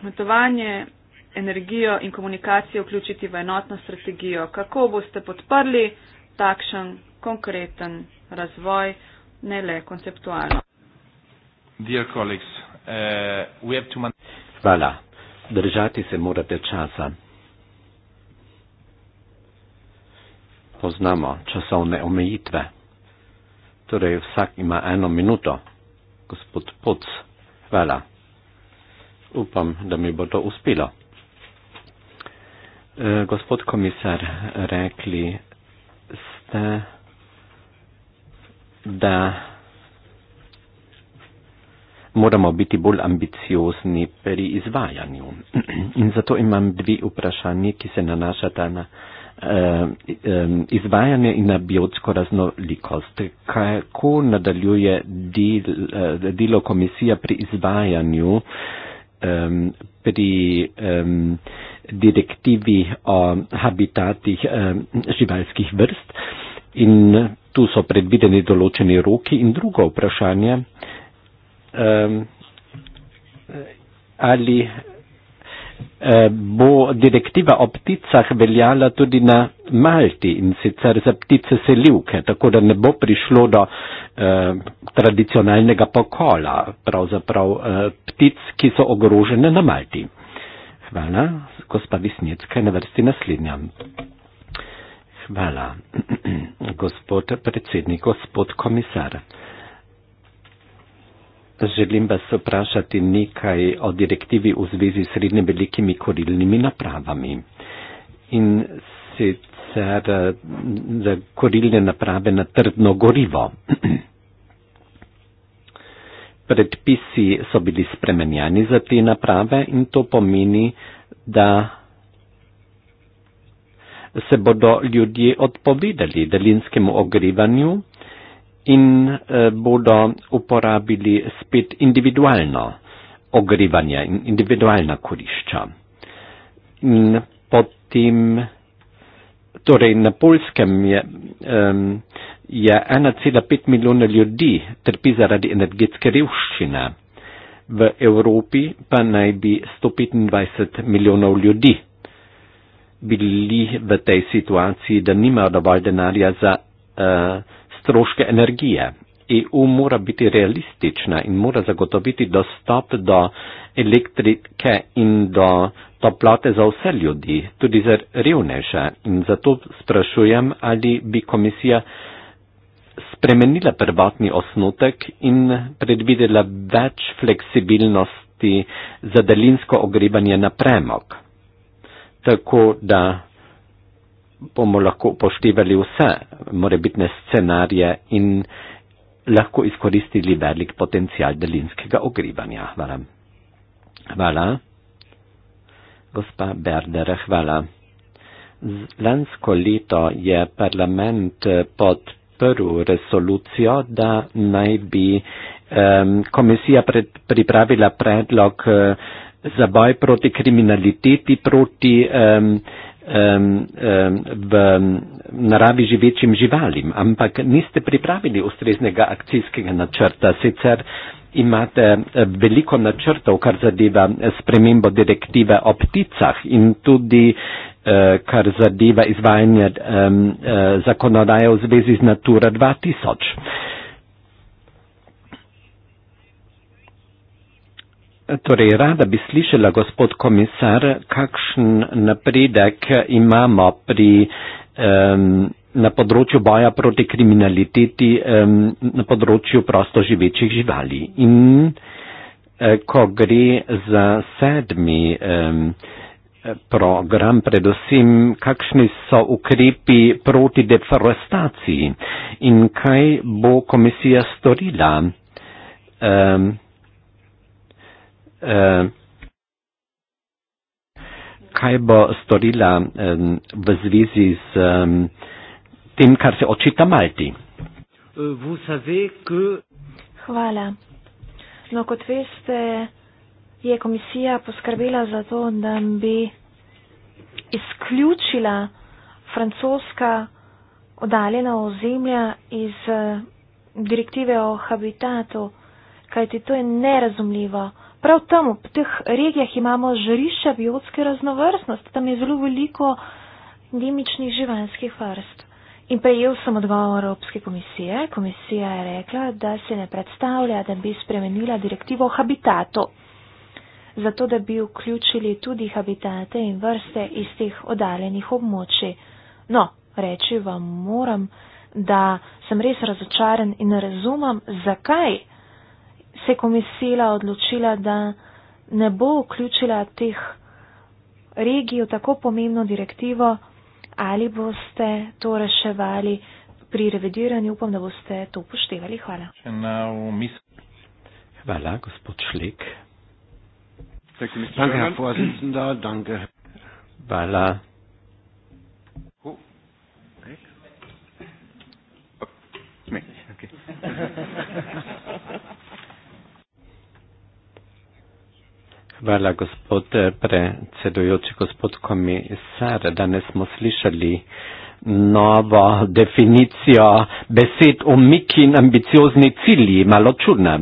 kmetovanje, energijo in komunikacijo vključiti v enotno strategijo. Kako boste podprli takšen konkreten razvoj, ne le konceptualno. Uh, hvala. Držati se morate časa. Poznamo časovne omejitve. Torej vsak ima eno minuto. Gospod Puc, hvala. Upam, da mi bo to uspelo. E, gospod komisar, rekli ste, da moramo biti bolj ambiciozni pri izvajanju. (clears throat) In zato imam dve vprašanje, ki se nanašata na eh, eh, izvajanje in na biotsko raznolikost. Kako nadaljuje del, eh, delo komisija pri izvajanju, pri direktivi o habitatih živalskih vrst in tu so predvideni določeni roki in drugo vprašanje, eh, ali eh, bo direktiva o pticah veljala tudi na Malti in sicer za ptice selivke, tako da ne bo prišlo do eh, tradicionalnega pokola pravzaprav eh, ptic, ki so ogrožene na Malti. Hvala, gospa Visnjecka je na vrsti naslednja. Hvala, (clears throat) gospod predsednik, gospod komisar želim vas vprašati nekaj o direktivi v zvezi s srednje velikimi korilnimi napravami. In sicer eh, za korilne naprave na trdno gorivo. (clears throat) Predpisi so bili spremenjani za te naprave in to pomeni, da se bodo ljudje odpovedali daljinskemu ogrevanju in eh, bodo uporabili spet individualno ogrevanje in individualna korišča. In potem, torej na polskem je, um, je 1,5 milijona ljudi trpi zaradi energetske revščine, v Evropi pa naj bi 125 milijonov ljudi bili v tej situaciji, da nimajo dovolj denarja za uh, stroške energije. EU mora biti realistična in mora zagotoviti dostop do elektrike in do toplote za vse ljudi, tudi za revneže. In zato sprašujem, ali bi komisija spremenila prvotni osnutek in predvidela več fleksibilnosti za daljinsko ogrevanje na premog, tako da bomo lahko upoštevali vse morebitne scenarije in lahko izkoristili velik potencial delinskega ogrivanja. Hvala. Hvala. Gospa Berder, hvala. Lansko leto je parlament eh, podprl resolucijo, da naj bi um, komisija pred, pripravila predlog um, za boj proti kriminaliteti, proti. Um, v naravi živečim živalim, ampak niste pripravili ustreznega akcijskega načrta. Sicer imate eh, veliko načrtov, kar zadeva eh, spremembo direktive o pticah in tudi eh, kar zadeva izvajanje zakonodaje v zvezi z Natura 2000. Torej, rada bi slišala, gospod komisar, kakšen napredek imamo pri, um, na področju boja proti kriminaliteti um, na področju prosto živečih živali. In uh, ko gre za sedmi um, program, predvsem, kakšni so ukrepi proti deforestaciji in kaj bo komisija storila. Um, Eh, kaj bo storila v zvezi z tem, kar se očita Malti. Eh, Hvala. No, kot veste, je komisija poskrbela za to, da bi izključila francoska oddaljena ozemlja iz eh, direktive o habitatu, kajti to je nerazumljivo. Prav tam, v teh regijah imamo žarišča biotske raznovrstnosti, tam je zelo veliko endemičnih živalskih vrst. In prejel sem odgovor Evropske komisije. Komisija je rekla, da se ne predstavlja, da bi spremenila direktivo o habitatu, zato da bi vključili tudi habitate in vrste iz teh odaljenih območij. No, reči vam moram, da sem res razočaren in ne razumem, zakaj se je komisija odločila, da ne bo vključila teh regij v tako pomembno direktivo, ali boste to reševali pri revidiranju. Upam, da boste to upoštevali. Hvala. Hvala, gospod Šlik. Hvala. Me. Okay. (laughs) (laughs) Hvala, gospod eh, predsedujoči, gospod komisar. Danes smo slišali novo definicijo besed omik in ambiciozni cilji, malo čudna.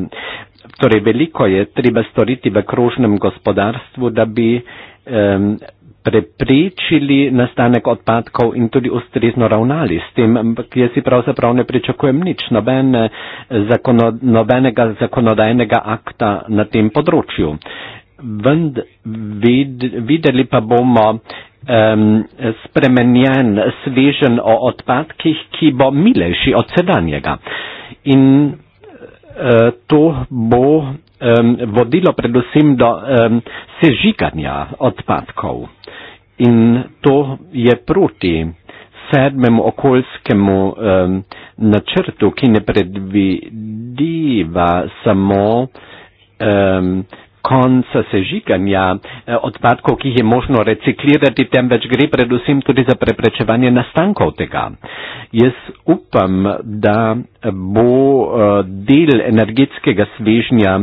Torej, veliko je treba storiti v krožnem gospodarstvu, da bi um, preprečili nastanek odpadkov in tudi ustrezno ravnali s tem, ampak jaz si pravzaprav ne pričakujem nič, nobene, eh, zakono, nobenega zakonodajnega akta na tem področju vend, vid, videli pa bomo um, spremenjen svežen o odpadkih, ki bo milejši od sedanjega. In uh, to bo um, vodilo predvsem do um, sežiganja odpadkov. In to je proti sedmemu okoljskemu um, načrtu, ki ne predvidiva samo um, konca sežiganja eh, odpadkov, ki jih je možno reciklirati, temveč gre predvsem tudi za preprečevanje nastankov tega. Jaz upam, da bo eh, del energetskega svežnja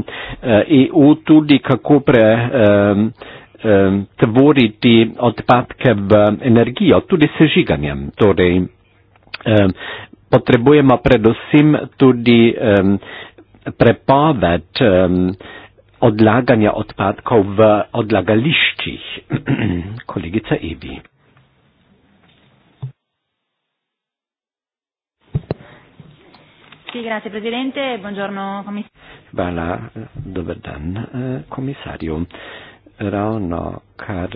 EU eh, e tudi kako pre tvoriti odpadke v energijo, tudi sežiganjem. Torej, potrebujemo predvsem tudi prepoved um, odlaganja odpadkov v odlagališčih. (clears throat) Kolegica Ebi. Sì, grazie Presidente, buongiorno Commissario. Bala, dober dan eh, Komisarju. Ravno kar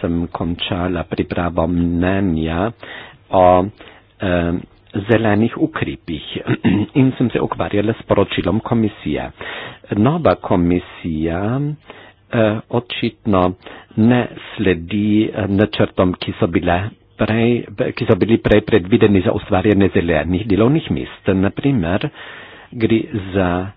sem končala pripravo mnenja o eh, zelenih ukrepih (clears throat) in sem se ukvarjala s poročilom komisije. Nova komisija eh, očitno ne sledi eh, načrtom, ki so bile. Prej, ki so bili prej predvideni za ustvarjanje zelenih delovnih mest. Naprimer, gre za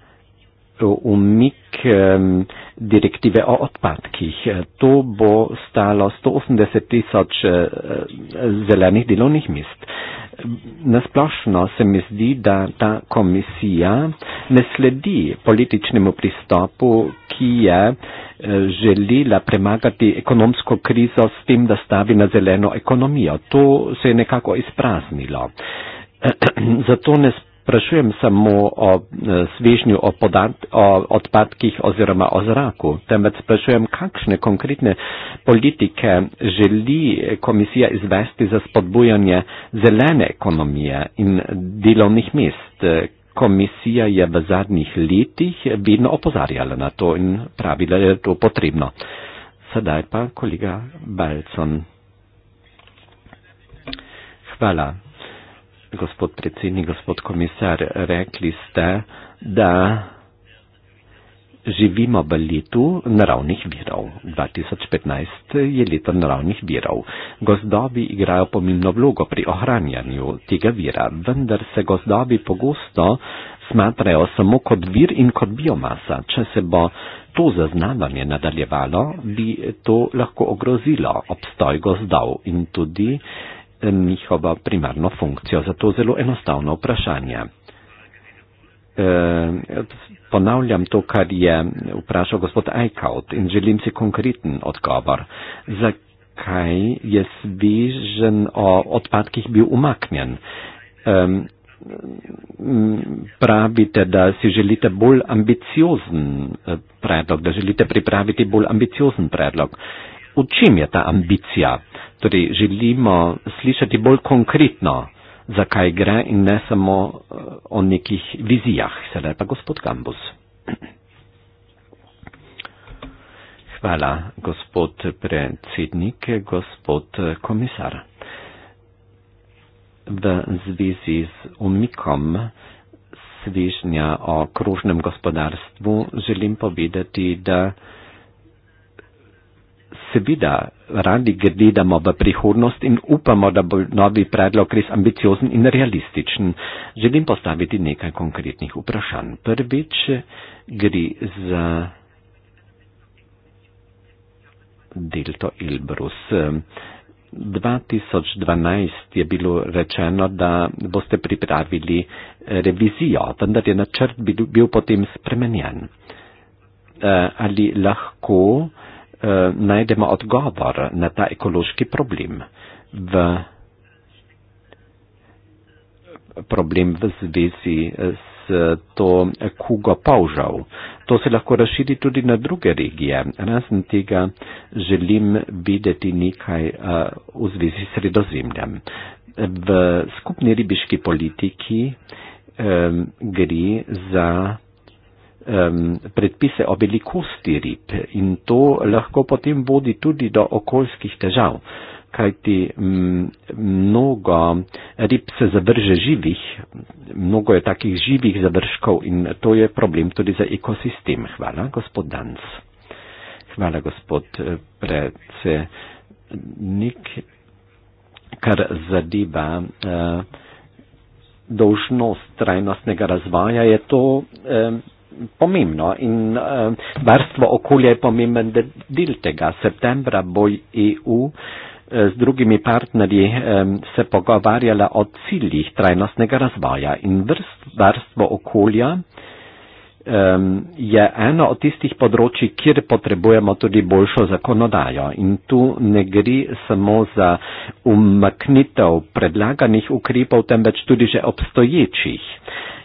umik um, direktive o odpadkih. E, to bo stalo 180 tisoč uh, zelenih delovnih mest. Nasplošno se mi zdi, da ta komisija ne sledi političnemu pristopu, ki je e, želela premagati ekonomsko krizo s tem, da stavi na zeleno ekonomijo. To se je nekako izpraznilo. (clears throat) Zato ne spoštujem. Sprašujem samo o e, svežnju o, podat, o odpadkih oziroma o zraku, temveč sprašujem, kakšne konkretne politike želi komisija izvesti za spodbujanje zelene ekonomije in delovnih mest. Komisija je v zadnjih letih vedno opozarjala na to in pravila, da je to potrebno. Sedaj pa kolega Balcon. Hvala gospod predsednik, gospod komisar, rekli ste, da živimo v letu naravnih virov. 2015 je leto naravnih virov. Gozdobi igrajo pomembno vlogo pri ohranjanju tega vira, vendar se gozdobi pogosto smatrajo samo kot vir in kot biomasa. Če se bo to zaznavanje nadaljevalo, bi to lahko ogrozilo obstoj gozdov in tudi njihovo primarno funkcijo. Zato zelo enostavno vprašanje. E, ponavljam to, kar je vprašal gospod Eichhout in želim si konkreten odgovor. Zakaj je svižen o odpadkih bil umaknjen? E, pravite, da si želite bolj ambiciozen e, predlog, da želite pripraviti bolj ambiciozen predlog. V čem je ta ambicija? Torej, želimo slišati bolj konkretno, zakaj gre in ne samo eh, o nekih vizijah. Sedaj pa gospod Gambus. Hvala, gospod predsednik, gospod eh, komisar. V zvezi z umikom svežnja o krožnem gospodarstvu želim povedati, da seveda radi gledamo v prihodnost in upamo, da bo novi predlog res ambiciozen in realističen. Želim postaviti nekaj konkretnih vprašanj. Prvič gre za Delto Ilbrus. 2012 je bilo rečeno, da boste pripravili revizijo, vendar je načrt bil potem spremenjen. Eh, ali lahko eh, najdemo odgovor na ta ekološki problem v problem v zvezi eh, s to kugo polžav. To se lahko razširi tudi na druge regije. Razen tega želim videti nekaj eh, v zvezi s sredozemljem. V skupni ribiški politiki eh, gre za um, predpise o velikosti rib in to lahko potem vodi tudi do okoljskih težav, kajti mnogo rib se zavrže živih, mnogo je takih živih završkov in to je problem tudi za ekosistem. Hvala, gospod Danc. Hvala, gospod eh, predsednik, kar zadeva. Uh, eh, Dožnost trajnostnega razvoja je to, pomembno in uh, varstvo okolja je pomemben del tega. Septembra bo EU eh, z drugimi partnerji um, se pogovarjala o ciljih trajnostnega razvoja in vrst varstvo okolja um, je eno od tistih področji, kjer potrebujemo tudi boljšo zakonodajo. In tu ne gre samo za umaknitev predlaganih ukrepov, temveč tudi že obstoječih.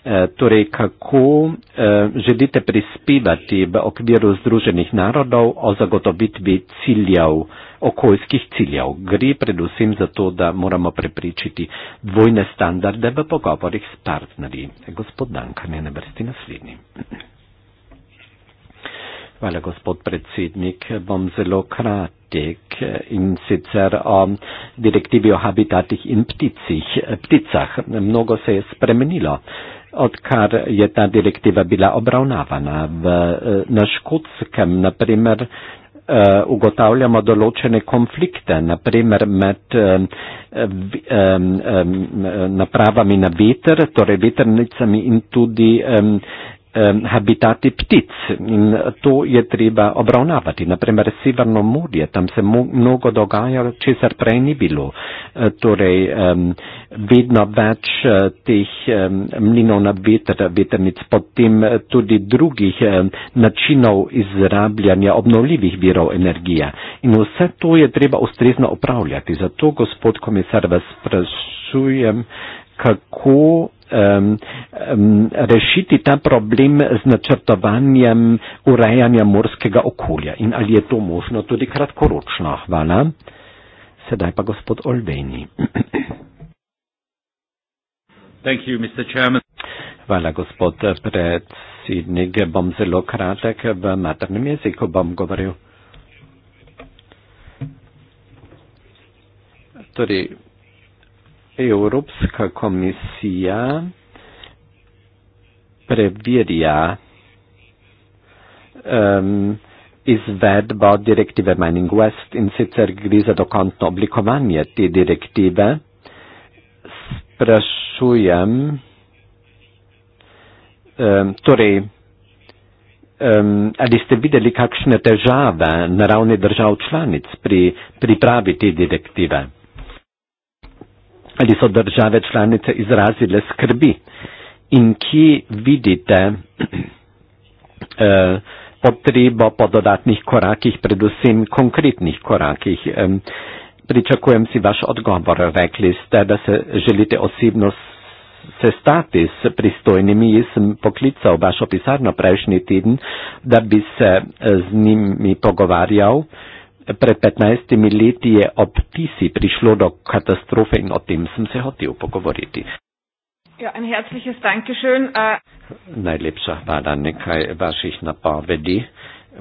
Eh, torej kako eh, želite prispevati v okviru Združenih narodov o zagotovitvi ciljev, okoljskih ciljev. Gre predvsem za to, da moramo prepričiti dvojne standarde v pogovorih s partnerji. Gospod Dankan je na vrsti naslednji. Hvala, gospod predsednik. Bom zelo kratek eh, in sicer o direktivi o habitatih in pticih, pticah. Mnogo se je spremenilo odkar je ta direktiva bila obravnavana. V, e, na škotskem, na primer, e, ugotavljamo določene konflikte, naprimer med e, napravami na veter, torej veternicami in tudi habitati ptic. To je treba obravnavati. Naprimer, severno morje, tam se mnogo dogaja, česar prej ni bilo. E, torej, vedno več e, teh mlinov na veter, veternic, potem e, tudi drugih načinov izrabljanja obnovljivih virov energije. In vse to je treba ustrezno upravljati. Zato, gospod komisar, vas sprašujem, kako um, um, rešiti ta problem z načrtovanjem urejanja morskega okolja in ali je to možno tudi kratkoročno. Hvala. Sedaj pa gospod Olbeni. (clears throat) You, Hvala, gospod predsednik. Bom zelo kratek v maternem jeziku, bom govoril. Torej, Evropska komisija previrja um, izvedbo direktive Mining West in sicer gre za dokončno oblikovanje te direktive. Sprašujem, um, torej, um, ali ste videli kakšne težave na ravni držav članic pri pripravi te direktive? ali so države članice izrazile skrbi in ki vidite (clears throat) eh, potrebo po dodatnih korakih, predvsem konkretnih korakih. Eh, pričakujem si vaš odgovor. Rekli ste, da se želite osebno sestati s pristojnimi. Jaz sem poklical vašo pisarno prejšnji teden, da bi se eh, z njimi pogovarjal. Eh, pred 15 leti je ob Tisi prišlo do katastrofe in o tem sem se hotel pogovoriti. Ja, ein herzliches Dankeschön. Najlepša hvala nekaj vaših napovedi.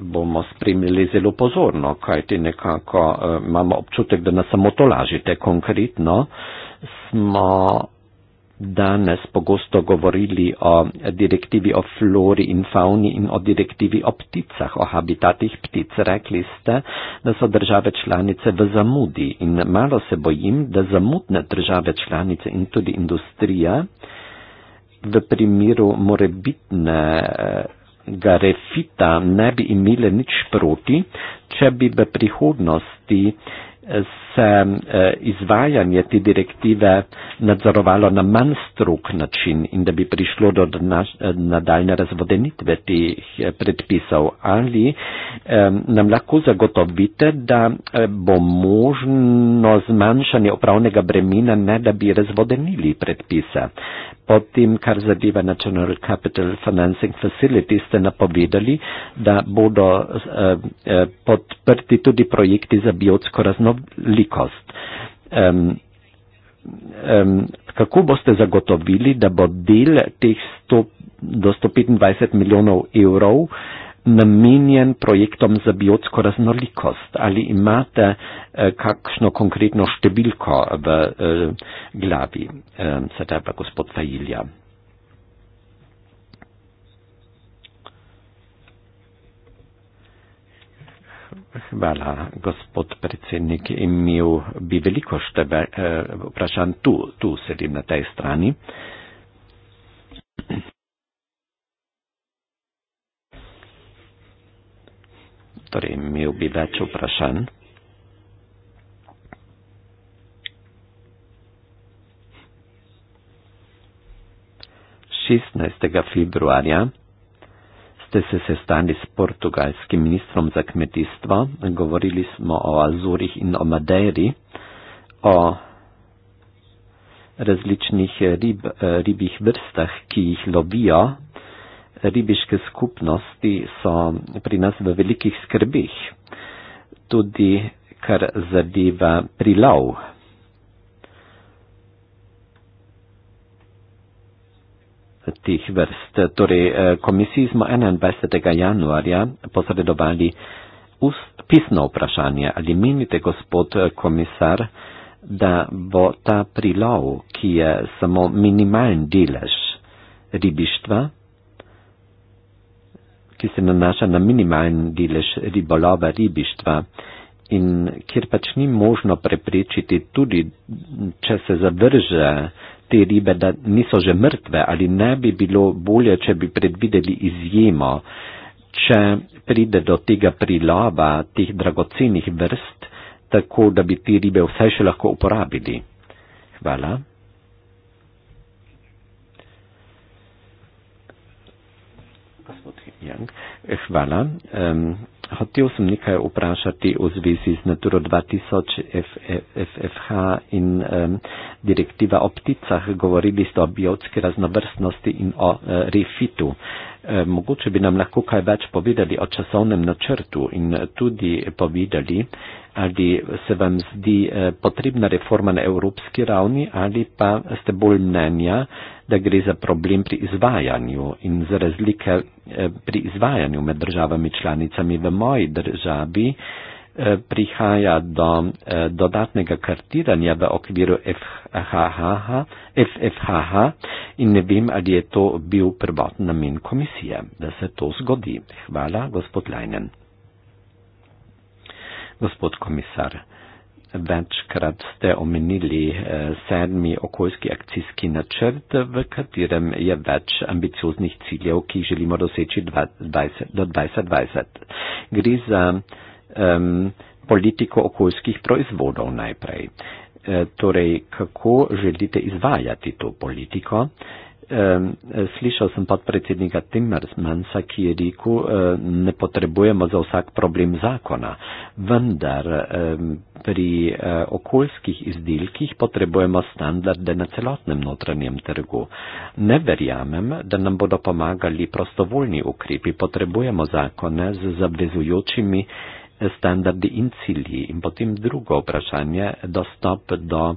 Bomo spremljali zelo pozorno, kajti nekako uh, imamo občutek, da nas samo to lažite konkretno. Smo danes pogosto govorili o direktivi o flori in fauni in o direktivi o pticah, o habitatih ptic. Rekli ste, da so države članice v zamudi in malo se bojim, da zamudne države članice in tudi industrija v primeru morebitne garefita ne bi imele nič proti, če bi v prihodnosti s se e, izvajanje te direktive nadzorovalo na manj strok način in da bi prišlo do e, nadaljne razvodenitve tih e, predpisov, ali nam lahko zagotovite, da bo možno zmanjšanje upravnega bremena, ne da bi razvodenili predpise. Potem, kar zadeva National Capital Financing Facility, ste napovedali, da bodo eh, podprti tudi projekti za biotsko raznolikost velikost. Um, um, kako boste zagotovili, da bo del teh 100 do 125 milijonov evrov namenjen projektom za biotsko raznolikost? Ali imate uh, kakšno konkretno številko v uh, glavi, um, sedaj pa gospod Fajilja? Hvala, gospod predsednik. Imel bi veliko štebe, eh, vprašanj tu, tu sedim na tej strani. Torej, imel bi več vprašanj. Šestnajstega februarja ste se sestali s portugalskim ministrom za kmetijstvo, govorili smo o Azurih in o Madeiri, o različnih rib, ribjih vrstah, ki jih lovijo. Ribiške skupnosti so pri nas v velikih skrbih, tudi kar zadeva prilov. tih vrst. Torej, eh, komisiji smo 21. januarja posredovali pisno vprašanje, ali menite, gospod eh, komisar, da bo ta prilov, ki je samo minimalen delež ribištva, ki se nanaša na minimalen delež ribolova ribištva in kjer pač ni možno preprečiti, tudi če se zadrže te ribe, da niso že mrtve ali ne bi bilo bolje, če bi predvideli izjemo, če pride do tega prilova teh dragocenih vrst, tako da bi te ribe vse še lahko uporabili. Hvala. Hvala. Um, Hotel sem nekaj vprašati v zvezi z Naturo 2000 FFH e, in um, direktiva o pticah. Govorili ste o biotski raznovrstnosti in o uh, refitu. Uh, Eh, mogoče bi nam lahko kaj več povedali o časovnem načrtu in eh, tudi povedali, ali se vam zdi eh, potrebna reforma na evropski ravni ali pa ste bolj mnenja, da gre za problem pri izvajanju in za razlike pri izvajanju med državami članicami v moji državi. Eh, prihaja do eh, dodatnega kartiranja v okviru FFHH in ne vem, ali je to bil prvotni namen komisije, da se to zgodi. Hvala, gospod Lajnen. Gospod komisar, večkrat ste omenili eh, sedmi okoljski akcijski načrt, v katerem je več ambicioznih ciljev, ki jih želimo doseči 20, do 2020. Gre za um, politiko okoljskih proizvodov najprej. E, torej, kako želite izvajati to politiko? E, slišal sem podpredsednika Timmermansa, ki je rekel, e, ne potrebujemo za vsak problem zakona, vendar e, pri e, okoljskih izdelkih potrebujemo standarde na celotnem notranjem trgu. Ne verjamem, da nam bodo pomagali prostovoljni ukrepi, potrebujemo zakone z zavezujočimi standardi in cilji. In potem drugo vprašanje, dostop do eh,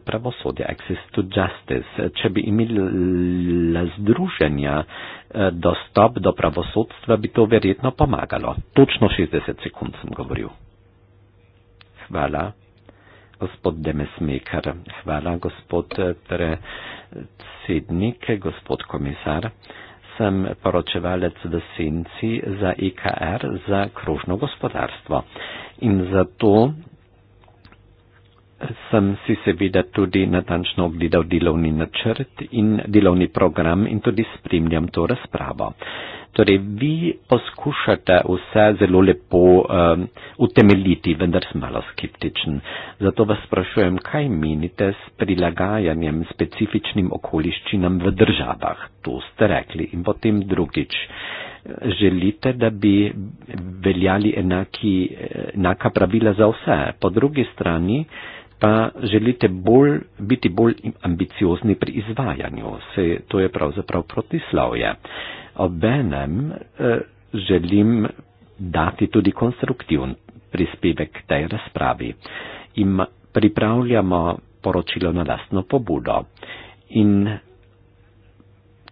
pravosodja, access to justice. Če bi imeli združenja eh, dostop do pravosodstva, bi to verjetno pomagalo. Točno 60 sekund sem govoril. Hvala, gospod Demesmeker. Hvala, gospod eh, predsednik, gospod komisar tymczasem poroczywalec w Sinci za IKR, e za krużno gospodarstwo. In za to sem si seveda tudi natančno ogledal delovni načrt in delovni program in tudi spremljam to razpravo. Torej, vi poskušate vse zelo lepo um, utemeljiti, vendar sem malo skeptičen. Zato vas sprašujem, kaj menite s prilagajanjem specifičnim okoliščinam v državah? To ste rekli in potem drugič. Želite, da bi veljali enaki, enaka pravila za vse. Po drugi strani pa želite bolj, biti bolj ambiciozni pri izvajanju. Se, to je pravzaprav protislavje obenem eh, želim dati tudi konstruktivn prispevek k tej razpravi. In pripravljamo poročilo na lastno pobudo. In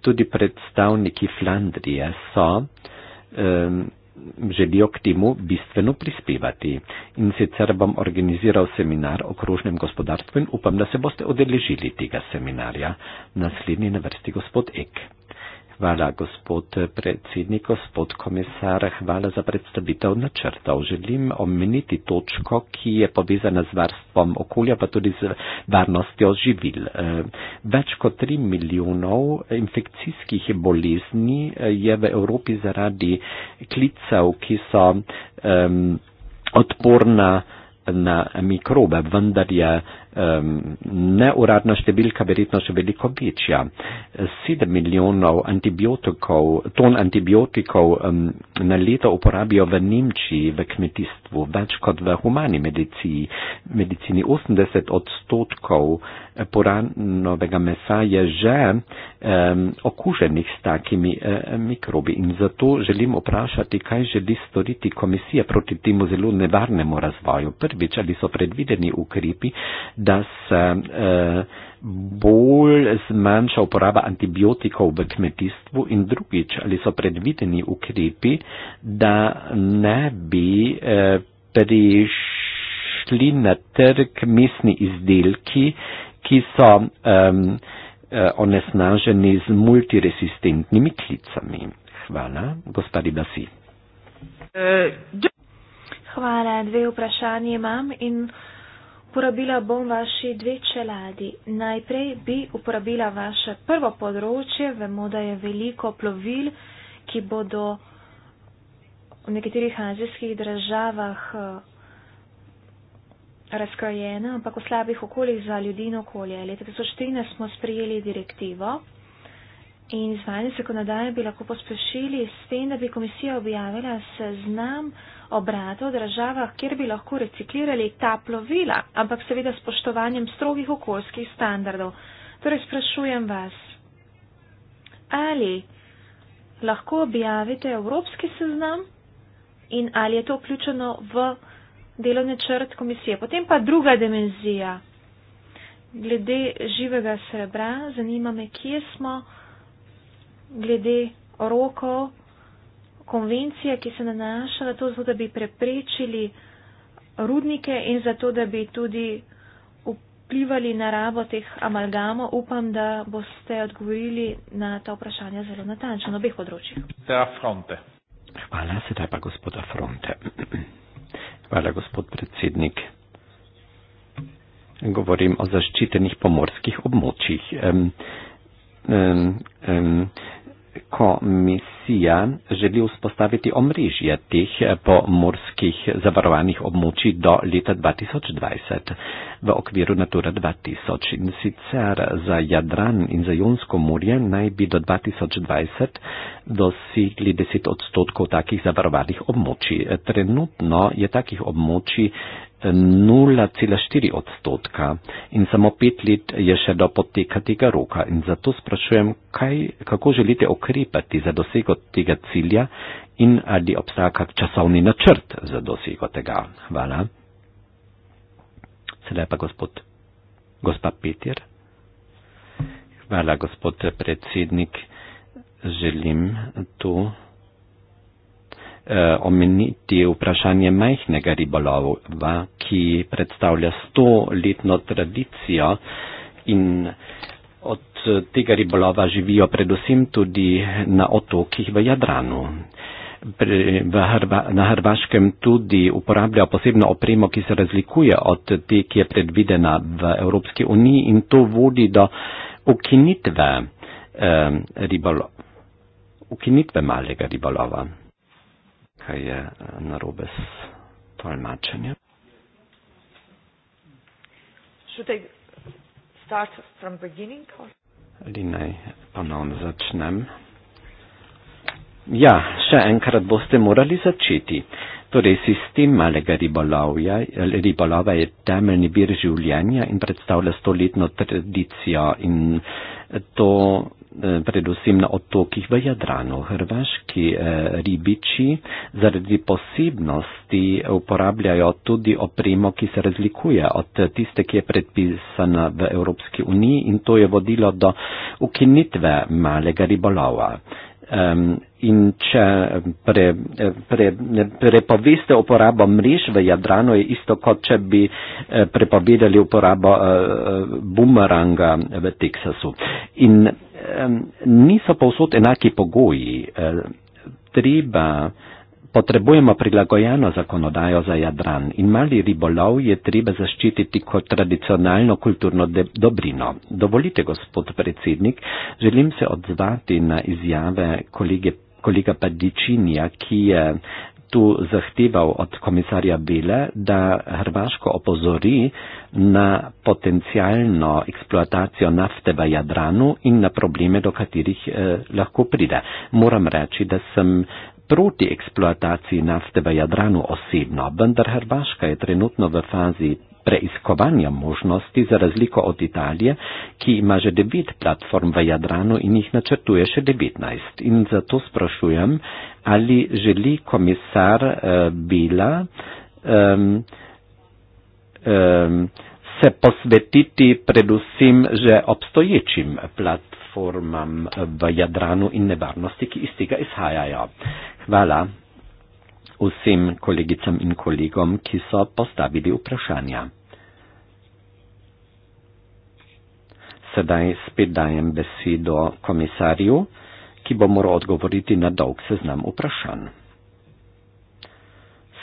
tudi predstavniki Flandrije so, um, želijo k temu bistveno prispevati. In sicer bom organiziral seminar o kružnem gospodarstvu in upam, da se boste odeležili tega seminarja. Naslednji na vrsti gospod Ek. Hvala, gospod predsednik, gospod komisar, hvala za predstavitev načrtov. Želim omeniti točko, ki je povezana z varstvom okolja, pa tudi z varnostjo živil. Več kot 3 milijonov infekcijskih bolezni je v Evropi zaradi klicev, ki so odporna na mikrobe, vendar je um, neuradna številka verjetno še veliko večja. Sedem milijonov antibiotikov, ton antibiotikov um, na leto uporabijo v Nemčiji, v kmetijstvu, več kot v humani medicini. medicini 80 odstotkov eh, poranovega mesa je že um, okuženih s takimi uh, mikrobi in zato želim vprašati, kaj želi storiti komisija proti temu zelo nevarnemu razvoju. Prvič, ali so predvideni ukrepi, dass äh, bolj zmanjša uporaba antibiotikov v kmetijstvu in drugič, ali so predvideni ukrepi, da ne bi eh, prišli na trg mesni izdelki, ki so um, onesnaženi z multiresistentnimi klicami. Hvala, gospodi Basi. Eh, Hvala, dve vprašanje imam in uporabila bom vaši dve čeladi. Najprej bi uporabila vaše prvo področje. Vemo, da je veliko plovil, ki bodo v nekaterih azijskih državah eh, razkrojena, ampak v slabih okoljih za ljudi in okolje. Leta 2014 smo sprejeli direktivo in izvajanje zakonodaje bi lahko pospešili s tem, da bi komisija objavila seznam obrate v državah, kjer bi lahko reciklirali ta plovila, ampak seveda s poštovanjem strogih okoljskih standardov. Torej sprašujem vas, ali lahko objavite evropski seznam in ali je to vključeno v delovne črt komisije. Potem pa druga dimenzija. Glede živega srebra, zanima me, kje smo glede rokov, konvencije, ki se nanaša na to, da bi preprečili rudnike in zato, da bi tudi vplivali na rabo teh amalgamov. Upam, da boste odgovorili na ta vprašanja zelo natančno na obeh področjih. Hvala, sedaj pa gospod Afronte. (clears throat) Hvala, gospod predsednik. Govorim o zaščitenih pomorskih območjih. Um, um, um, komisija želi vzpostaviti omrežje teh eh, pomorskih zavarovanih območij do leta 2020 v okviru Natura 2000. In sicer za Jadran in za Jonsko morje naj bi do 2020 dosegli 10 odstotkov takih zavarovanih območij. Trenutno je takih območij 0,4 odstotka in samo pet let je še do poteka tega roka. In zato sprašujem, kaj, kako želite okrepati za dosego tega cilja in ali obstaja kak časovni načrt za dosego tega. Hvala. Sedaj pa gospod, gospa Petir. Hvala, gospod predsednik. Želim to. Tu eh, omeniti vprašanje majhnega ribolova, ki predstavlja stoletno tradicijo in od tega ribolova živijo predvsem tudi na otokih v Jadranu. Pri, v Hrba, na Hrvaškem tudi uporabljajo posebno opremo, ki se razlikuje od te, ki je predvidena v Evropski uniji in to vodi do ukinitve, eh, ribolo, ukinitve malega ribolova nekaj je eh, narobe s tolmačenjem. Ali naj ponovno začnem? Ja, še enkrat boste morali začeti. Torej, sistem malega ribolova je temeljni vir življenja in predstavlja stoletno tradicijo in to Eh, predvsem na otokih v Jadranu. Hrvaški eh, ribiči zaradi posebnosti uporabljajo tudi opremo, ki se razlikuje od tiste, ki je predpisana v Evropski uniji in to je vodilo do ukinitve malega ribolova. Um, in če ehm, pre, ehm, pre, prepoveste uporabo mrež v Jadranu, je isto kot če bi eh, prepovedali uporabo uh, bumeranga v Teksasu. In um, niso povsod enaki pogoji. Uh, treba uh, Potrebujemo prilagojeno zakonodajo za Jadran in mali ribolov je treba zaščititi kot tradicionalno kulturno dobrino. Dovolite, gospod predsednik, želim se odzvati na izjave kolege, kolega Padičinja, ki je tu zahteval od komisarja Bele, da Hrvaško opozori na potencijalno eksploatacijo nafte v Jadranu in na probleme, do katerih eh, lahko pride. Moram reči, da sem proti eksploataciji nafte v Jadranu no osebno, vendar Hrvaška je trenutno v fazi preiskovanja možnosti za razliko od Italije, ki ima že devet platform v Jadranu in jih načrtuje še devetnajst. In zato sprašujem, ali želi komisar uh, eh, Bila um, um, se posvetiti predvsem že obstoječim plat, uh, platformam v Jadranu in nevarnosti, ki iz tega izhajajo. Hvala vsem kolegicam in kolegom, ki so postavili vprašanja. Sedaj spet dajem besedo komisarju, ki bo moral odgovoriti na dolg seznam vprašanj.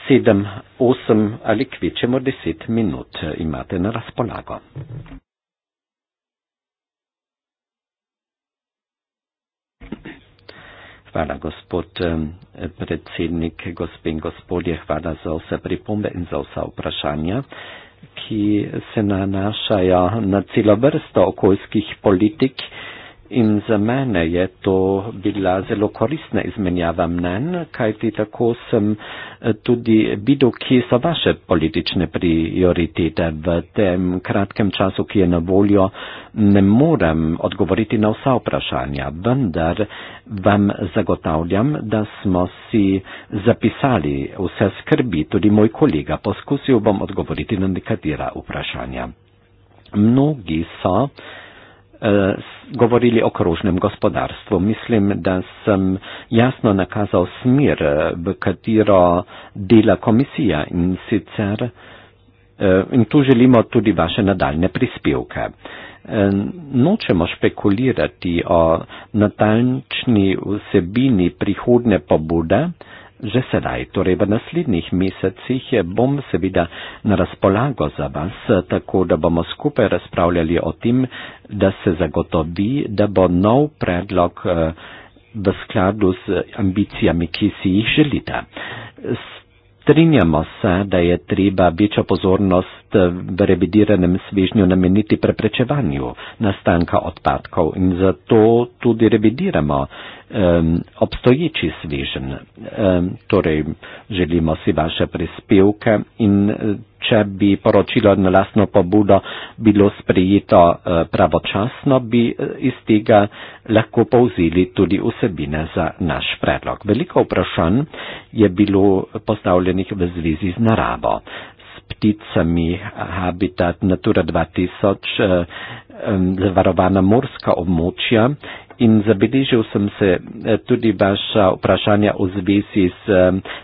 Sedem, osem ali kvečemo deset minut imate na razpolago. Hvala, gospod predsednik, gospe in gospodje, hvala za vse pripombe in za vsa vprašanja, ki se nanašajo na celo vrsto okoljskih politik. Eh, in za mene je to bila zelo koristna izmenjava mnen, kajti tako sem eh, tudi videl, ki so vaše politične prioritete v tem kratkem času, ki je na voljo, ne morem odgovoriti na vsa vprašanja, vendar vam zagotavljam, da smo si zapisali vse skrbi, tudi moj kolega, poskusil bom odgovoriti na nekatera vprašanja. Mnogi so, Eh, govorili o kružnem gospodarstvu. Mislim, da sem jasno nakazal smer, v katero dela komisija in sicer eh, in tu želimo tudi vaše nadaljne prispevke. Eh, nočemo špekulirati o natančni vsebini prihodne pobude, že sedaj, torej v naslednjih mesecih, bom seveda na razpolago za vas, tako da bomo skupaj razpravljali o tem, da se zagotovi, da bo nov predlog eh, v skladu z ambicijami, ki si jih želite. S Strinjamo se, da je treba večjo pozornost v revidiranem svežnju nameniti preprečevanju nastanka odpadkov in zato tudi revidiramo um, obstoječi svežen. Um, torej, želimo si vaše prispevke in če bi poročilo na lasno pobudo bilo sprejeto eh, pravočasno, bi eh, iz tega lahko povzeli tudi vsebine za naš predlog. Veliko vprašanj je bilo postavljenih v zvezi z naravo, s pticami, habitat Natura 2000, eh, zavarovana morska območja. In zabeležil sem se tudi vaša vprašanja v zvezi s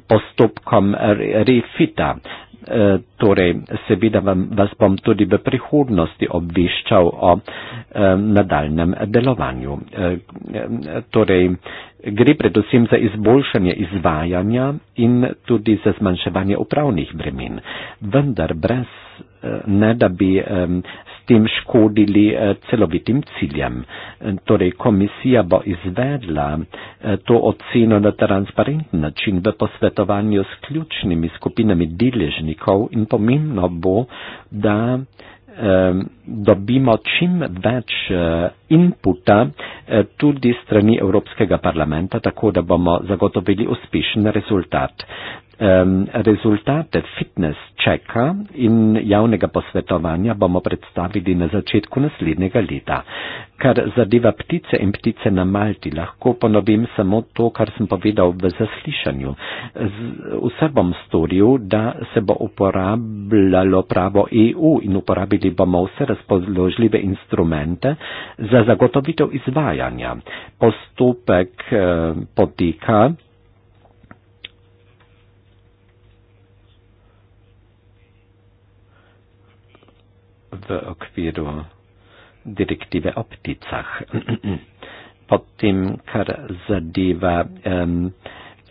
postopkom refita, Eh, torej, seveda vam, vas bom tudi v prihodnosti obveščal o eh, nadaljem delovanju. Eh, torej, gre predvsem za izboljšanje izvajanja in tudi za zmanjševanje upravnih bremen, vendar brez ne da bi tem škodili eh, celovitim ciljem. Eh, torej, komisija bo izvedla eh, to oceno na transparenten način v posvetovanju s ključnimi skupinami deležnikov in pomembno bo, da dobimo čim več inputa tudi strani Evropskega parlamenta, tako da bomo zagotovili uspešen rezultat rezultate fitness checka in javnega posvetovanja bomo predstavili na začetku naslednjega leta. Kar zadeva ptice in ptice na Malti, lahko ponovim samo to, kar sem povedal v zaslišanju. Vse bom storil, da se bo uporabljalo pravo EU in uporabili bomo vse razpoložljive instrumente za zagotovitev izvajanja. Postopek eh, poteka. v okviru direktive o pticah. Pod tem, kar zadeva um,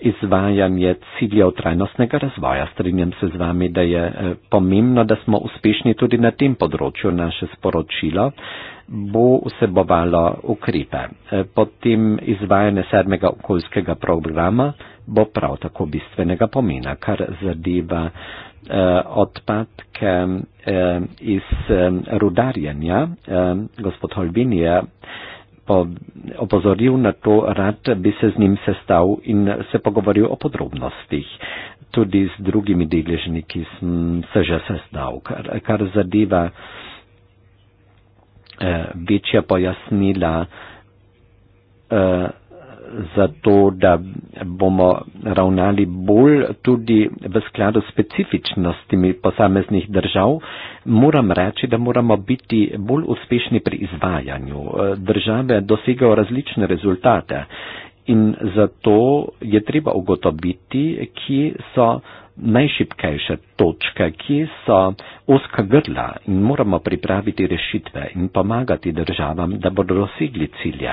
izvajanje ciljev trajnostnega razvoja, strinjam se z vami, da je e, pomembno, da smo uspešni tudi na tem področju. Naše sporočilo bo vsebovalo ukrepe. E, potem izvajanje sedmega okoljskega programa bo prav tako bistvenega pomena, kar zadeva. Eh, odpadkę eh, i z eh, rudariem, ja? Gospod Holbin je opozoril na to, rad bi se z njim sestal in se pogovoril o podrobnostih. Tudi z drugimi deležniki sem se že sestal, kar, kar zadeva večja pojasnila zato, da bomo ravnali bolj tudi v skladu s specifičnostimi posameznih držav, moram reči, da moramo biti bolj uspešni pri izvajanju. Države dosegajo različne rezultate in zato je treba ugotoviti, kje so najšipkejše točke, kje so oska grla in moramo pripraviti rešitve in pomagati državam, da bodo dosegli cilje.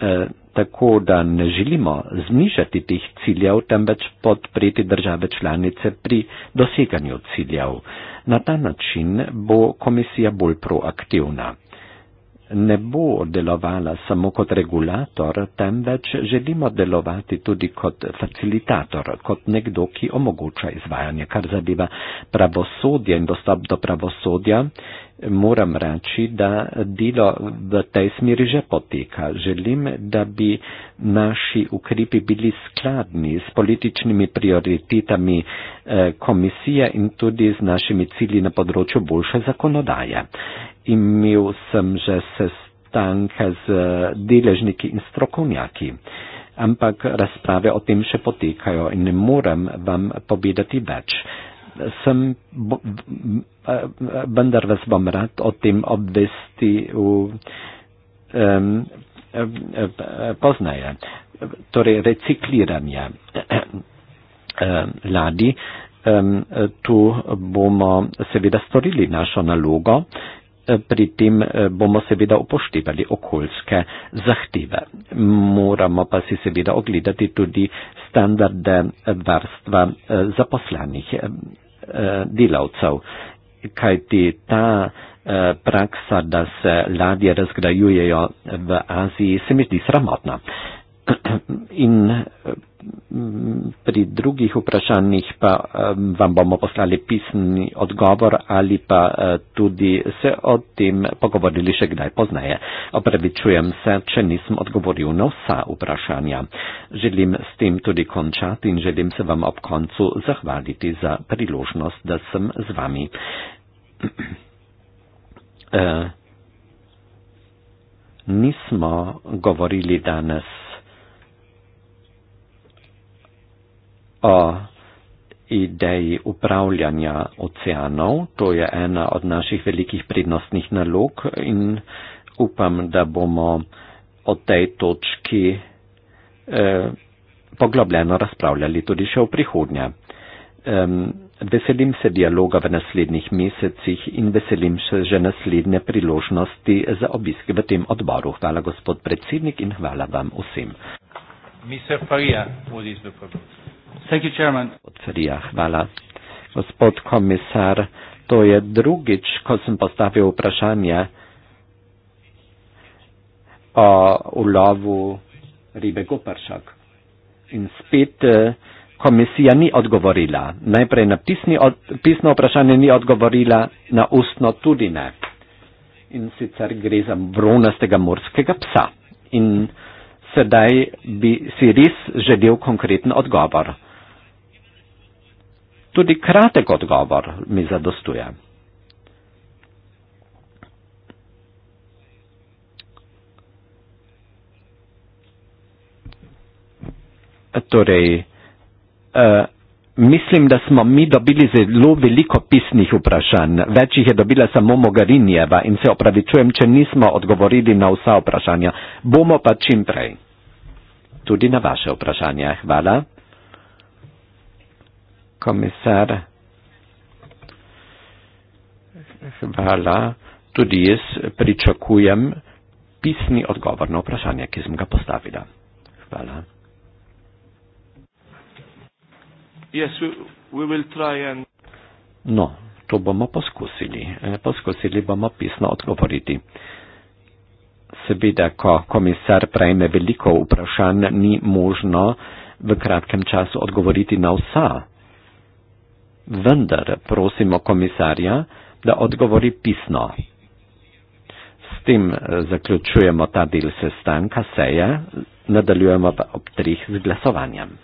Eh, tako da ne želimo znižati teh ciljev, temveč podpreti države članice pri doseganju ciljev. Na ta način bo komisija bolj proaktivna. Ne bo delovala samo kot regulator, temveč želimo delovati tudi kot facilitator, kot nekdo, ki omogoča izvajanje, kar zadeva pravosodje in dostop do pravosodja, moram reči, da delo v tej smeri že poteka. Želim, da bi naši ukrepi bili skladni s političnimi prioritetami eh, komisije in tudi z našimi cilji na področju boljše zakonodaje. Imel sem že sestanke z eh, deležniki in strokovnjaki. Ampak razprave o tem še potekajo in ne morem vam povedati več sem vendar vas bom rad o tem obvesti v um, poznaje, torej recikliranje (clears throat) ladi. Um, tu bomo seveda storili našo nalogo. Um, pri tem eh, bomo seveda upoštevali okoljske zahteve. Moramo pa si seveda ogledati tudi standarde eh, varstva eh, zaposlenih delavcev, kajti ta praksa, da se ladje razgrajujejo v Aziji, se mi zdi sramotna in eh, pri drugih vprašanjih pa eh, vam bomo poslali pisni odgovor ali pa eh, tudi se o tem pogovorili še kdaj poznaje. Opravičujem se, če nisem odgovoril na vsa vprašanja. Želim s tem tudi končati in želim se vam ob koncu zahvaliti za priložnost, da sem z vami. (clears throat) Nismo govorili danes o ideji upravljanja oceanov. To je ena od naših velikih prednostnih nalog in upam, da bomo o tej točki eh, poglobljeno razpravljali tudi še v prihodnje. Um, veselim se dialoga v naslednjih mesecih in veselim se že naslednje priložnosti za obisk v tem odboru. Hvala, gospod predsednik, in hvala vam vsem. Mr. Faria, vodi izbor. Thank you, Chairman. Potrija, hvala. Gospod komisar, to je drugič, ko sem postavil vprašanje o ulovu ribe Gupršak. In spet eh, komisija ni odgovorila. Najprej na pisni, od, pisno vprašanje ni odgovorila, na ustno tudi ne. In sicer gre za brunastega morskega psa. In sedaj bi si res želel konkreten odgovor. Tudi kratek odgovor mi zadostuje. Torej, eh, Mislim, da smo mi dobili zelo veliko pisnih vprašanj, več jih je dobila samo Mogarinjeva in se opravičujem, če nismo odgovorili na vsa vprašanja. Bomo pa čim prej. Tudi na vaše vprašanje. Hvala. Komisar. Hvala. Tudi jaz pričakujem pisni odgovor na vprašanje, ki sem ga postavila. Hvala. Yes, we, we and... No, to bomo poskusili. E, poskusili bomo pisno odgovoriti. Seveda, ko komisar prejme veliko vprašanj, ni možno v kratkem času odgovoriti na vsa. Vendar prosimo komisarja, da odgovori pisno. S tem e, zaključujemo ta del sestanka seje, nadaljujemo pa ob trih z glasovanjem.